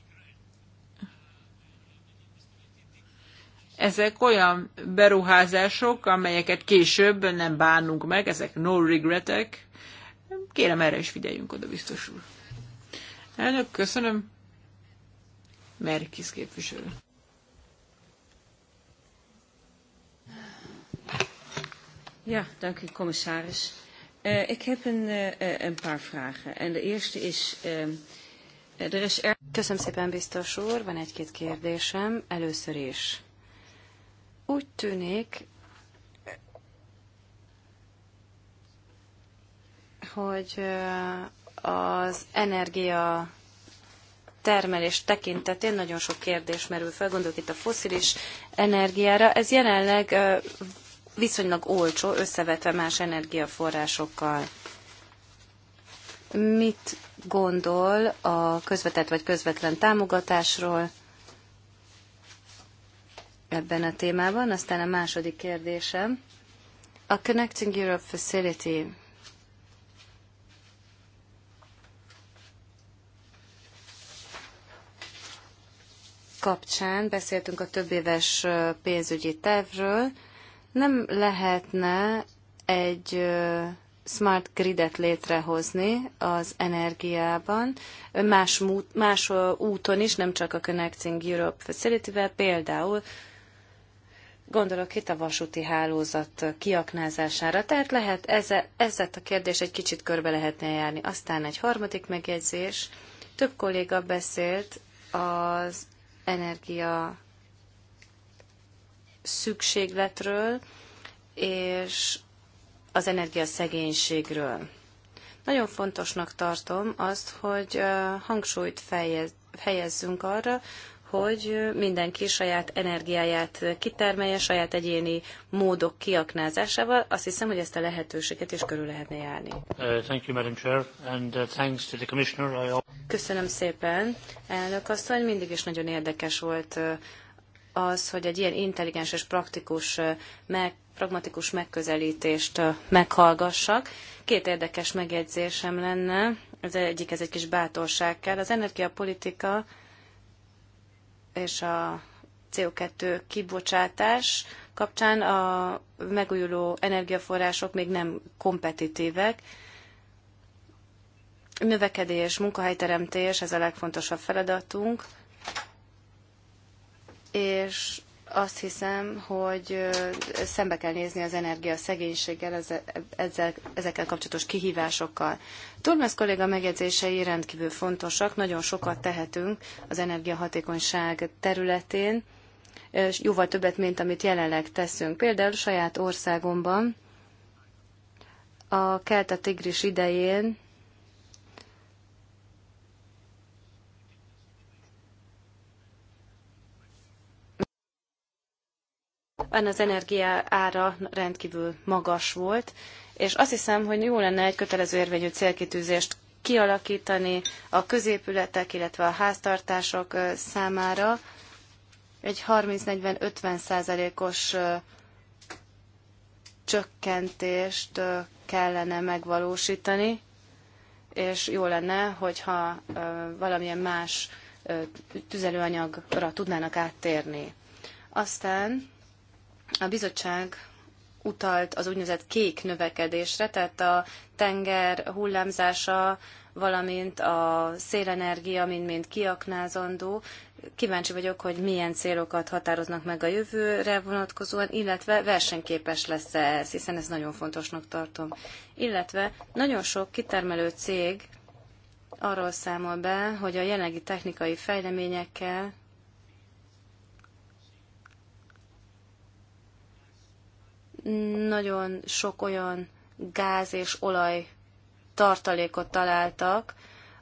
Ezek olyan beruházások, amelyeket később nem bánunk meg, ezek no regretek. Kérem, erre is figyeljünk oda, biztos úr. Elnök, köszönöm. Merkis képviselő. Ja, dank u commissaris. Uh, ik heb een, uh, een paar vragen. En de eerste is, uh, er is er... Köszönöm szépen, biztos úr. Van egy-két kérdésem. Először is. Úgy tűnik, hogy az energia termelés tekintetén nagyon sok kérdés merül fel, gondolok itt a foszilis energiára. Ez jelenleg viszonylag olcsó, összevetve más energiaforrásokkal. Mit gondol a közvetett vagy közvetlen támogatásról? ebben a témában. Aztán a második kérdésem. A Connecting Europe Facility kapcsán beszéltünk a több éves pénzügyi tervről. Nem lehetne egy smart gridet létrehozni az energiában, más, más úton is, nem csak a Connecting Europe Facility-vel, például Gondolok itt a vasúti hálózat kiaknázására. Tehát lehet ezzel, ez a kérdés egy kicsit körbe lehetne járni. Aztán egy harmadik megjegyzés. Több kolléga beszélt az energia szükségletről és az energiaszegénységről. Nagyon fontosnak tartom azt, hogy hangsúlyt fejezzünk arra, hogy mindenki saját energiáját kitermelje, saját egyéni módok kiaknázásával. Azt hiszem, hogy ezt a lehetőséget is körül lehetne járni. Uh, uh, Köszönöm szépen, elnök asszony. Mindig is nagyon érdekes volt uh, az, hogy egy ilyen intelligens és praktikus, meg, pragmatikus megközelítést meghallgassak. Két érdekes megjegyzésem lenne. Az egyik, ez egy kis bátorság kell. Az energiapolitika politika és a CO2 kibocsátás kapcsán a megújuló energiaforrások még nem kompetitívek. Növekedés, munkahelyteremtés, ez a legfontosabb feladatunk, és azt hiszem, hogy szembe kell nézni az energia szegénységgel, ezzel, ezekkel kapcsolatos kihívásokkal. Turmes kolléga megjegyzései rendkívül fontosak, nagyon sokat tehetünk az energiahatékonyság területén, és jóval többet, mint amit jelenleg teszünk. Például saját országomban a Kelta Tigris idején az energia ára rendkívül magas volt, és azt hiszem, hogy jó lenne egy kötelező érvényű célkitűzést kialakítani a középületek, illetve a háztartások számára egy 30-40-50 százalékos csökkentést kellene megvalósítani, és jó lenne, hogyha valamilyen más tüzelőanyagra tudnának áttérni. Aztán a bizottság utalt az úgynevezett kék növekedésre, tehát a tenger hullámzása, valamint a szélenergia mind-mind kiaknázandó. Kíváncsi vagyok, hogy milyen célokat határoznak meg a jövőre vonatkozóan, illetve versenyképes lesz-e ez, hiszen ez nagyon fontosnak tartom. Illetve nagyon sok kitermelő cég arról számol be, hogy a jelenlegi technikai fejleményekkel nagyon sok olyan gáz és olaj tartalékot találtak,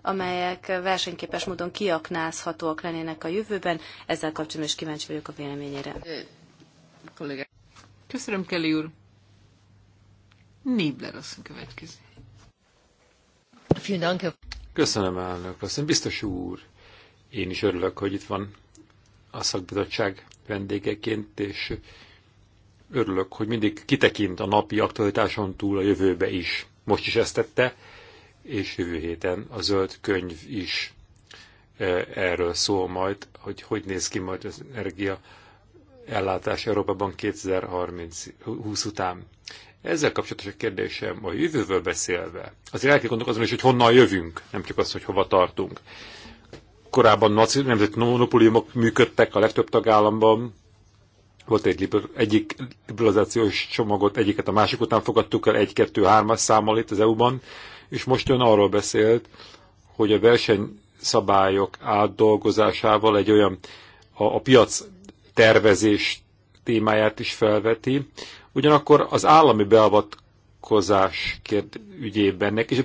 amelyek versenyképes módon kiaknázhatóak lennének a jövőben. Ezzel kapcsolatban is kíváncsi vagyok a véleményére. Köszönöm, Kelly úr. Nibler asszony következik. Köszönöm, elnök asszony. Biztos úr, én is örülök, hogy itt van a szakbizottság vendégeként, és örülök, hogy mindig kitekint a napi aktualitáson túl a jövőbe is. Most is ezt tette, és jövő héten a zöld könyv is e, erről szól majd, hogy hogy néz ki majd az energia ellátás Európában 2030 20 után. Ezzel kapcsolatos a kérdésem, a jövővel beszélve, azért el kell gondolkozni is, hogy honnan jövünk, nem csak az, hogy hova tartunk. Korábban nemzeti monopóliumok működtek a legtöbb tagállamban, volt egy liber, egyik liberalizációs csomagot, egyiket a másik után fogadtuk el, egy, kettő, hármas számmal itt az EU-ban, és most ön arról beszélt, hogy a versenyszabályok átdolgozásával egy olyan a, a piac tervezés témáját is felveti, ugyanakkor az állami beavatkozás kérd, ügyében neki, és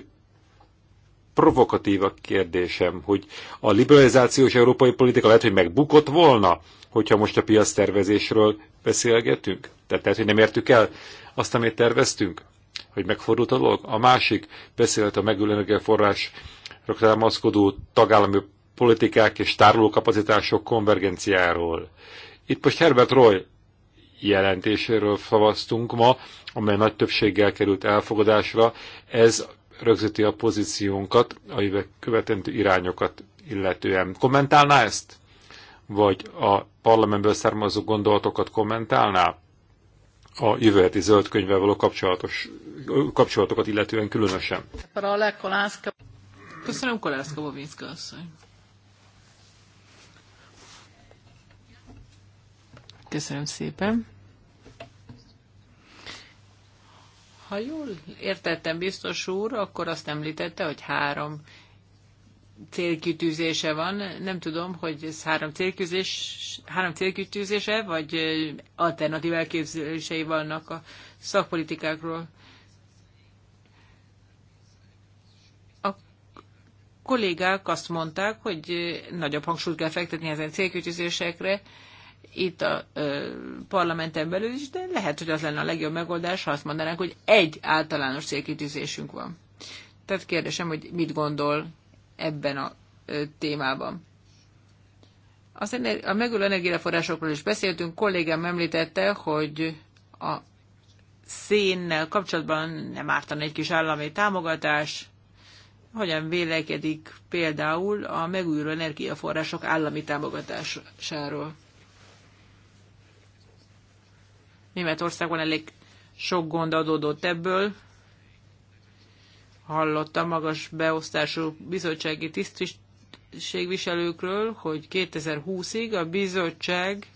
provokatív a kérdésem, hogy a liberalizációs európai politika lehet, hogy megbukott volna hogyha most a piac tervezésről beszélgetünk? Tehát, tehát, hogy nem értük el azt, amit terveztünk? Hogy megfordult a dolog? A másik beszélt a megülő forrás támaszkodó tagállami politikák és tárolókapacitások konvergenciáról. Itt most Herbert Roy jelentéséről szavaztunk ma, amely nagy többséggel került elfogadásra. Ez rögzíti a pozíciónkat, a jövő követendő irányokat illetően. Kommentálná ezt? vagy a parlamentből származó gondolatokat kommentálná a jövő heti zöld könyvvel való kapcsolatos, kapcsolatokat illetően különösen. Köszönöm, Kolászka Bovinszka asszony. Köszönöm szépen. Ha jól értettem, biztos úr, akkor azt említette, hogy három célkitűzése van. Nem tudom, hogy ez három, célküzés, három célkitűzése, vagy alternatív elképzelései vannak a szakpolitikákról. A kollégák azt mondták, hogy nagyobb hangsúlyt kell fektetni ezen célkitűzésekre, itt a ö, parlamenten belül is, de lehet, hogy az lenne a legjobb megoldás, ha azt mondanánk, hogy egy általános célkitűzésünk van. Tehát kérdésem, hogy mit gondol ebben a témában. Aztán a megülő energiaforrásokról is beszéltünk, kollégám említette, hogy a szénnel kapcsolatban nem ártan egy kis állami támogatás, hogyan vélekedik például a megújuló energiaforrások állami támogatásáról. Németországban elég sok gond adódott ebből, a magas beosztású bizottsági tisztségviselőkről, hogy 2020-ig a bizottság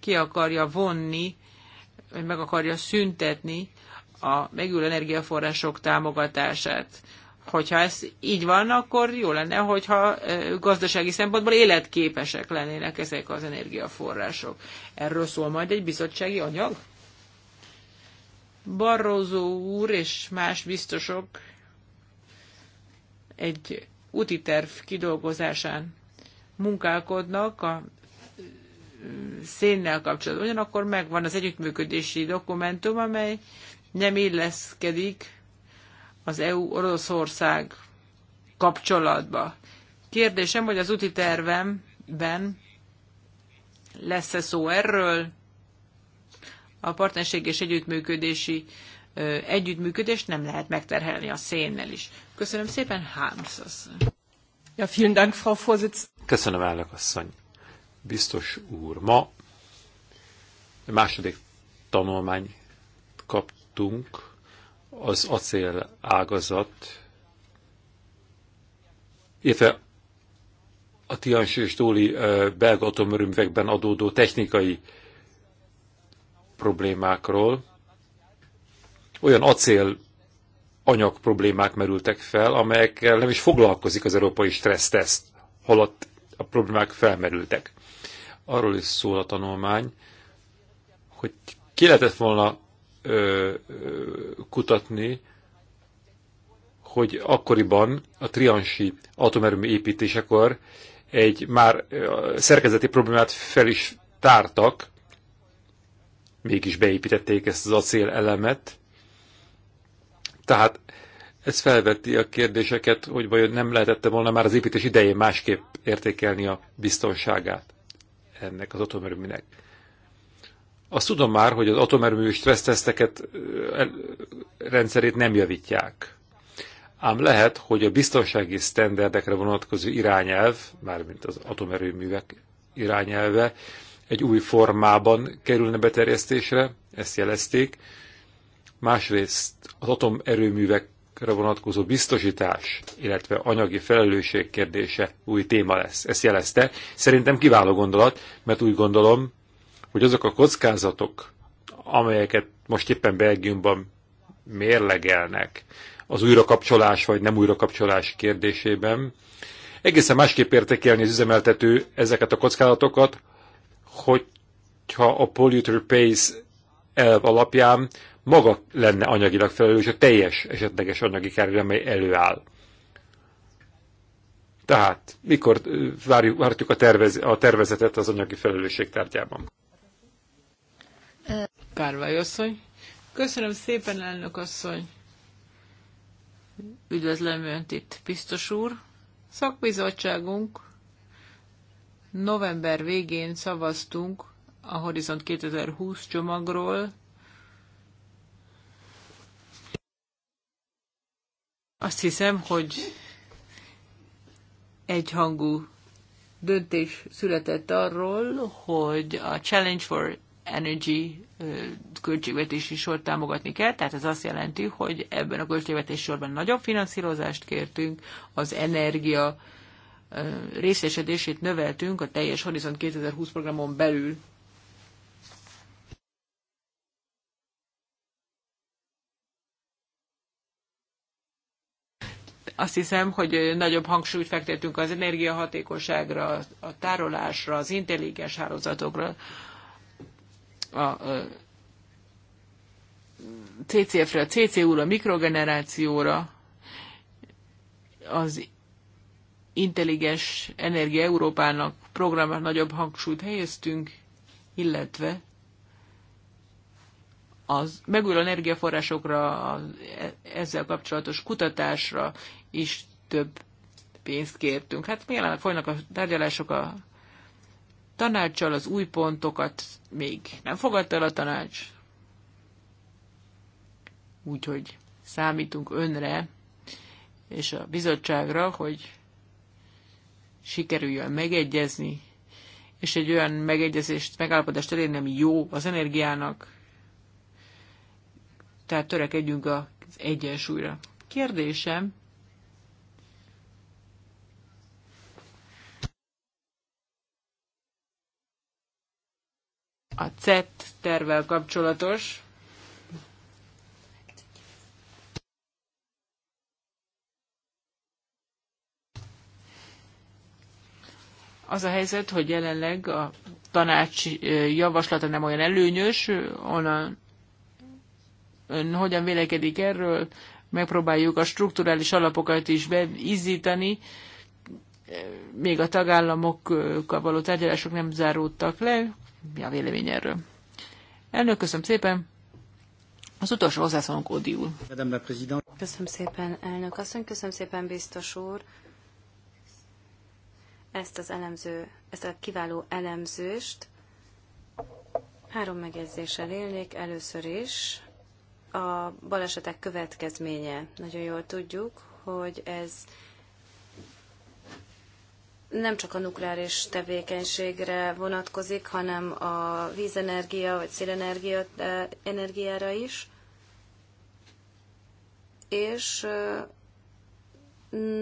ki akarja vonni, vagy meg akarja szüntetni a megülő energiaforrások támogatását. Hogyha ez így van, akkor jó lenne, hogyha gazdasági szempontból életképesek lennének ezek az energiaforrások. Erről szól majd egy bizottsági anyag? Barroso úr és más biztosok egy úti terv kidolgozásán munkálkodnak a szénnel kapcsolatban. Ugyanakkor megvan az együttműködési dokumentum, amely nem illeszkedik az EU-Oroszország kapcsolatba. Kérdésem, hogy az úti tervemben lesz-e szó erről, a partnerség és együttműködési együttműködést nem lehet megterhelni a szénnel is. Köszönöm szépen, Hámsz Ja, vielen Dank, Frau Vorsitz. Köszönöm, elnök asszony. Biztos úr, ma második tanulmány kaptunk az acél ágazat, illetve a Tians és belga atomerőművekben adódó technikai problémákról. Olyan acél anyag problémák merültek fel, amelyekkel nem is foglalkozik az európai stresszteszt, holott a problémák felmerültek. Arról is szól a tanulmány, hogy ki lehetett volna ö, ö, kutatni, hogy akkoriban a triansi atomerőmű építésekor egy már szerkezeti problémát fel is tártak, mégis beépítették ezt az acél elemet. Tehát ez felveti a kérdéseket, hogy vajon nem lehetette volna már az építés idején másképp értékelni a biztonságát ennek az atomerőműnek. Azt tudom már, hogy az atomerőmű stresszteszteket rendszerét nem javítják. Ám lehet, hogy a biztonsági sztenderdekre vonatkozó irányelv, mármint az atomerőművek irányelve, egy új formában kerülne beterjesztésre, ezt jelezték. Másrészt az atomerőművekre vonatkozó biztosítás, illetve anyagi felelősség kérdése új téma lesz. Ezt jelezte. Szerintem kiváló gondolat, mert úgy gondolom, hogy azok a kockázatok, amelyeket most éppen Belgiumban mérlegelnek, az újrakapcsolás vagy nem újrakapcsolás kérdésében, egészen másképp értékelni az üzemeltető ezeket a kockázatokat, hogyha a polluter pays elv alapján maga lenne anyagilag felelős a teljes esetleges anyagi kárért, amely előáll. Tehát, mikor várjuk, várjuk a, tervez, a tervezetet az anyagi felelősség tárgyában? Kárvály asszony. Köszönöm szépen, elnök asszony. Üdvözlöm Önt itt, biztos úr. Szakbizottságunk november végén szavaztunk a Horizont 2020 csomagról, azt hiszem, hogy egyhangú döntés született arról, hogy a Challenge for Energy költségvetési sort támogatni kell, tehát ez azt jelenti, hogy ebben a költségvetési sorban nagyobb finanszírozást kértünk az energia részesedését növeltünk a teljes Horizont 2020 programon belül. Azt hiszem, hogy nagyobb hangsúlyt fektettünk az energiahatékonyságra, a tárolásra, az intelligens hálózatokra, a CCF-re, a CCU-ra, a mikrogenerációra, az intelligens energia Európának programra nagyobb hangsúlyt helyeztünk, illetve az megújuló energiaforrásokra, az e- ezzel kapcsolatos kutatásra is több pénzt kértünk. Hát milyen folynak a tárgyalások a tanácssal, az új pontokat még nem fogadta el a tanács. Úgyhogy számítunk önre és a bizottságra, hogy sikerüljön megegyezni, és egy olyan megegyezést, megállapodást elérni, ami jó az energiának. Tehát törekedjünk az egyensúlyra. Kérdésem, a CET tervel kapcsolatos. Az a helyzet, hogy jelenleg a tanács javaslata nem olyan előnyös, onnan ön hogyan vélekedik erről, megpróbáljuk a strukturális alapokat is beizítani, még a tagállamokkal való tárgyalások nem záródtak le. Mi a vélemény erről? Elnök, köszönöm szépen! Az utolsó hozzászólunk Ódi úr. Köszönöm szépen, elnök asszony, köszönöm szépen, biztos úr ezt az elemző, ezt a kiváló elemzőst. Három megjegyzéssel élnék. Először is a balesetek következménye. Nagyon jól tudjuk, hogy ez nem csak a nukleáris tevékenységre vonatkozik, hanem a vízenergia vagy szélenergia eh, energiára is. És eh,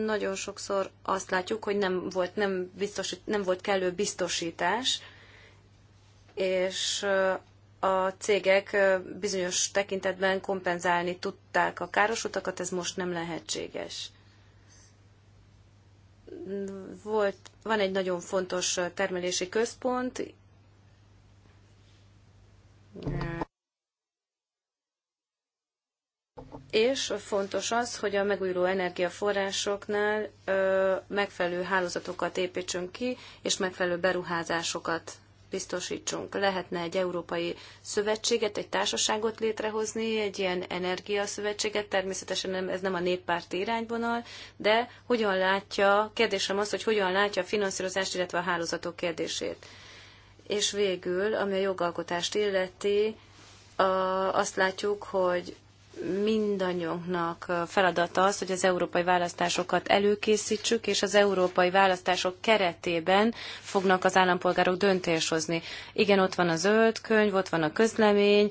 nagyon sokszor azt látjuk, hogy nem volt, nem, biztos, nem volt kellő biztosítás, és a cégek bizonyos tekintetben kompenzálni tudták a károsutakat, ez most nem lehetséges. Volt, van egy nagyon fontos termelési központ, és fontos az, hogy a megújuló energiaforrásoknál ö, megfelelő hálózatokat építsünk ki, és megfelelő beruházásokat biztosítsunk. Lehetne egy európai szövetséget, egy társaságot létrehozni, egy ilyen energiaszövetséget, természetesen nem, ez nem a néppárti irányvonal, de hogyan látja, kérdésem az, hogy hogyan látja a finanszírozást, illetve a hálózatok kérdését. És végül, ami a jogalkotást illeti, a, azt látjuk, hogy mindannyiunknak feladata az, hogy az európai választásokat előkészítsük, és az európai választások keretében fognak az állampolgárok döntést hozni. Igen, ott van a zöld könyv, ott van a közlemény,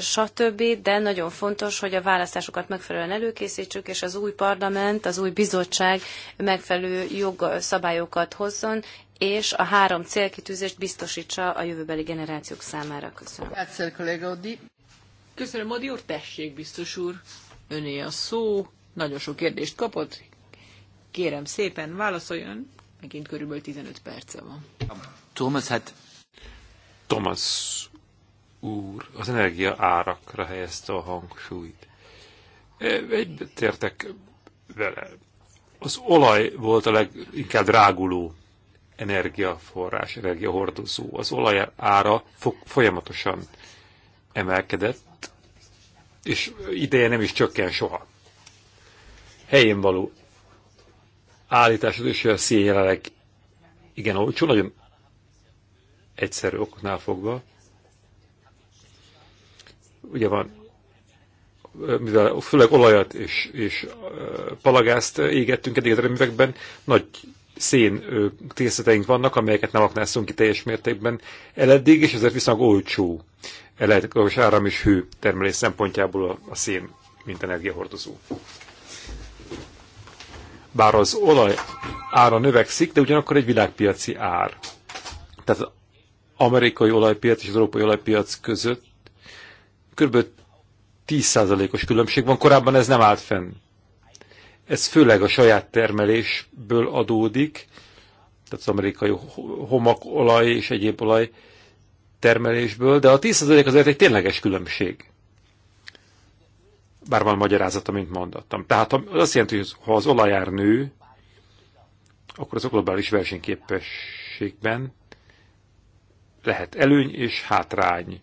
stb., de nagyon fontos, hogy a választásokat megfelelően előkészítsük, és az új parlament, az új bizottság megfelelő jogszabályokat hozzon, és a három célkitűzést biztosítsa a jövőbeli generációk számára. Köszönöm. Köszönöm, Adi úr, tessék, biztos úr. Öné a szó, nagyon sok kérdést kapott. Kérem szépen, válaszoljon. Megint körülbelül 15 perce van. Thomas, hát... Thomas úr az energia árakra helyezte a hangsúlyt. E, Egybe tértek vele. Az olaj volt a leginkább dráguló energiaforrás, energiahordozó. Az olaj ára folyamatosan emelkedett, és ideje nem is csökken soha. Helyén való állításod is, hogy a szél jelenleg igen olcsó, nagyon egyszerű oknál fogva. Ugye van, mivel főleg olajat és, és palagázt égettünk eddig az erőművekben, nagy szén készleteink vannak, amelyeket nem aknáztunk ki teljes mértékben eleddig, és ezért viszonylag olcsó elektromos áram és hő termelés szempontjából a, a szén, mint energiahordozó. Bár az olaj ára növekszik, de ugyanakkor egy világpiaci ár. Tehát az amerikai olajpiac és az európai olajpiac között kb. 10%-os különbség van, korábban ez nem állt fenn. Ez főleg a saját termelésből adódik, tehát az amerikai homokolaj és egyéb olaj termelésből, de a 10% azért egy tényleges különbség. Bár van magyarázata, mint mondottam. Tehát az azt jelenti, hogy ha az olajár nő, akkor az a globális versenyképességben lehet előny és hátrány.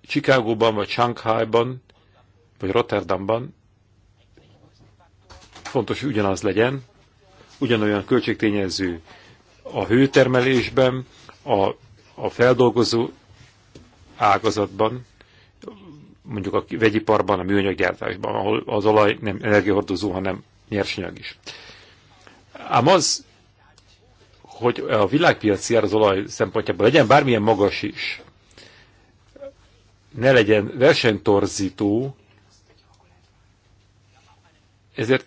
Chicagóban, vagy Shanghaiban, vagy Rotterdamban fontos, hogy ugyanaz legyen, ugyanolyan költségtényező a hőtermelésben, a, a feldolgozó ágazatban, mondjuk a vegyiparban, a műanyaggyártásban, ahol az olaj nem energiahordozó, hanem nyersanyag is. Ám az, hogy a világpiaci ár az olaj szempontjából legyen bármilyen magas is, ne legyen versenytorzító, ezért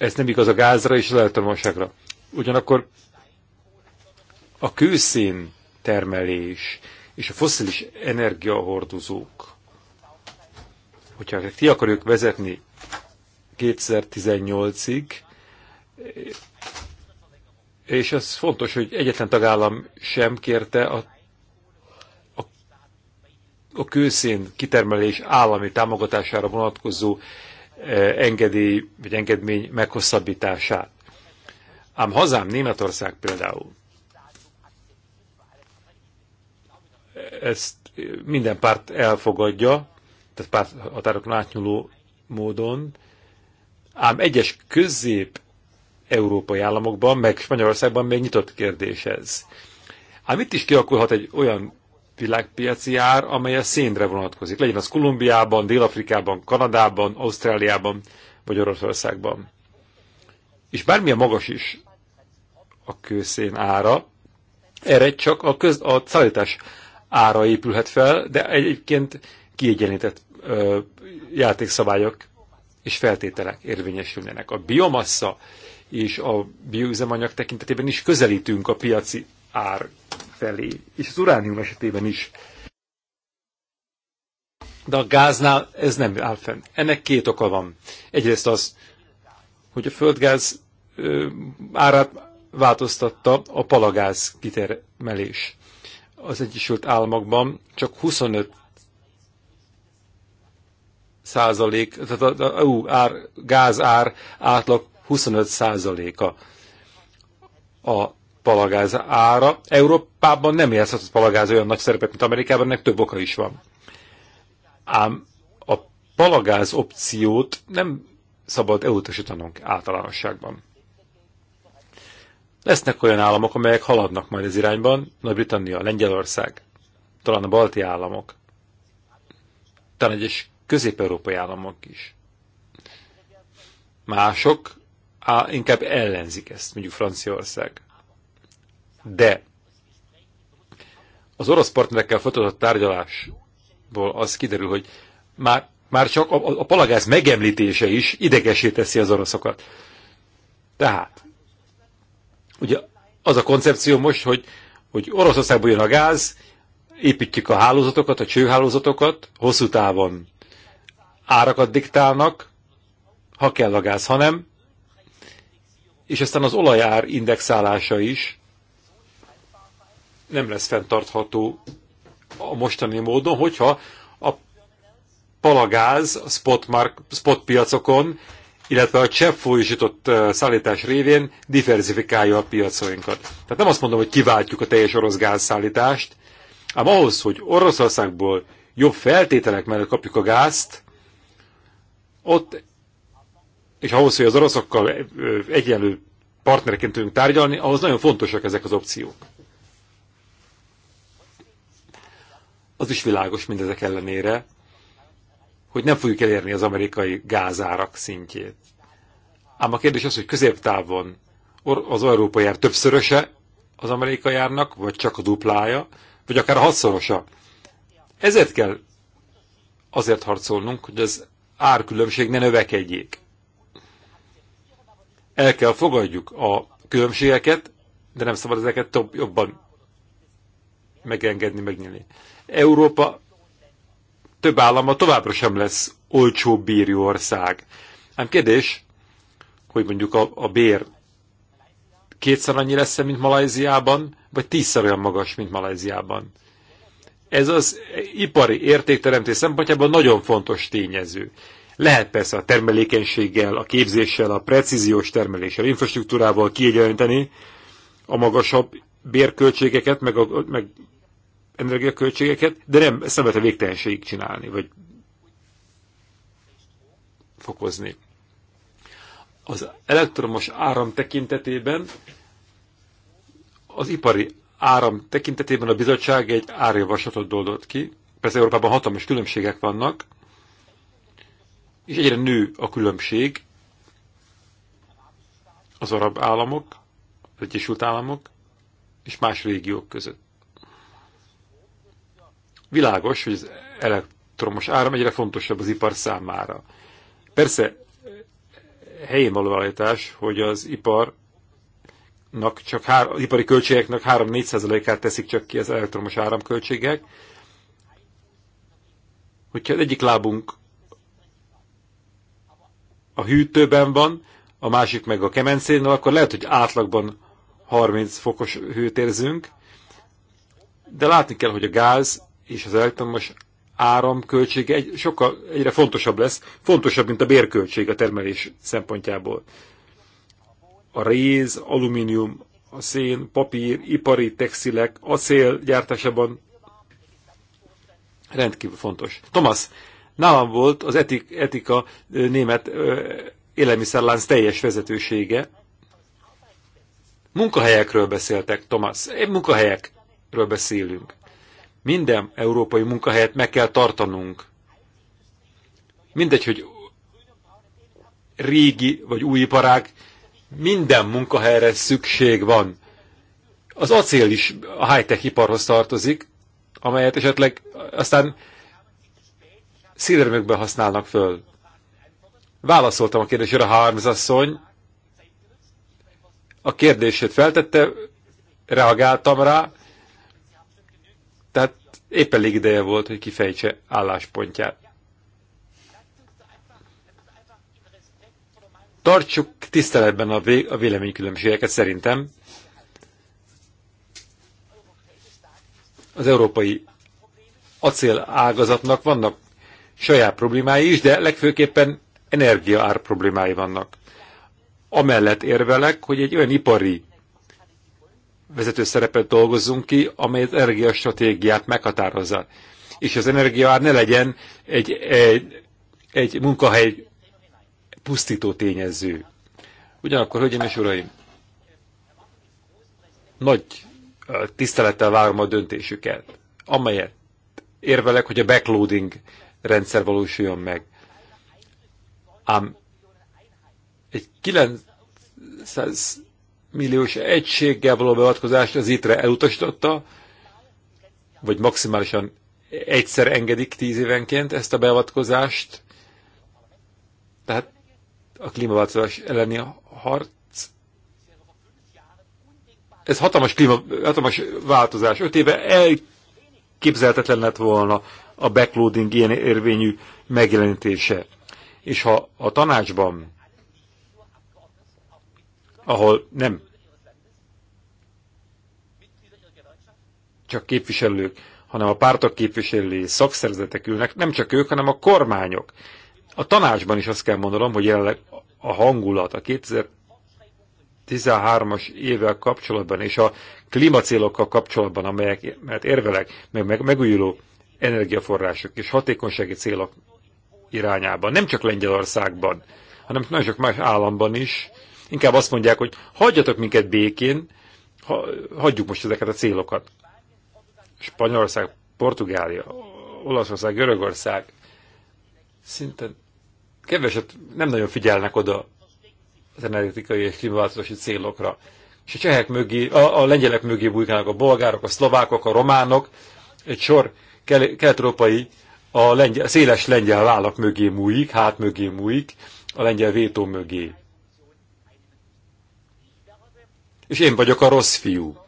ez nem igaz a gázra és az elektromosságra. Ugyanakkor a kőszén termelés és a foszilis energiahordozók, hogyha ti akarjuk vezetni 2018-ig, és az fontos, hogy egyetlen tagállam sem kérte a, a, a kőszén kitermelés állami támogatására vonatkozó Eh, engedély vagy engedmény meghosszabbítását. Ám hazám, Németország például, ezt minden párt elfogadja, tehát párt határok átnyúló módon, ám egyes közép európai államokban, meg Spanyolországban még nyitott kérdés ez. Ám itt is kialakulhat egy olyan világpiaci ár, amely a szénre vonatkozik. Legyen az Kolumbiában, Dél-Afrikában, Kanadában, Ausztráliában vagy Oroszországban. És bármilyen magas is a kőszén ára, erre csak a, köz, a szállítás ára épülhet fel, de egyébként kiegyenlített ö, játékszabályok és feltételek érvényesülnének. A biomassa és a bioüzemanyag tekintetében is közelítünk a piaci ár felé, és az uránium esetében is. De a gáznál ez nem áll fenn. Ennek két oka van. Egyrészt az, hogy a földgáz árát változtatta a palagáz kitermelés. Az Egyesült Államokban csak 25 százalék, tehát az EU gázár átlag 25 százaléka a palagáz ára. Európában nem játszhat a palagáz olyan nagy szerepet, mint Amerikában, ennek több oka is van. Ám a palagáz opciót nem szabad elutasítanunk általánosságban. Lesznek olyan államok, amelyek haladnak majd az irányban, Nagy-Britannia, Lengyelország, talán a balti államok, talán egyes közép-európai államok is. Mások á, inkább ellenzik ezt, mondjuk Franciaország. De az orosz partnerekkel folytatott tárgyalásból az kiderül, hogy már, már csak a, a palagáz megemlítése is idegesé teszi az oroszokat. Tehát, ugye az a koncepció most, hogy, hogy Oroszországból jön a gáz, építjük a hálózatokat, a csőhálózatokat, hosszú távon árakat diktálnak, ha kell a gáz, ha nem, és aztán az olajár indexálása is nem lesz fenntartható a mostani módon, hogyha a palagáz a spot, mark, spot piacokon, illetve a cseppfolyósított szállítás révén diversifikálja a piacainkat. Tehát nem azt mondom, hogy kiváltjuk a teljes orosz gázszállítást, ám ahhoz, hogy Oroszországból jobb feltételek mellett kapjuk a gázt, ott, és ahhoz, hogy az oroszokkal egyenlő partnerként tudjunk tárgyalni, ahhoz nagyon fontosak ezek az opciók. az is világos mindezek ellenére, hogy nem fogjuk elérni az amerikai gázárak szintjét. Ám a kérdés az, hogy középtávon az európai ár többszöröse az amerikai járnak, vagy csak a duplája, vagy akár a hatszorosa. Ezért kell azért harcolnunk, hogy az árkülönbség ne növekedjék. El kell fogadjuk a különbségeket, de nem szabad ezeket több, jobban megengedni, megnyílni. Európa több állama továbbra sem lesz olcsó bírjó ország. Ám kérdés, hogy mondjuk a, a bér kétszer annyi lesz -e, mint Malajziában, vagy tízszer olyan magas, mint Malajziában. Ez az ipari értékteremtés szempontjából nagyon fontos tényező. Lehet persze a termelékenységgel, a képzéssel, a precíziós termeléssel, infrastruktúrával kiegyenlíteni a magasabb bérköltségeket, meg, a, meg energiaköltségeket, de nem, ezt nem lehet a végtelenségig csinálni, vagy fokozni. Az elektromos áram tekintetében, az ipari áram tekintetében a bizottság egy árjavaslatot doldott ki. Persze Európában hatalmas különbségek vannak, és egyre nő a különbség az arab államok, az Egyesült Államok és más régiók között. Világos, hogy az elektromos áram egyre fontosabb az ipar számára. Persze helyén való állítás, hogy az ipar csak hár, az ipari költségeknek 3-4%-át teszik csak ki az elektromos áramköltségek. Hogyha az egyik lábunk a hűtőben van, a másik meg a kemencén, akkor lehet, hogy átlagban 30 fokos hőt érzünk, de látni kell, hogy a gáz és az elektromos áramköltség egy, sokkal egyre fontosabb lesz, fontosabb, mint a bérköltség a termelés szempontjából. A réz, alumínium, a szén, papír, ipari textilek, acél gyártásában rendkívül fontos. Thomas, nálam volt az etik, etika német élelmiszerlánc teljes vezetősége. Munkahelyekről beszéltek, Thomas. Munkahelyekről beszélünk. Minden európai munkahelyet meg kell tartanunk. Mindegy, hogy régi vagy új iparág, minden munkahelyre szükség van. Az acél is a high-tech iparhoz tartozik, amelyet esetleg aztán szélermökben használnak föl. Válaszoltam a kérdésre Harms asszony a kérdését feltette, reagáltam rá, tehát épp elég ideje volt, hogy kifejtse álláspontját. Tartsuk tiszteletben a, vé a véleménykülönbségeket szerintem. Az európai acél ágazatnak vannak saját problémái is, de legfőképpen energiaár problémái vannak. Amellett érvelek, hogy egy olyan ipari vezető szerepet dolgozzunk ki, amely az energiastratégiát meghatározza. És az energiaár ne legyen egy, egy, egy munkahely pusztító tényező. Ugyanakkor, hölgyeim és uraim, nagy tisztelettel várom a döntésüket, amelyet érvelek, hogy a backloading rendszer valósuljon meg. Ám egy 900 milliós egységgel való beavatkozást az ITRE elutasította, vagy maximálisan egyszer engedik tíz évenként ezt a beavatkozást. Tehát a klímaváltozás elleni a harc. Ez hatalmas, klíma, hatalmas változás. Öt éve elképzelhetetlen lett volna a backloading ilyen érvényű megjelenítése. És ha a tanácsban ahol nem csak képviselők, hanem a pártok képviselői, szakszervezetek ülnek, nem csak ők, hanem a kormányok. A tanácsban is azt kell mondanom, hogy jelenleg a hangulat, a 2013-as évvel kapcsolatban és a klímacélokkal kapcsolatban, amelyek mert érvelek, meg, meg megújuló energiaforrások és hatékonysági célok irányában, nem csak Lengyelországban, hanem nagyon sok más államban is Inkább azt mondják, hogy hagyjatok minket békén, ha, hagyjuk most ezeket a célokat. Spanyolország, Portugália, Olaszország, Görögország szinte keveset nem nagyon figyelnek oda az energetikai és klímaváltozási célokra. És a csehek mögé, a, a lengyelek mögé bújkálnak a bolgárok, a szlovákok, a románok, egy sor kelet-európai a, lengyel, a széles lengyel vállak mögé múlik, hát mögé múlik, a lengyel vétó mögé. és én vagyok a rossz fiú.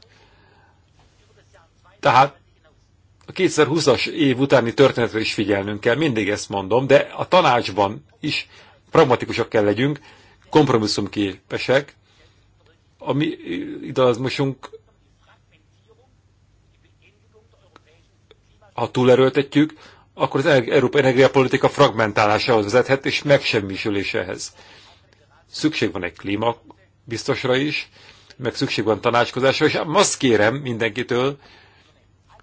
Tehát a 2020-as év utáni történetre is figyelnünk kell, mindig ezt mondom, de a tanácsban is pragmatikusak kell legyünk, kompromisszumképesek. Ami mi idealizmusunk, ha túlerőltetjük, akkor az Európai energiapolitika fragmentálásához vezethet, és megsemmisüléséhez. Szükség van egy klíma biztosra is, meg szükség van tanácskozásra, és azt kérem mindenkitől,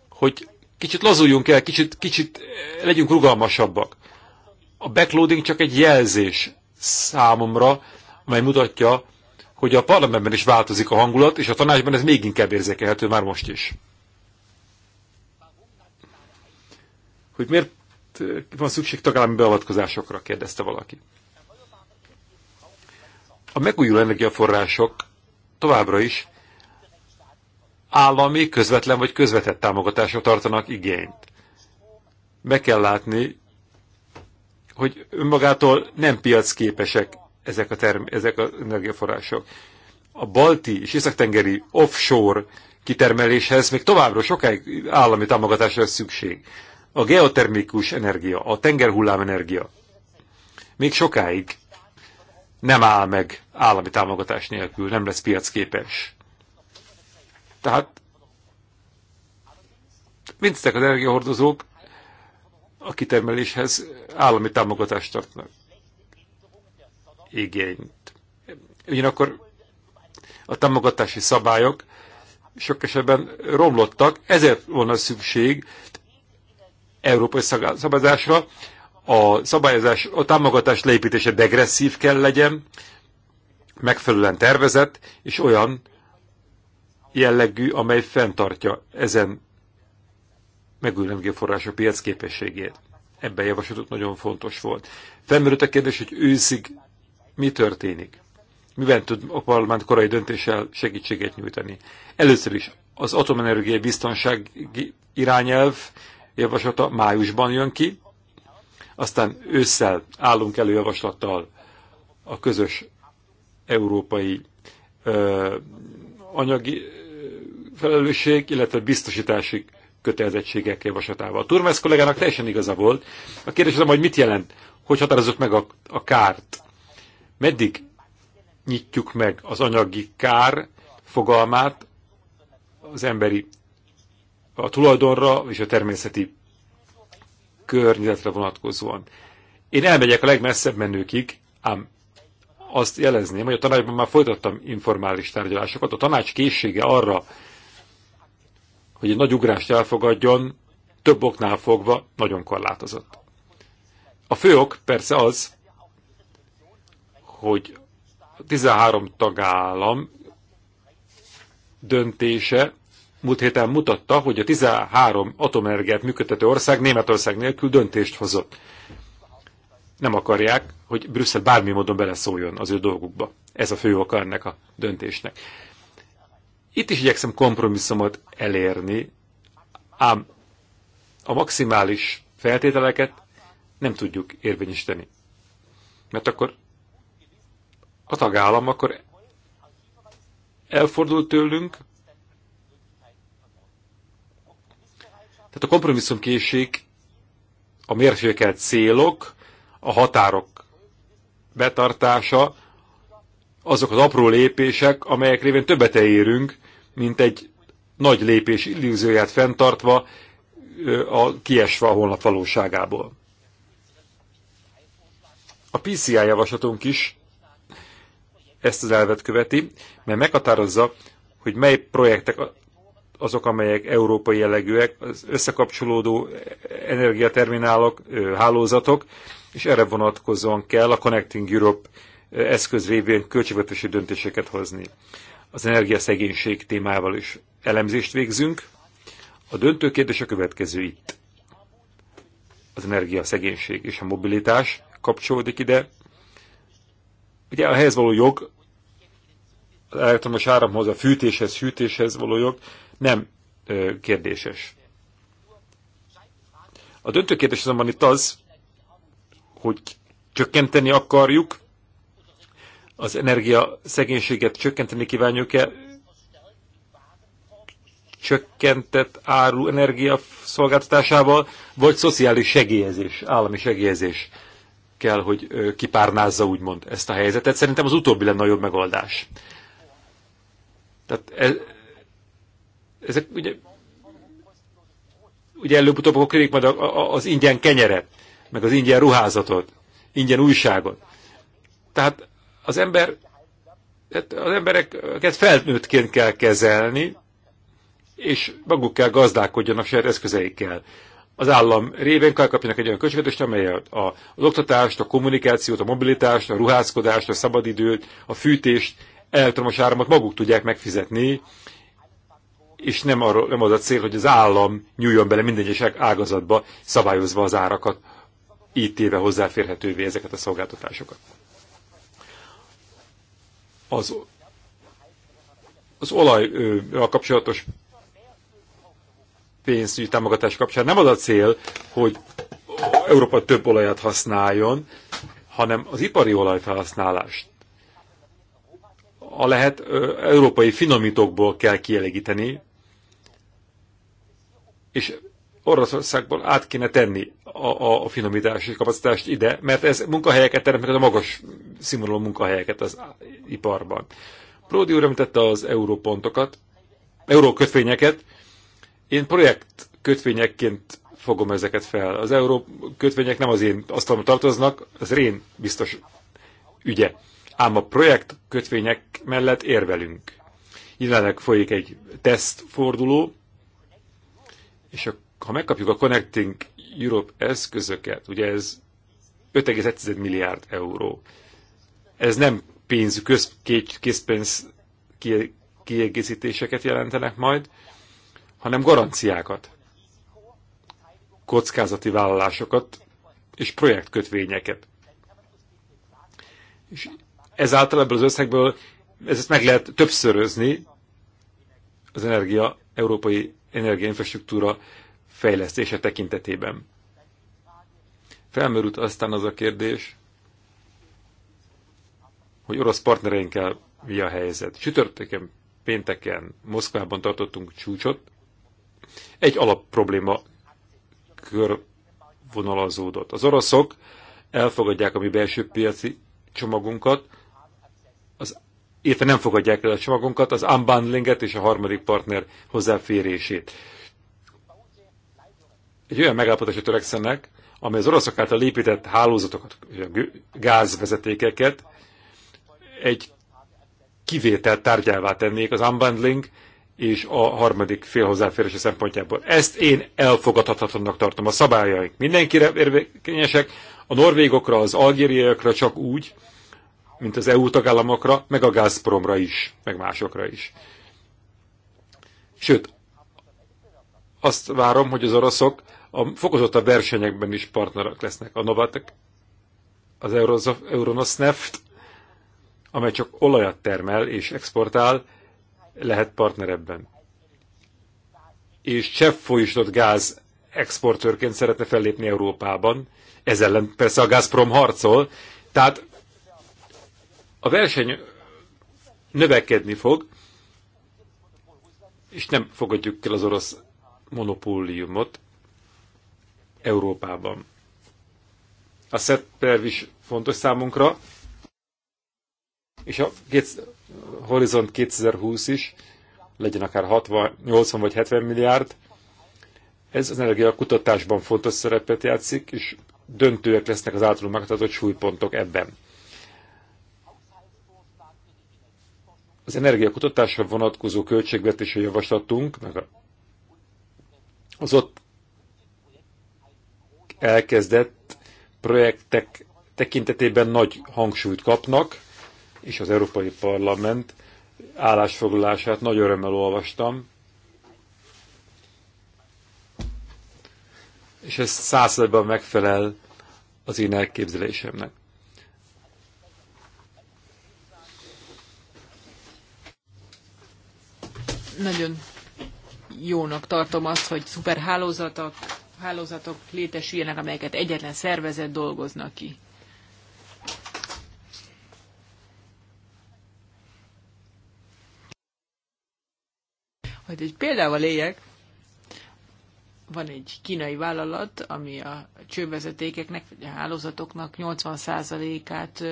hogy kicsit lazuljunk el, kicsit, kicsit eh, legyünk rugalmasabbak. A backloading csak egy jelzés számomra, amely mutatja, hogy a parlamentben is változik a hangulat, és a tanácsban ez még inkább érzékelhető már most is. Hogy miért eh, van szükség tagállami beavatkozásokra, kérdezte valaki. A megújuló energiaforrások továbbra is állami, közvetlen vagy közvetett támogatásra tartanak igényt. Meg kell látni, hogy önmagától nem piacképesek ezek a, term- ezek a energiaforrások. A balti és északtengeri offshore kitermeléshez még továbbra sokáig állami támogatásra szükség. A geotermikus energia, a tengerhullám energia még sokáig nem áll meg állami támogatás nélkül, nem lesz piacképes. Tehát mindezek az energiahordozók a kitermeléshez állami támogatást tartnak igényt. Ugyanakkor a támogatási szabályok sok esetben romlottak, ezért volna szükség európai szabályzásra, a szabályozás, a támogatás leépítése degresszív kell legyen, megfelelően tervezett, és olyan jellegű, amely fenntartja ezen megújuló energiaforrások piac képességét. Ebben javaslatot nagyon fontos volt. Felmerült a kérdés, hogy őszig mi történik? Miben tud a parlament korai döntéssel segítséget nyújtani? Először is az atomenergia biztonság irányelv javaslata májusban jön ki, aztán ősszel állunk elő javaslattal a közös európai ö, anyagi felelősség, illetve biztosítási kötelezettségek javaslatával. A Turmes kollégának teljesen igaza volt. A kérdés az, hogy mit jelent, hogy határozzuk meg a, a kárt. Meddig nyitjuk meg az anyagi kár fogalmát az emberi a tulajdonra és a természeti környezetre vonatkozóan. Én elmegyek a legmesszebb menőkig, ám azt jelezném, hogy a tanácsban már folytattam informális tárgyalásokat. A tanács készsége arra, hogy egy nagy ugrást elfogadjon, több oknál fogva nagyon korlátozott. A fő ok persze az, hogy 13 tagállam döntése múlt héten mutatta, hogy a 13 atomenergiát működtető ország Németország nélkül döntést hozott. Nem akarják, hogy Brüsszel bármi módon beleszóljon az ő dolgukba. Ez a fő oka ennek a döntésnek. Itt is igyekszem kompromisszumot elérni, ám a maximális feltételeket nem tudjuk érvényesíteni. Mert akkor a tagállam akkor elfordul tőlünk, Tehát a kompromisszumkészség a mérfőkelt célok, a határok betartása, azok az apró lépések, amelyek révén többet elérünk, mint egy nagy lépés illúzióját fenntartva, a, kiesve a holnap valóságából. A PCI javaslatunk is ezt az elvet követi, mert meghatározza, hogy mely projektek azok, amelyek európai jellegűek, az összekapcsolódó energiaterminálok, hálózatok, és erre vonatkozóan kell a Connecting Europe eszköz révén költségvetési döntéseket hozni. Az energiaszegénység témával is elemzést végzünk. A döntő kérdés a következő itt. Az energiaszegénység és a mobilitás kapcsolódik ide. Ugye a helyez való jog, az elektromos áramhoz, a fűtéshez, hűtéshez való jog nem ö, kérdéses. A döntő kérdés azonban itt az, hogy csökkenteni akarjuk, az energia szegénységet csökkenteni kívánjuk-e, csökkentett áru energia szolgáltatásával, vagy szociális segélyezés, állami segélyezés kell, hogy kipárnázza úgymond ezt a helyzetet. Szerintem az utóbbi lenne a jobb megoldás. Tehát e- ezek ugye, ugye előbb-utóbb akkor kérik majd az ingyen kenyeret, meg az ingyen ruházatot, ingyen újságot. Tehát az ember, az embereket felnőttként kell kezelni, és maguk kell gazdálkodjanak saját eszközeikkel. Az állam révén kell kapjanak egy olyan költségvetést, amely a, az oktatást, a kommunikációt, a mobilitást, a ruházkodást, a szabadidőt, a fűtést, elektromos áramot maguk tudják megfizetni, és nem, arra, nem az a cél, hogy az állam nyúljon bele minden egyes ágazatba, szabályozva az árakat, így téve hozzáférhetővé ezeket a szolgáltatásokat. Az, az olajra kapcsolatos pénzügyi támogatás kapcsán nem az a cél, hogy Európa több olajat használjon, hanem az ipari olajfelhasználást a lehet európai finomítókból kell kielégíteni, és Oroszországból át kéne tenni a, a finomítási kapacitást ide, mert ez munkahelyeket teremt, a magas színvonalú munkahelyeket az iparban. Pródi úr említette az európontokat, eurókötvényeket. Én projekt kötvényekként fogom ezeket fel. Az euró kötvények nem az én asztalom tartoznak, az én biztos ügye. Ám a projekt kötvények mellett érvelünk. Jelenleg folyik egy tesztforduló, és a, ha megkapjuk a Connecting Europe eszközöket, ugye ez 5,1 milliárd euró. Ez nem pénz, köz, készpénz kiegészítéseket jelentenek majd, hanem garanciákat, kockázati vállalásokat és projektkötvényeket. És ezáltal ebből az összegből ezt meg lehet többszörözni az energia európai energiainfrastruktúra fejlesztése tekintetében. Felmerült aztán az a kérdés, hogy orosz partnereinkkel mi a helyzet. Csütörtöken, pénteken Moszkvában tartottunk csúcsot. Egy alapprobléma körvonalazódott. Az oroszok elfogadják a mi belső piaci csomagunkat, illetve nem fogadják el a csomagunkat, az unbundlinget és a harmadik partner hozzáférését. Egy olyan megállapodásra törekszenek, amely az oroszok által épített hálózatokat, gázvezetékeket egy kivételt tárgyává tennék az unbundling és a harmadik fél hozzáférése szempontjából. Ezt én elfogadhatatlannak tartom. A szabályaink mindenkire érvényesek, a norvégokra, az algériaiakra csak úgy, mint az EU tagállamokra, meg a Gazpromra is, meg másokra is. Sőt, azt várom, hogy az oroszok a fokozottabb versenyekben is partnerek lesznek. A Novatek, az Euronosneft, amely csak olajat termel és exportál, lehet partner ebben. És csepp folyosított gáz exportőrként szeretne fellépni Európában. Ez ellen persze a Gazprom harcol, tehát a verseny növekedni fog, és nem fogadjuk el az orosz monopóliumot Európában. A SETPERV is fontos számunkra, és a Horizont 2020 is, legyen akár 60, 80 vagy 70 milliárd, ez az energia kutatásban fontos szerepet játszik, és döntőek lesznek az általunk megtartott súlypontok ebben. az energiakutatásra vonatkozó költségvetési javaslatunk, meg az ott elkezdett projektek tekintetében nagy hangsúlyt kapnak, és az Európai Parlament állásfoglalását nagy örömmel olvastam. És ez százszerben megfelel az én elképzelésemnek. Nagyon jónak tartom azt, hogy szuper hálózatok, létesüljenek, amelyeket egyetlen szervezet dolgoznak ki. Hogy egy példával éljek, van egy kínai vállalat, ami a csővezetékeknek, vagy a hálózatoknak 80%-át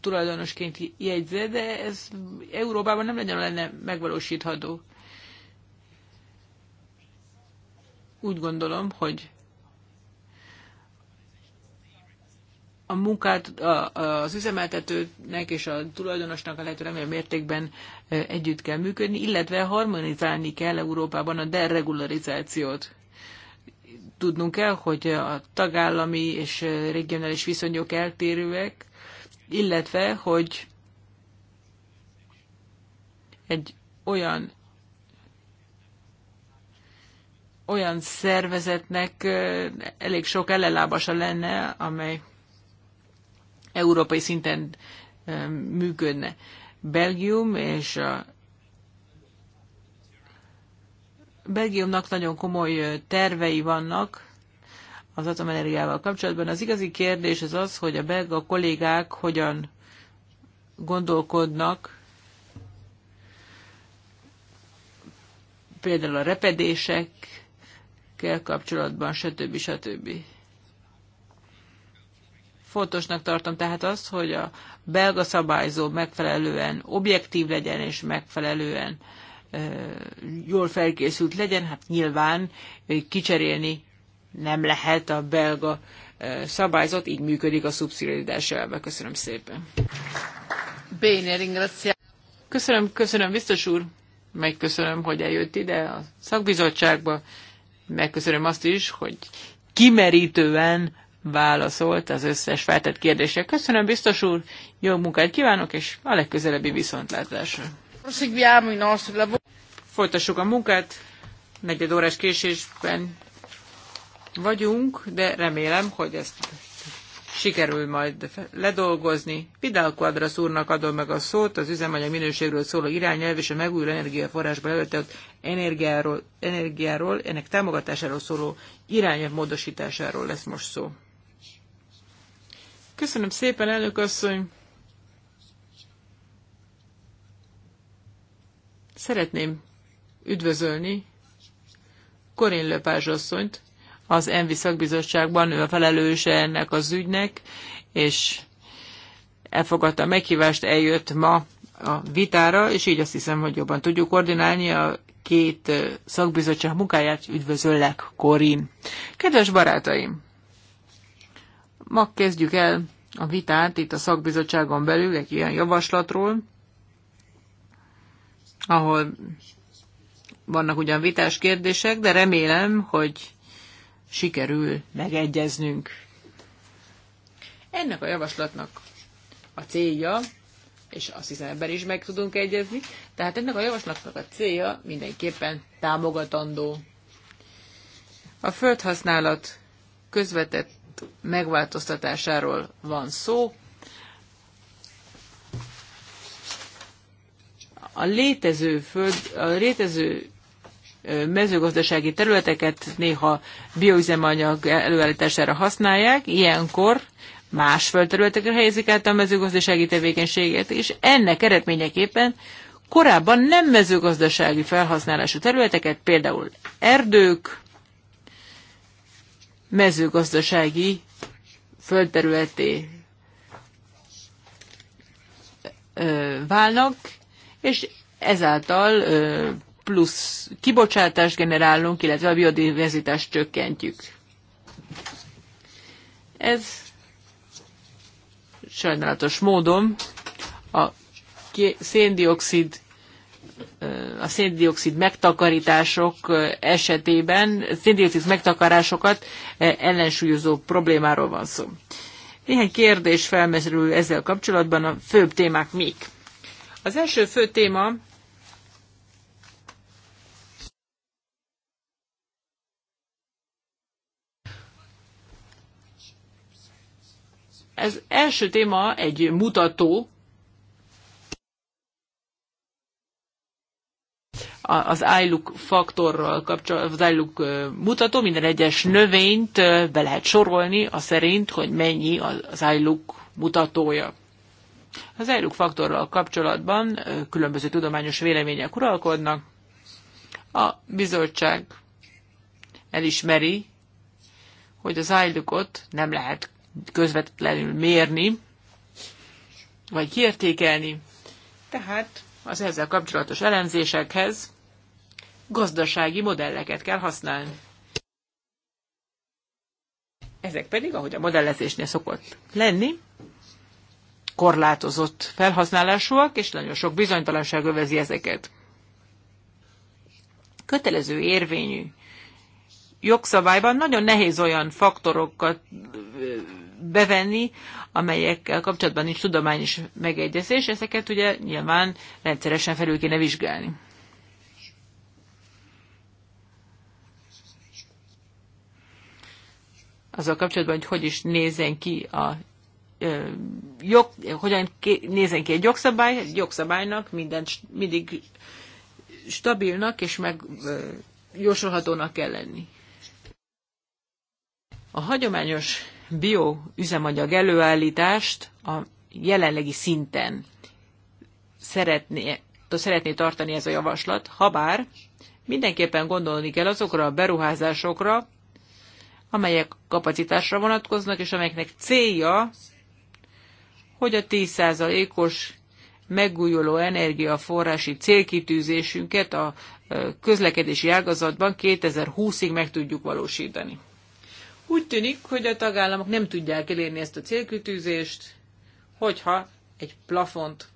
tulajdonosként jegyzett, de ez Európában nem nagyon lenne megvalósítható. Úgy gondolom, hogy a munkát a, az üzemeltetőnek és a tulajdonosnak a lehető legnagyobb mértékben együtt kell működni, illetve harmonizálni kell Európában a deregularizációt. Tudnunk kell, hogy a tagállami és regionális viszonyok eltérőek, illetve hogy egy olyan olyan szervezetnek elég sok ellenlábasa lenne, amely európai szinten működne. Belgium és a Belgiumnak nagyon komoly tervei vannak az atomenergiával kapcsolatban. Az igazi kérdés az az, hogy a belga kollégák hogyan gondolkodnak például a repedésekkel kapcsolatban, stb. stb. Fontosnak tartom tehát azt, hogy a belga szabályzó megfelelően objektív legyen és megfelelően jól felkészült legyen, hát nyilván kicserélni nem lehet a belga szabályzat, így működik a szubszidiaritás elve. Köszönöm szépen. Bene, Köszönöm, köszönöm, biztos úr. Megköszönöm, hogy eljött ide a szakbizottságba. Megköszönöm azt is, hogy kimerítően válaszolt az összes feltett kérdésre. Köszönöm, biztos úr, jó munkát kívánok, és a legközelebbi viszontlátásra. Folytassuk a munkát, negyed órás késésben vagyunk, de remélem, hogy ezt sikerül majd ledolgozni. Pidal Quadras úrnak adom meg a szót, az üzemanyag minőségről szóló irányelv és a megújuló energiaforrásból előtett energiáról, energiáról, ennek támogatásáról szóló irányelv módosításáról lesz most szó. Köszönöm szépen, elnök asszony! Szeretném üdvözölni Corinne Lepázs asszonyt, az ENVI szakbizottságban, ő a felelőse ennek az ügynek, és elfogadta a meghívást, eljött ma a vitára, és így azt hiszem, hogy jobban tudjuk koordinálni a két szakbizottság munkáját. Üdvözöllek, Korin! Kedves barátaim! Ma kezdjük el a vitát itt a szakbizottságon belül egy ilyen javaslatról, ahol vannak ugyan vitás kérdések, de remélem, hogy sikerül megegyeznünk. Ennek a javaslatnak a célja, és azt hiszem ebben is meg tudunk egyezni, tehát ennek a javaslatnak a célja mindenképpen támogatandó. A földhasználat közvetett megváltoztatásáról van szó. A létező, föld, a létező mezőgazdasági területeket néha bioüzemanyag előállítására használják, ilyenkor más földterületekre helyezik át a mezőgazdasági tevékenységet, és ennek eredményeképpen korábban nem mezőgazdasági felhasználású területeket, például erdők, mezőgazdasági földterületé válnak, és ezáltal plusz kibocsátást generálunk, illetve a biodiverzitást csökkentjük. Ez sajnálatos módon a széndiokszid a széndiokszid megtakarítások esetében, széndiokszid megtakarásokat ellensúlyozó problémáról van szó. Néhány kérdés felmerül ezzel kapcsolatban, a főbb témák mik? Az első fő téma Ez első téma egy mutató, az iLook faktorral kapcsolatban, az iLook mutató, minden egyes növényt be lehet sorolni, a szerint, hogy mennyi az iLook mutatója. Az iLook faktorral kapcsolatban különböző tudományos vélemények uralkodnak. A bizottság elismeri, hogy az iLookot nem lehet közvetlenül mérni, vagy kiértékelni. Tehát az ezzel kapcsolatos elemzésekhez gazdasági modelleket kell használni. Ezek pedig, ahogy a modellezésnél szokott lenni, korlátozott felhasználásúak, és nagyon sok bizonytalanság övezi ezeket. Kötelező érvényű jogszabályban nagyon nehéz olyan faktorokat bevenni, amelyekkel kapcsolatban nincs tudományos megegyezés, ezeket ugye nyilván rendszeresen felül kéne vizsgálni. azzal kapcsolatban, hogy hogy is nézzen ki a jog, hogyan nézzen ki egy jogszabály, egy jogszabálynak minden mindig stabilnak és meg jósolhatónak kell lenni. A hagyományos bioüzemanyag előállítást a jelenlegi szinten szeretné, szeretné tartani ez a javaslat, habár mindenképpen gondolni kell azokra a beruházásokra, amelyek kapacitásra vonatkoznak, és amelyeknek célja, hogy a 10%-os megújuló energiaforrási célkitűzésünket a közlekedési ágazatban 2020-ig meg tudjuk valósítani. Úgy tűnik, hogy a tagállamok nem tudják elérni ezt a célkütűzést, hogyha egy plafont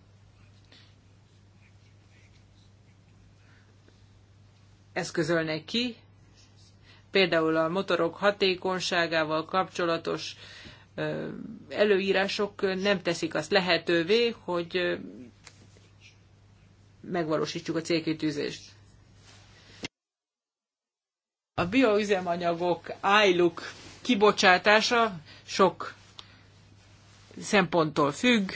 eszközölnek ki, például a motorok hatékonyságával kapcsolatos előírások nem teszik azt lehetővé, hogy megvalósítsuk a célkütűzést. A bioüzemanyagok ájluk kibocsátása sok szemponttól függ,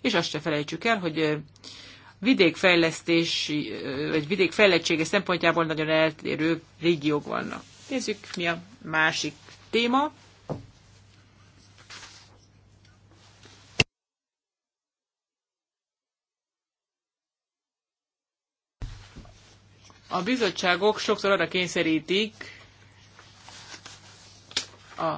és azt se felejtsük el, hogy vidékfejlesztési, vagy vidékfejlettsége szempontjából nagyon eltérő régiók vannak. Nézzük, mi a másik téma. A bizottságok sokszor arra kényszerítik a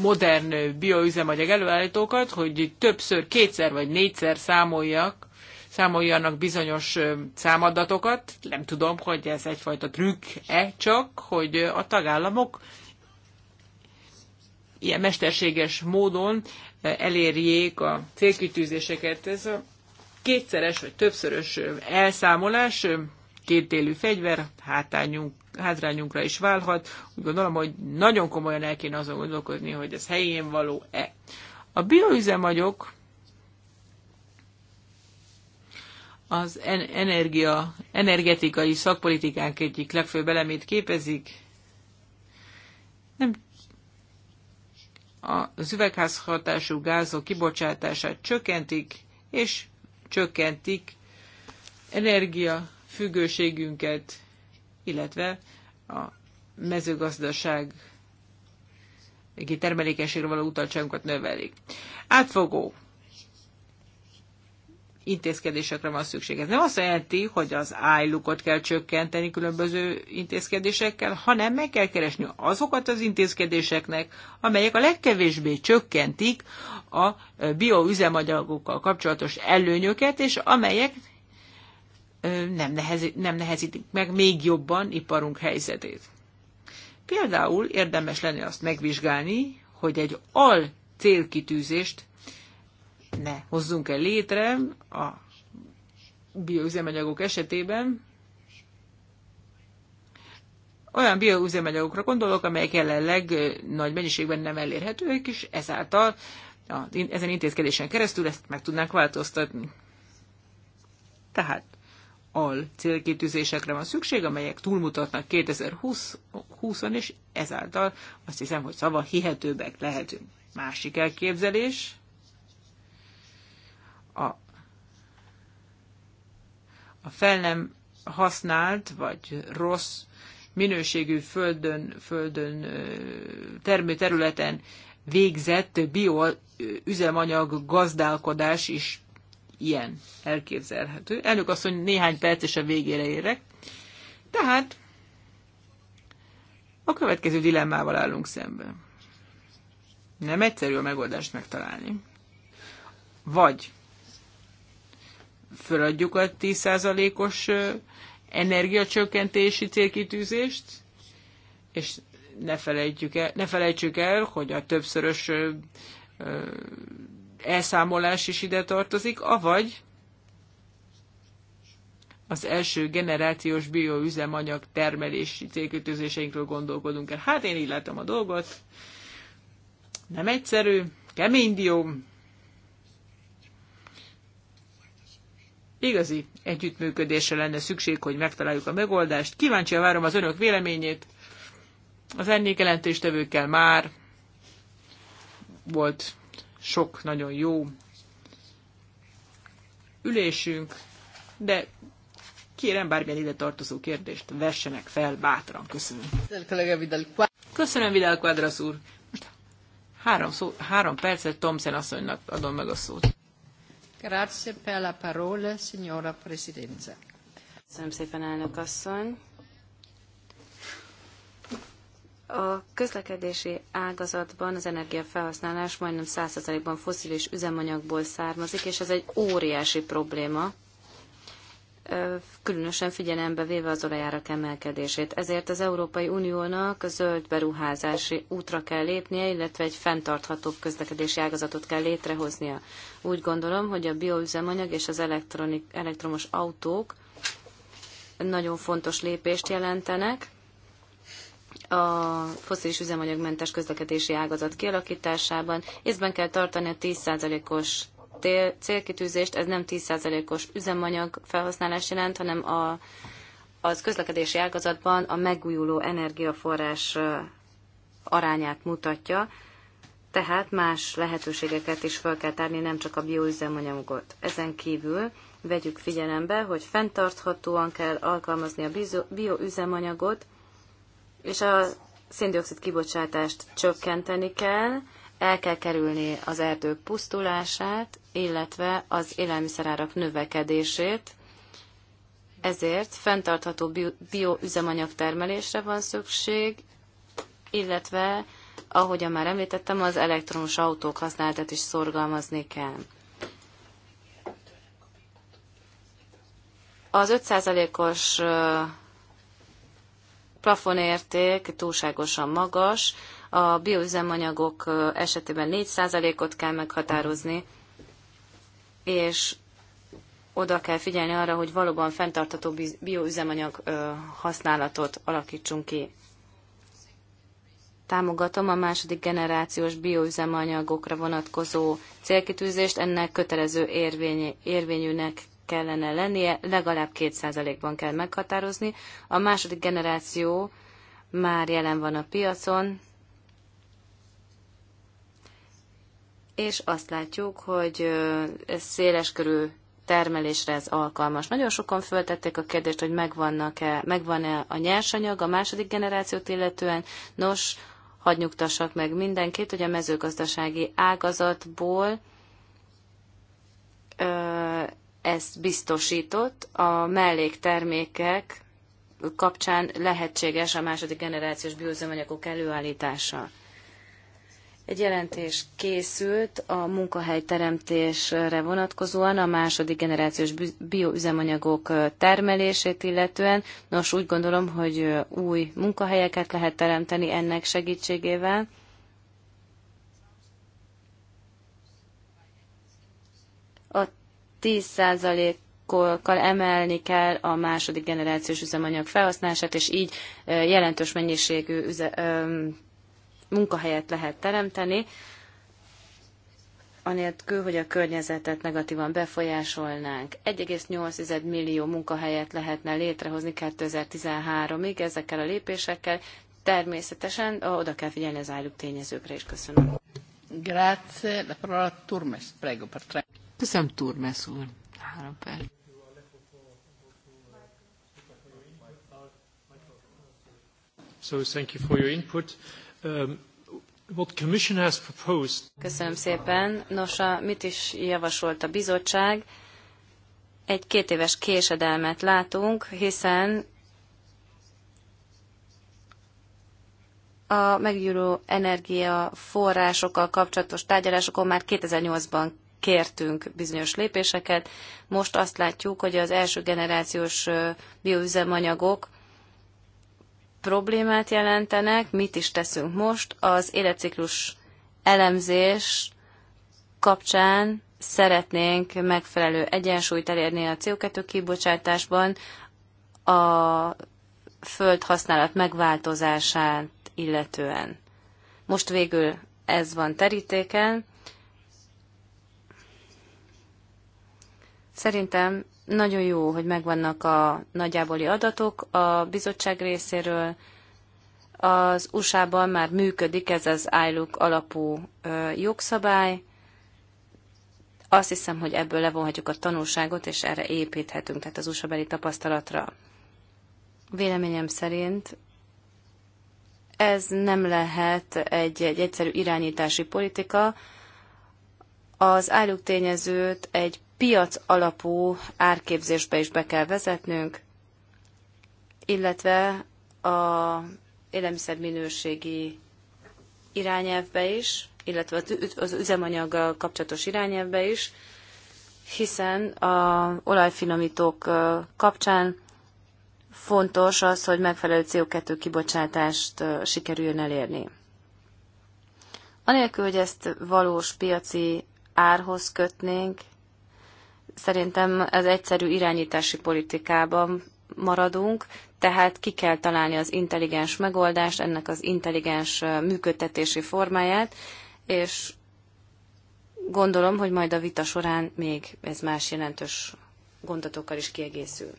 modern bioüzemanyag előállítókat, hogy többször, kétszer vagy négyszer számoljak, számoljanak bizonyos számadatokat. Nem tudom, hogy ez egyfajta trükk-e csak, hogy a tagállamok ilyen mesterséges módon elérjék a célkitűzéseket. Ez a kétszeres vagy többszörös elszámolás kétélű fegyver, hátányunk, hátrányunkra is válhat. Úgy gondolom, hogy nagyon komolyan el kéne azon gondolkozni, hogy ez helyén való-e. A bioüzemagyok, az energia, energetikai szakpolitikánk egyik legfőbb elemét képezik. Nem a üvegházhatású gázok kibocsátását csökkentik, és csökkentik energia függőségünket, illetve a mezőgazdaság termelékenységre való utaltságunkat növelik. Átfogó intézkedésekre van szükség. Ez nem azt jelenti, hogy az ájlukot kell csökkenteni különböző intézkedésekkel, hanem meg kell keresni azokat az intézkedéseknek, amelyek a legkevésbé csökkentik a bioüzemanyagokkal kapcsolatos előnyöket, és amelyek nem, nehezi, nem nehezítik meg még jobban iparunk helyzetét. Például érdemes lenne azt megvizsgálni, hogy egy al célkitűzést ne hozzunk el létre a bioüzemanyagok esetében. Olyan bioüzemanyagokra gondolok, amelyek jelenleg nagy mennyiségben nem elérhetőek, és ezáltal ezen intézkedésen keresztül ezt meg tudnánk változtatni. Tehát al célkitűzésekre van szükség, amelyek túlmutatnak 2020-on, és ezáltal azt hiszem, hogy szava hihetőbbek lehetünk. Másik elképzelés, a, a fel nem használt, vagy rossz minőségű földön, földön termőterületen végzett bioüzemanyag gazdálkodás is ilyen elképzelhető. Elnök asszony néhány perc és a végére érek. Tehát a következő dilemmával állunk szemben. Nem egyszerű a megoldást megtalálni. Vagy föladjuk a 10%-os energiacsökkentési célkitűzést, és ne felejtjük el, ne felejtsük el, hogy a többszörös elszámolás is ide tartozik, avagy az első generációs bioüzemanyag termelési célkötőzéseinkről gondolkodunk el. Hát én így látom a dolgot. Nem egyszerű, kemény dió. Igazi együttműködésre lenne szükség, hogy megtaláljuk a megoldást. Kíváncsian várom az önök véleményét. Az ennék jelentéstevőkkel már volt sok nagyon jó ülésünk, de kérem bármilyen ide tartozó kérdést vessenek fel bátran. Köszönöm. Köszönöm, Vidal Quadras úr. Most három, szó, három percet Tomszen asszonynak adom meg a szót. Grazie per la parola, signora Presidenza. Köszönöm szépen, elnök asszony. A közlekedési ágazatban az energiafelhasználás majdnem 100%-ban foszilis üzemanyagból származik, és ez egy óriási probléma, különösen figyelembe véve az olajárak emelkedését. Ezért az Európai Uniónak a zöld beruházási útra kell lépnie, illetve egy fenntarthatóbb közlekedési ágazatot kell létrehoznia. Úgy gondolom, hogy a bioüzemanyag és az elektronik, elektromos autók nagyon fontos lépést jelentenek, a foszilis üzemanyagmentes közlekedési ágazat kialakításában. Észben kell tartani a 10%-os célkitűzést, ez nem 10%-os üzemanyag felhasználás jelent, hanem a, az közlekedési ágazatban a megújuló energiaforrás arányát mutatja, tehát más lehetőségeket is fel kell tárni, nem csak a bioüzemanyagot. Ezen kívül vegyük figyelembe, hogy fenntarthatóan kell alkalmazni a bioüzemanyagot, és a széndiokszid kibocsátást csökkenteni kell, el kell kerülni az erdők pusztulását, illetve az élelmiszerárak növekedését, ezért fenntartható bioüzemanyag termelésre van szükség, illetve, ahogyan már említettem, az elektromos autók használatát is szorgalmazni kell. Az 5%-os plafonérték túlságosan magas, a bioüzemanyagok esetében 4%-ot kell meghatározni, és oda kell figyelni arra, hogy valóban fenntartató bioüzemanyag használatot alakítsunk ki. Támogatom a második generációs bioüzemanyagokra vonatkozó célkitűzést, ennek kötelező érvény, érvényűnek kellene lennie, legalább 2%-ban kell meghatározni. A második generáció már jelen van a piacon, és azt látjuk, hogy ez körül termelésre ez alkalmas. Nagyon sokan föltették a kérdést, hogy megvannak-e, megvan-e a nyersanyag a második generációt illetően. Nos, hadd nyugtassak meg mindenkit, hogy a mezőgazdasági ágazatból ezt biztosított. A melléktermékek kapcsán lehetséges a második generációs bioüzemanyagok előállítása. Egy jelentés készült a munkahelyteremtésre vonatkozóan a második generációs bioüzemanyagok termelését illetően. Nos, úgy gondolom, hogy új munkahelyeket lehet teremteni ennek segítségével. A 10%-kal emelni kell a második generációs üzemanyag felhasználását, és így jelentős mennyiségű üze, munkahelyet lehet teremteni, anélkül, hogy a környezetet negatívan befolyásolnánk. 1,8 millió munkahelyet lehetne létrehozni 2013-ig ezekkel a lépésekkel. Természetesen oda kell figyelni az tényezőkre is. Köszönöm. Grazie. La parola Turmes, prego, per tre. Köszönöm, Turmes úr. Három perc. So thank you for your input. Um, what commission has proposed... Köszönöm szépen. Nos, a, mit is javasolt a bizottság? Egy két éves késedelmet látunk, hiszen a megújuló energiaforrásokkal kapcsolatos tárgyalásokon már 2008-ban kértünk bizonyos lépéseket. Most azt látjuk, hogy az első generációs bioüzemanyagok problémát jelentenek. Mit is teszünk most? Az életciklus elemzés kapcsán szeretnénk megfelelő egyensúlyt elérni a CO2 kibocsátásban, a földhasználat megváltozását illetően. Most végül ez van terítéken, Szerintem nagyon jó, hogy megvannak a nagyjáboli adatok a bizottság részéről. Az USA-ban már működik ez az ILUK alapú jogszabály. Azt hiszem, hogy ebből levonhatjuk a tanulságot, és erre építhetünk, tehát az USA-beli tapasztalatra. Véleményem szerint ez nem lehet egy, egy egyszerű irányítási politika. Az álluk tényezőt egy piac alapú árképzésbe is be kell vezetnünk, illetve a élelmiszerminőségi irányelvbe is, illetve az üzemanyaggal kapcsolatos irányelvbe is, hiszen a olajfinomítók kapcsán fontos az, hogy megfelelő CO2 kibocsátást sikerüljön elérni. Anélkül, hogy ezt valós piaci árhoz kötnénk, Szerintem az egyszerű irányítási politikában maradunk, tehát ki kell találni az intelligens megoldást, ennek az intelligens működtetési formáját, és gondolom, hogy majd a vita során még ez más jelentős gondatokkal is kiegészül.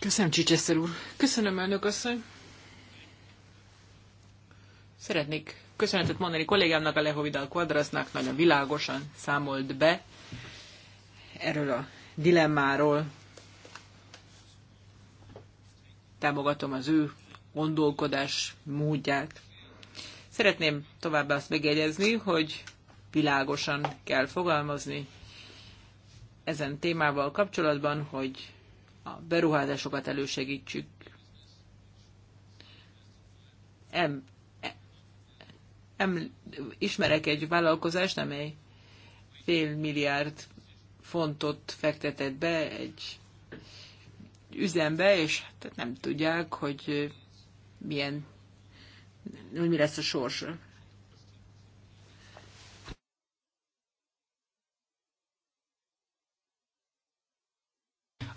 Köszönöm, Csicseszer úr. Köszönöm, elnök asszony. Szeretnék köszönetet mondani kollégámnak, a Lehovidal Quadrasnak, nagyon világosan számolt be erről a dilemmáról. Támogatom az ő gondolkodás módját. Szeretném továbbá azt megjegyezni, hogy világosan kell fogalmazni ezen témával kapcsolatban, hogy a beruházásokat elősegítsük. Em, e, em, ismerek egy vállalkozást, amely fél milliárd fontot fektetett be egy üzembe, és tehát nem tudják, hogy milyen, hogy mi lesz a sorsa.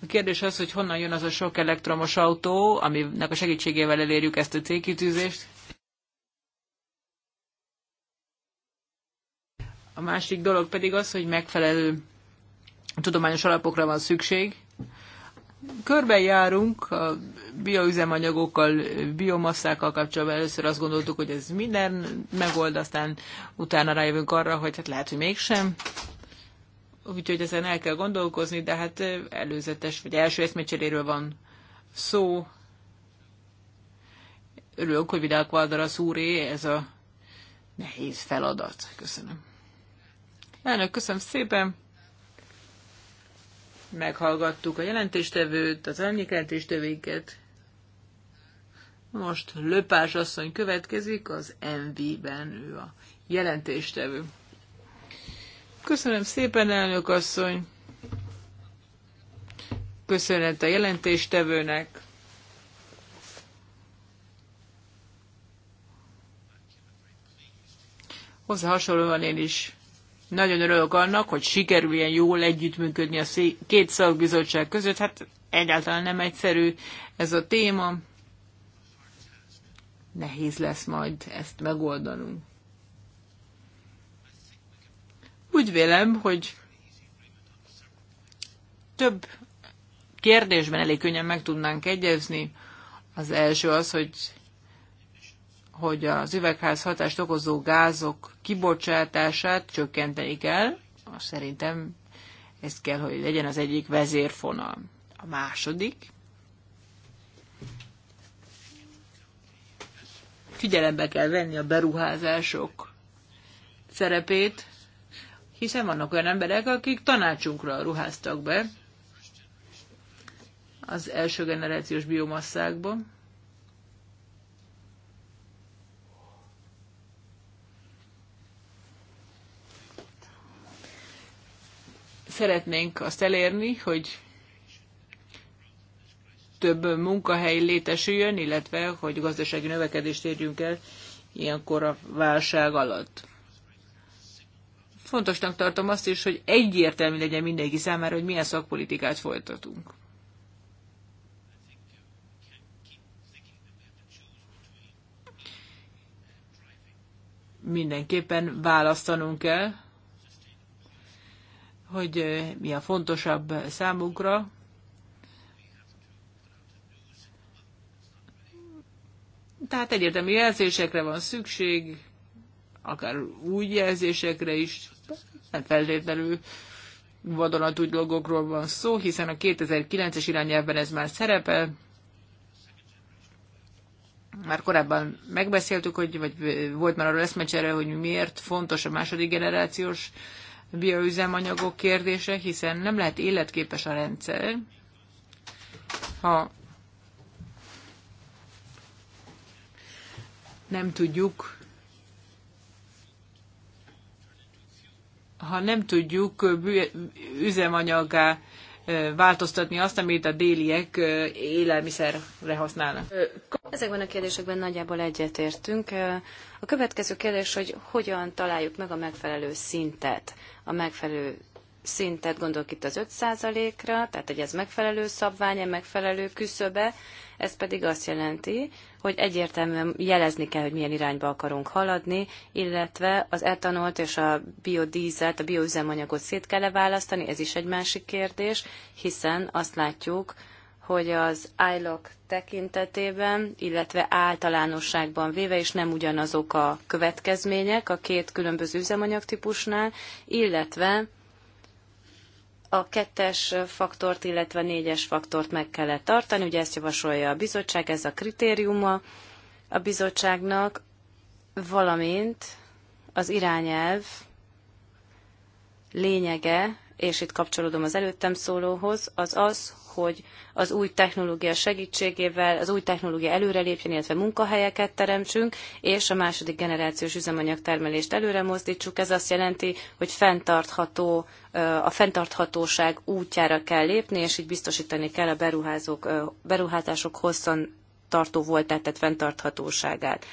A kérdés az, hogy honnan jön az a sok elektromos autó, aminek a segítségével elérjük ezt a célkitűzést. A másik dolog pedig az, hogy megfelelő tudományos alapokra van szükség. Körbejárunk a bioüzemanyagokkal, biomasszákkal kapcsolatban. Először azt gondoltuk, hogy ez minden megold, aztán utána rájövünk arra, hogy hát lehet, hogy mégsem. Úgyhogy ezen el kell gondolkozni, de hát előzetes, vagy első eszmécseréről van szó. Örülök, hogy Vidal Kvaldara szúré, ez a nehéz feladat. Köszönöm. Elnök, köszönöm szépen meghallgattuk a jelentéstevőt, az elnyékjelentéstevőinket. Most Löpás asszony következik, az MV-ben ő a jelentéstevő. Köszönöm szépen, elnök asszony! Köszönet a jelentéstevőnek! Hozzá hasonlóan én is nagyon örülök annak, hogy sikerüljen jól együttműködni a két szakbizottság között. Hát egyáltalán nem egyszerű ez a téma. Nehéz lesz majd ezt megoldanunk. Úgy vélem, hogy több kérdésben elég könnyen meg tudnánk egyezni. Az első az, hogy hogy az üvegház hatást okozó gázok kibocsátását csökkenteni kell. Szerintem ez kell, hogy legyen az egyik vezérfonal. A második. Figyelembe kell venni a beruházások szerepét, hiszen vannak olyan emberek, akik tanácsunkra ruháztak be az első generációs biomasszákban. szeretnénk azt elérni, hogy több munkahely létesüljön, illetve hogy gazdasági növekedést érjünk el ilyenkor a válság alatt. Fontosnak tartom azt is, hogy egyértelmű legyen mindenki számára, hogy milyen szakpolitikát folytatunk. Mindenképpen választanunk kell hogy mi a fontosabb számukra. Tehát egyértelmű jelzésekre van szükség, akár új jelzésekre is, nem feltétlenül vadonatúgy logokról van szó, hiszen a 2009-es irányelvben ez már szerepel. Már korábban megbeszéltük, hogy, vagy volt már arról eszmecsere, hogy miért fontos a második generációs uh, bioüzemanyagok kérdése, hiszen nem lehet életképes a rendszer, ha nem tudjuk, ha nem tudjuk üzemanyagá változtatni azt, amit a déliek élelmiszerre használnak. Ezekben a kérdésekben nagyjából egyetértünk. A következő kérdés, hogy hogyan találjuk meg a megfelelő szintet a megfelelő szintet, gondolok itt az 5%-ra, tehát hogy ez megfelelő szabványa, megfelelő küszöbe, ez pedig azt jelenti, hogy egyértelműen jelezni kell, hogy milyen irányba akarunk haladni, illetve az etanolt és a biodízelt, a bioüzemanyagot szét kell -e választani, ez is egy másik kérdés, hiszen azt látjuk, hogy az ILOC tekintetében, illetve általánosságban véve is nem ugyanazok a következmények a két különböző üzemanyagtípusnál, illetve a kettes faktort, illetve a négyes faktort meg kellett tartani, ugye ezt javasolja a bizottság, ez a kritériuma a bizottságnak, valamint az irányelv lényege és itt kapcsolódom az előttem szólóhoz, az az, hogy az új technológia segítségével, az új technológia előrelépjen, illetve munkahelyeket teremtsünk, és a második generációs üzemanyagtermelést előre mozdítsuk. Ez azt jelenti, hogy fenntartható, a fenntarthatóság útjára kell lépni, és így biztosítani kell a beruházók, beruházások hosszan tartó voltát, tehát fenntarthatóságát.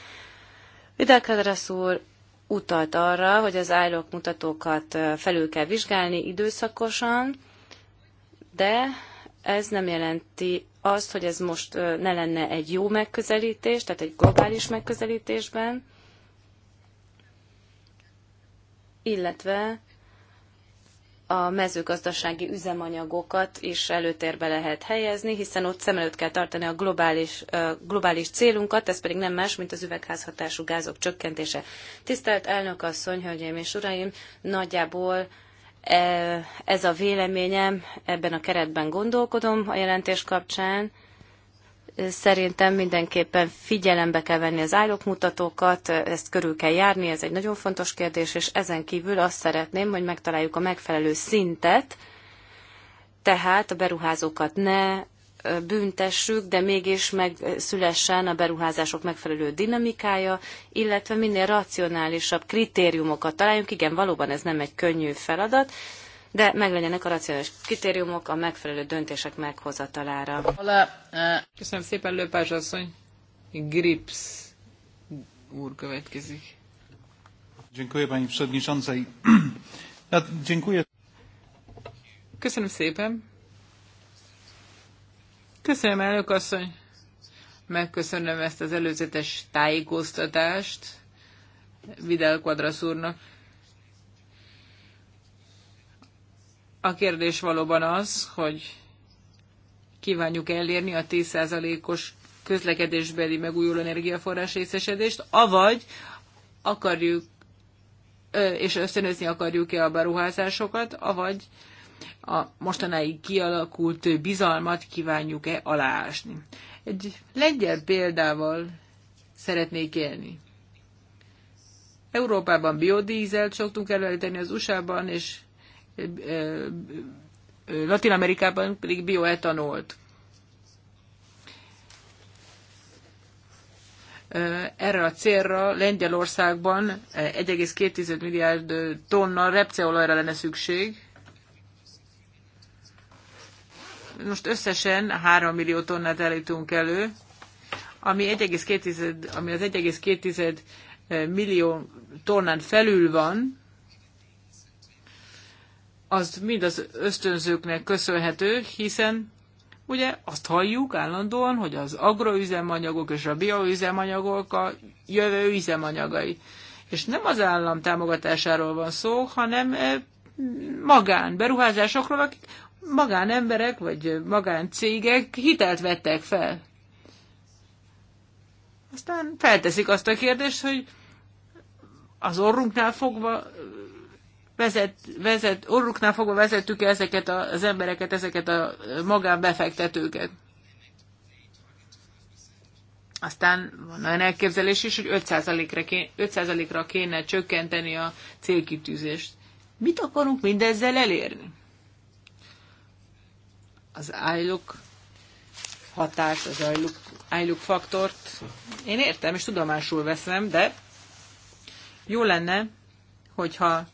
Vidal Kadrasz úr utalt arra, hogy az ILOC mutatókat felül kell vizsgálni időszakosan, de ez nem jelenti azt, hogy ez most ne lenne egy jó megközelítés, tehát egy globális megközelítésben, illetve a mezőgazdasági üzemanyagokat is előtérbe lehet helyezni, hiszen ott szem előtt kell tartani a globális, globális célunkat, ez pedig nem más, mint az üvegházhatású gázok csökkentése. Tisztelt elnök asszony, hölgyeim és uraim, nagyjából ez a véleményem, ebben a keretben gondolkodom a jelentés kapcsán szerintem mindenképpen figyelembe kell venni az állokmutatókat, ezt körül kell járni, ez egy nagyon fontos kérdés, és ezen kívül azt szeretném, hogy megtaláljuk a megfelelő szintet, tehát a beruházókat ne büntessük, de mégis megszülessen a beruházások megfelelő dinamikája, illetve minél racionálisabb kritériumokat találjunk. Igen, valóban ez nem egy könnyű feladat, de meglegyenek a racionális kritériumok a megfelelő döntések meghozatalára. Köszönöm szépen, Löpás asszony. Grips úr következik. Dziękuję Pani Przewodniczącej. Ja, dziękuję. Köszönöm szépen. Köszönöm, elnök asszony. Megköszönöm ezt az előzetes tájékoztatást Vidal Quadras úrnak. A kérdés valóban az, hogy kívánjuk elérni a 10%-os közlekedésbeli megújuló energiaforrás részesedést, avagy akarjuk, és ösztönözni akarjuk-e a beruházásokat, avagy a mostanáig kialakult bizalmat kívánjuk-e aláásni. Egy lengyel példával szeretnék élni. Európában biodízelt szoktunk előállítani az USA-ban, és Latin Amerikában pedig bioetanolt. Erre a célra Lengyelországban 1,2 milliárd tonna repceolajra lenne szükség. Most összesen 3 millió tonnát állítunk elő, ami, 2, ami az 1,2 millió tonnán felül van, az mind az ösztönzőknek köszönhető, hiszen ugye azt halljuk állandóan, hogy az agroüzemanyagok és a bioüzemanyagok a jövő üzemanyagai. És nem az állam támogatásáról van szó, hanem eh, magán beruházásokról, akik magánemberek vagy magáncégek hitelt vettek fel. Aztán felteszik azt a kérdést, hogy az orrunknál fogva vezet, vezet, orruknál fogva vezettük -e ezeket az embereket, ezeket a magánbefektetőket. Aztán van olyan elképzelés is, hogy 5%-ra kéne, 5%-ra kéne csökkenteni a célkitűzést. Mit akarunk mindezzel elérni? Az állók hatás, az állók, állók faktort én értem és tudomásul veszem, de jó lenne, hogyha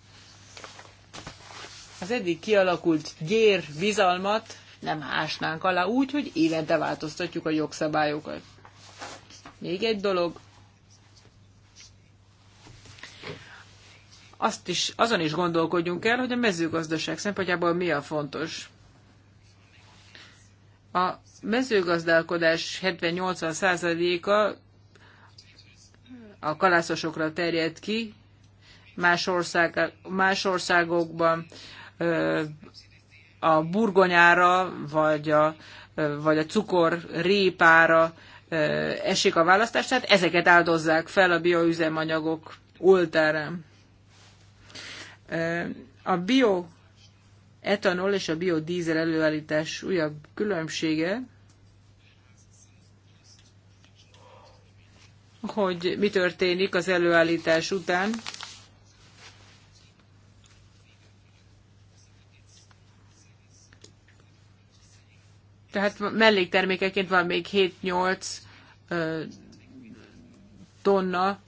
az eddig kialakult gyér bizalmat nem ásnánk alá úgy, hogy évente változtatjuk a jogszabályokat. Még egy dolog. Azt is, azon is gondolkodjunk el, hogy a mezőgazdaság szempontjából mi a fontos. A mezőgazdálkodás 70-80%-a a kalászosokra terjed ki, más, ország, más országokban a burgonyára, vagy a, vagy a cukor répára esik a választás, tehát ezeket áldozzák fel a bioüzemanyagok oltárán. A bio etanol és a biodízel előállítás újabb különbsége, hogy mi történik az előállítás után. Tehát melléktermékeként van még 7-8 tonna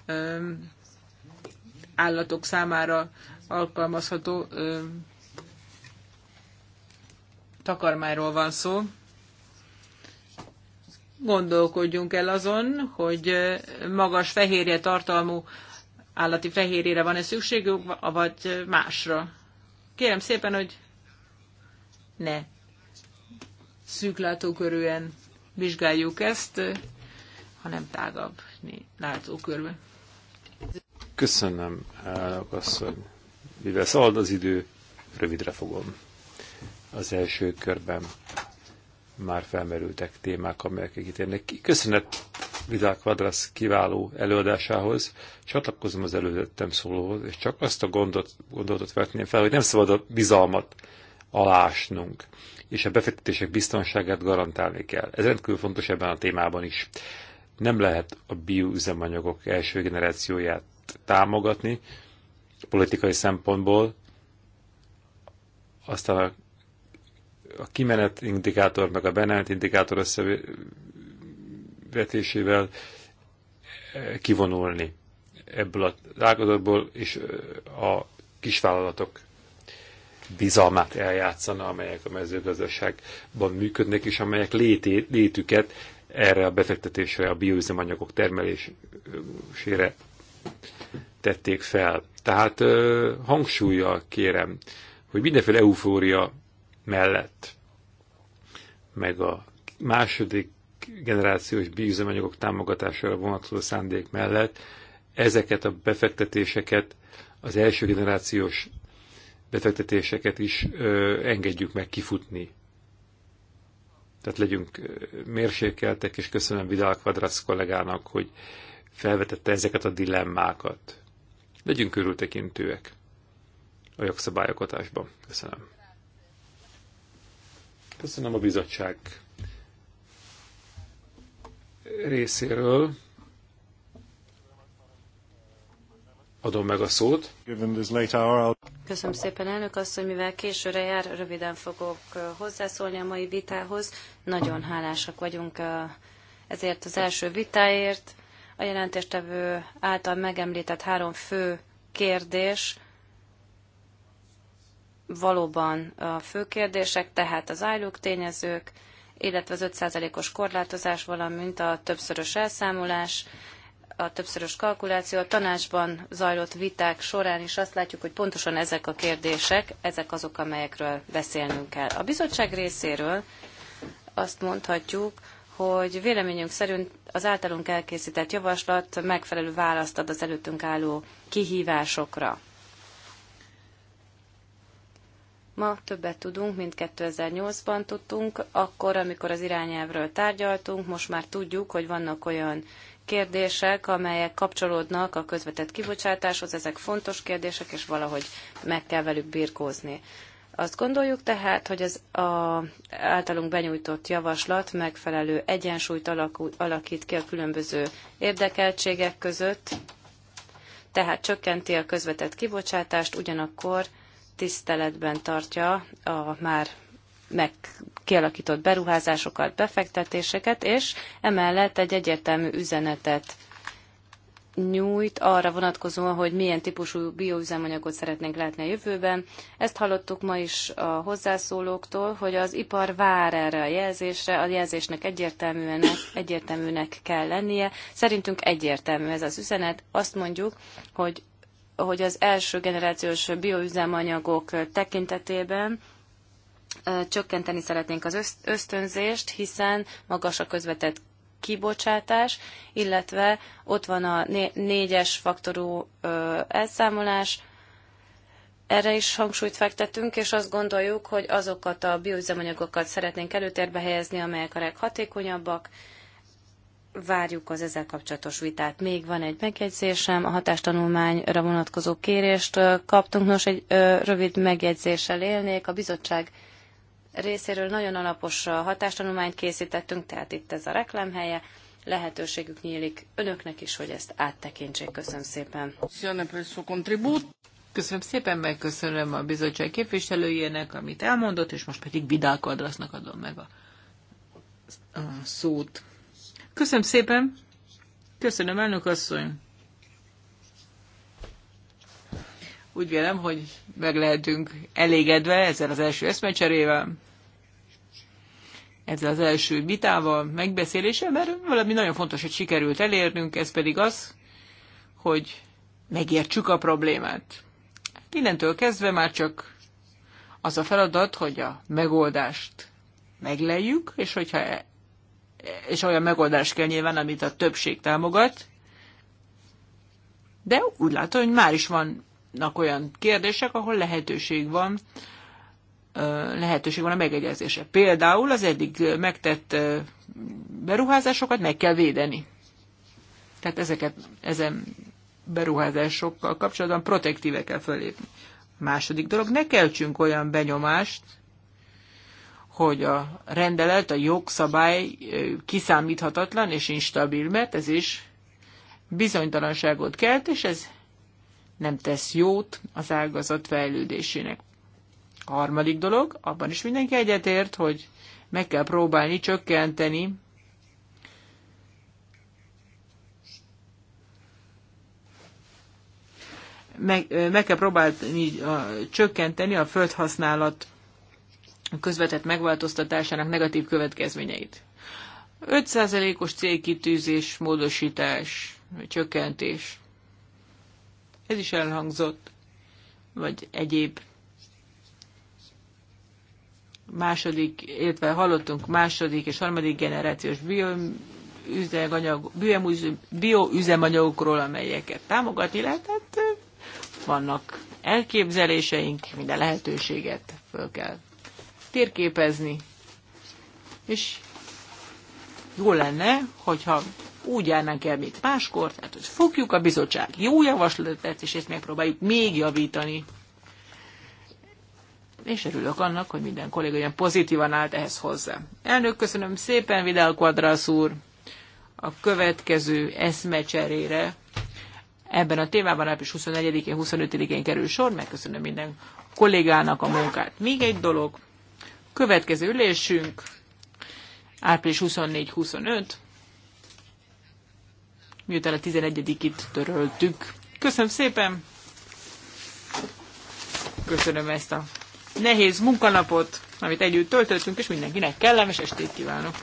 állatok számára alkalmazható takarmányról van szó. Gondolkodjunk el azon, hogy magas fehérje tartalmú állati fehérjére van-e szükségünk, vagy másra. Kérem szépen, hogy ne szűklátókörűen vizsgáljuk ezt, hanem tágabb látókörben. Köszönöm, elnök asszony. Mivel szalad az idő, rövidre fogom. Az első körben már felmerültek témák, amelyek kitérnek. Köszönet Vidák Vadrasz kiváló előadásához. Csatlakozom az előzettem szólóhoz, és csak azt a gondot, gondolatot vetném fel, hogy nem szabad a bizalmat alásnunk és a befektetések biztonságát garantálni kell. Ez rendkívül fontos ebben a témában is. Nem lehet a bioüzemanyagok első generációját támogatni politikai szempontból, aztán a, a kimenet indikátor, meg a benelt indikátor összevetésével eh, kivonulni ebből a ágazatból, és eh, a kisvállalatok bizalmát eljátszana, amelyek a mezőgazdaságban működnek, és amelyek léti, létüket erre a befektetésre, a bioüzemanyagok termelésére tették fel. Tehát hangsúlyjal kérem, hogy mindenféle eufória mellett, meg a második generációs bioüzemanyagok támogatására vonatkozó szándék mellett ezeket a befektetéseket az első generációs befektetéseket is ö, engedjük meg kifutni. Tehát legyünk mérsékeltek, és köszönöm Vidal Quadrasz kollégának, hogy felvetette ezeket a dilemmákat. Legyünk körültekintőek a jogszabályokatásban. Köszönöm. Köszönöm a bizottság részéről. adom meg a szót. Köszönöm szépen, elnök asszony, mivel későre jár, röviden fogok hozzászólni a mai vitához. Nagyon hálásak vagyunk ezért az első vitáért. A jelentéstevő által megemlített három fő kérdés valóban a fő kérdések, tehát az állók tényezők, illetve az 5%-os korlátozás, valamint a többszörös elszámolás, a többszörös kalkuláció. A tanácsban zajlott viták során is azt látjuk, hogy pontosan ezek a kérdések, ezek azok, amelyekről beszélnünk kell. A bizottság részéről azt mondhatjuk, hogy véleményünk szerint az általunk elkészített javaslat megfelelő választ ad az előttünk álló kihívásokra. Ma többet tudunk, mint 2008-ban tudtunk, akkor, amikor az irányelvről tárgyaltunk, most már tudjuk, hogy vannak olyan kérdések, amelyek kapcsolódnak a közvetett kibocsátáshoz, ezek fontos kérdések, és valahogy meg kell velük birkózni. Azt gondoljuk tehát, hogy az a általunk benyújtott javaslat megfelelő egyensúlyt alakít ki a különböző érdekeltségek között, tehát csökkenti a közvetett kibocsátást, ugyanakkor tiszteletben tartja a már meg kialakított beruházásokat, befektetéseket, és emellett egy egyértelmű üzenetet nyújt arra vonatkozóan, hogy milyen típusú bioüzemanyagot szeretnénk látni a jövőben. Ezt hallottuk ma is a hozzászólóktól, hogy az ipar vár erre a jelzésre, a jelzésnek egyértelműen, egyértelműnek kell lennie. Szerintünk egyértelmű ez az üzenet. Azt mondjuk, hogy hogy az első generációs bioüzemanyagok tekintetében csökkenteni szeretnénk az ösztönzést, hiszen magas a közvetett kibocsátás, illetve ott van a négyes faktorú elszámolás, erre is hangsúlyt fektetünk, és azt gondoljuk, hogy azokat a bioüzemanyagokat szeretnénk előtérbe helyezni, amelyek a leghatékonyabbak. Várjuk az ezzel kapcsolatos vitát. Még van egy megjegyzésem, a hatástanulmányra vonatkozó kérést kaptunk. Nos, egy rövid megjegyzéssel élnék. A bizottság részéről nagyon alapos hatástanulmányt készítettünk, tehát itt ez a reklámhelye. Lehetőségük nyílik önöknek is, hogy ezt áttekintsék. Köszönöm szépen. Köszönöm szépen, megköszönöm a bizottság képviselőjének, amit elmondott, és most pedig Vidálko Adrasznak adom meg a, a szót. Köszönöm szépen. Köszönöm, elnök asszony. Úgy vélem, hogy meg lehetünk elégedve ezzel az első eszmecserével, ezzel az első vitával, megbeszéléssel, mert valami nagyon fontos, hogy sikerült elérnünk, ez pedig az, hogy megértsük a problémát. Innentől kezdve már csak az a feladat, hogy a megoldást megleljük, és hogyha e- és olyan megoldás kell nyilván, amit a többség támogat, de úgy látom, hogy már is van olyan kérdések, ahol lehetőség van, lehetőség van a megegyezése. Például az eddig megtett beruházásokat meg kell védeni. Tehát ezeket, ezen beruházásokkal kapcsolatban protektíve kell fölépni. Második dolog, ne keltsünk olyan benyomást, hogy a rendelet, a jogszabály kiszámíthatatlan és instabil, mert ez is bizonytalanságot kelt, és ez nem tesz jót az ágazat fejlődésének. A harmadik dolog, abban is mindenki egyetért, hogy meg kell próbálni csökkenteni meg, meg kell próbálni a, csökkenteni a földhasználat közvetett megváltoztatásának negatív következményeit. 5%-os célkitűzés, módosítás, csökkentés. Ez is elhangzott, vagy egyéb második, illetve hallottunk második és harmadik generációs bioüzemanyag, bioüzemanyagokról, amelyeket támogatni lehetett. vannak elképzeléseink, minden lehetőséget föl kell térképezni, és jó lenne, hogyha úgy járnánk el, mint máskor, tehát hogy fogjuk a bizottság jó javaslatát, és ezt megpróbáljuk még javítani. És örülök annak, hogy minden kolléga ilyen pozitívan állt ehhez hozzá. Elnök, köszönöm szépen, Vidal Quadrász úr, a következő eszmecserére. Ebben a témában április 24-én, 25-én kerül sor, megköszönöm minden kollégának a munkát. Még egy dolog, következő ülésünk április 24-25, miután a 11 itt töröltük. Köszönöm szépen! Köszönöm ezt a nehéz munkanapot, amit együtt töltöttünk, és mindenkinek kellemes estét kívánok!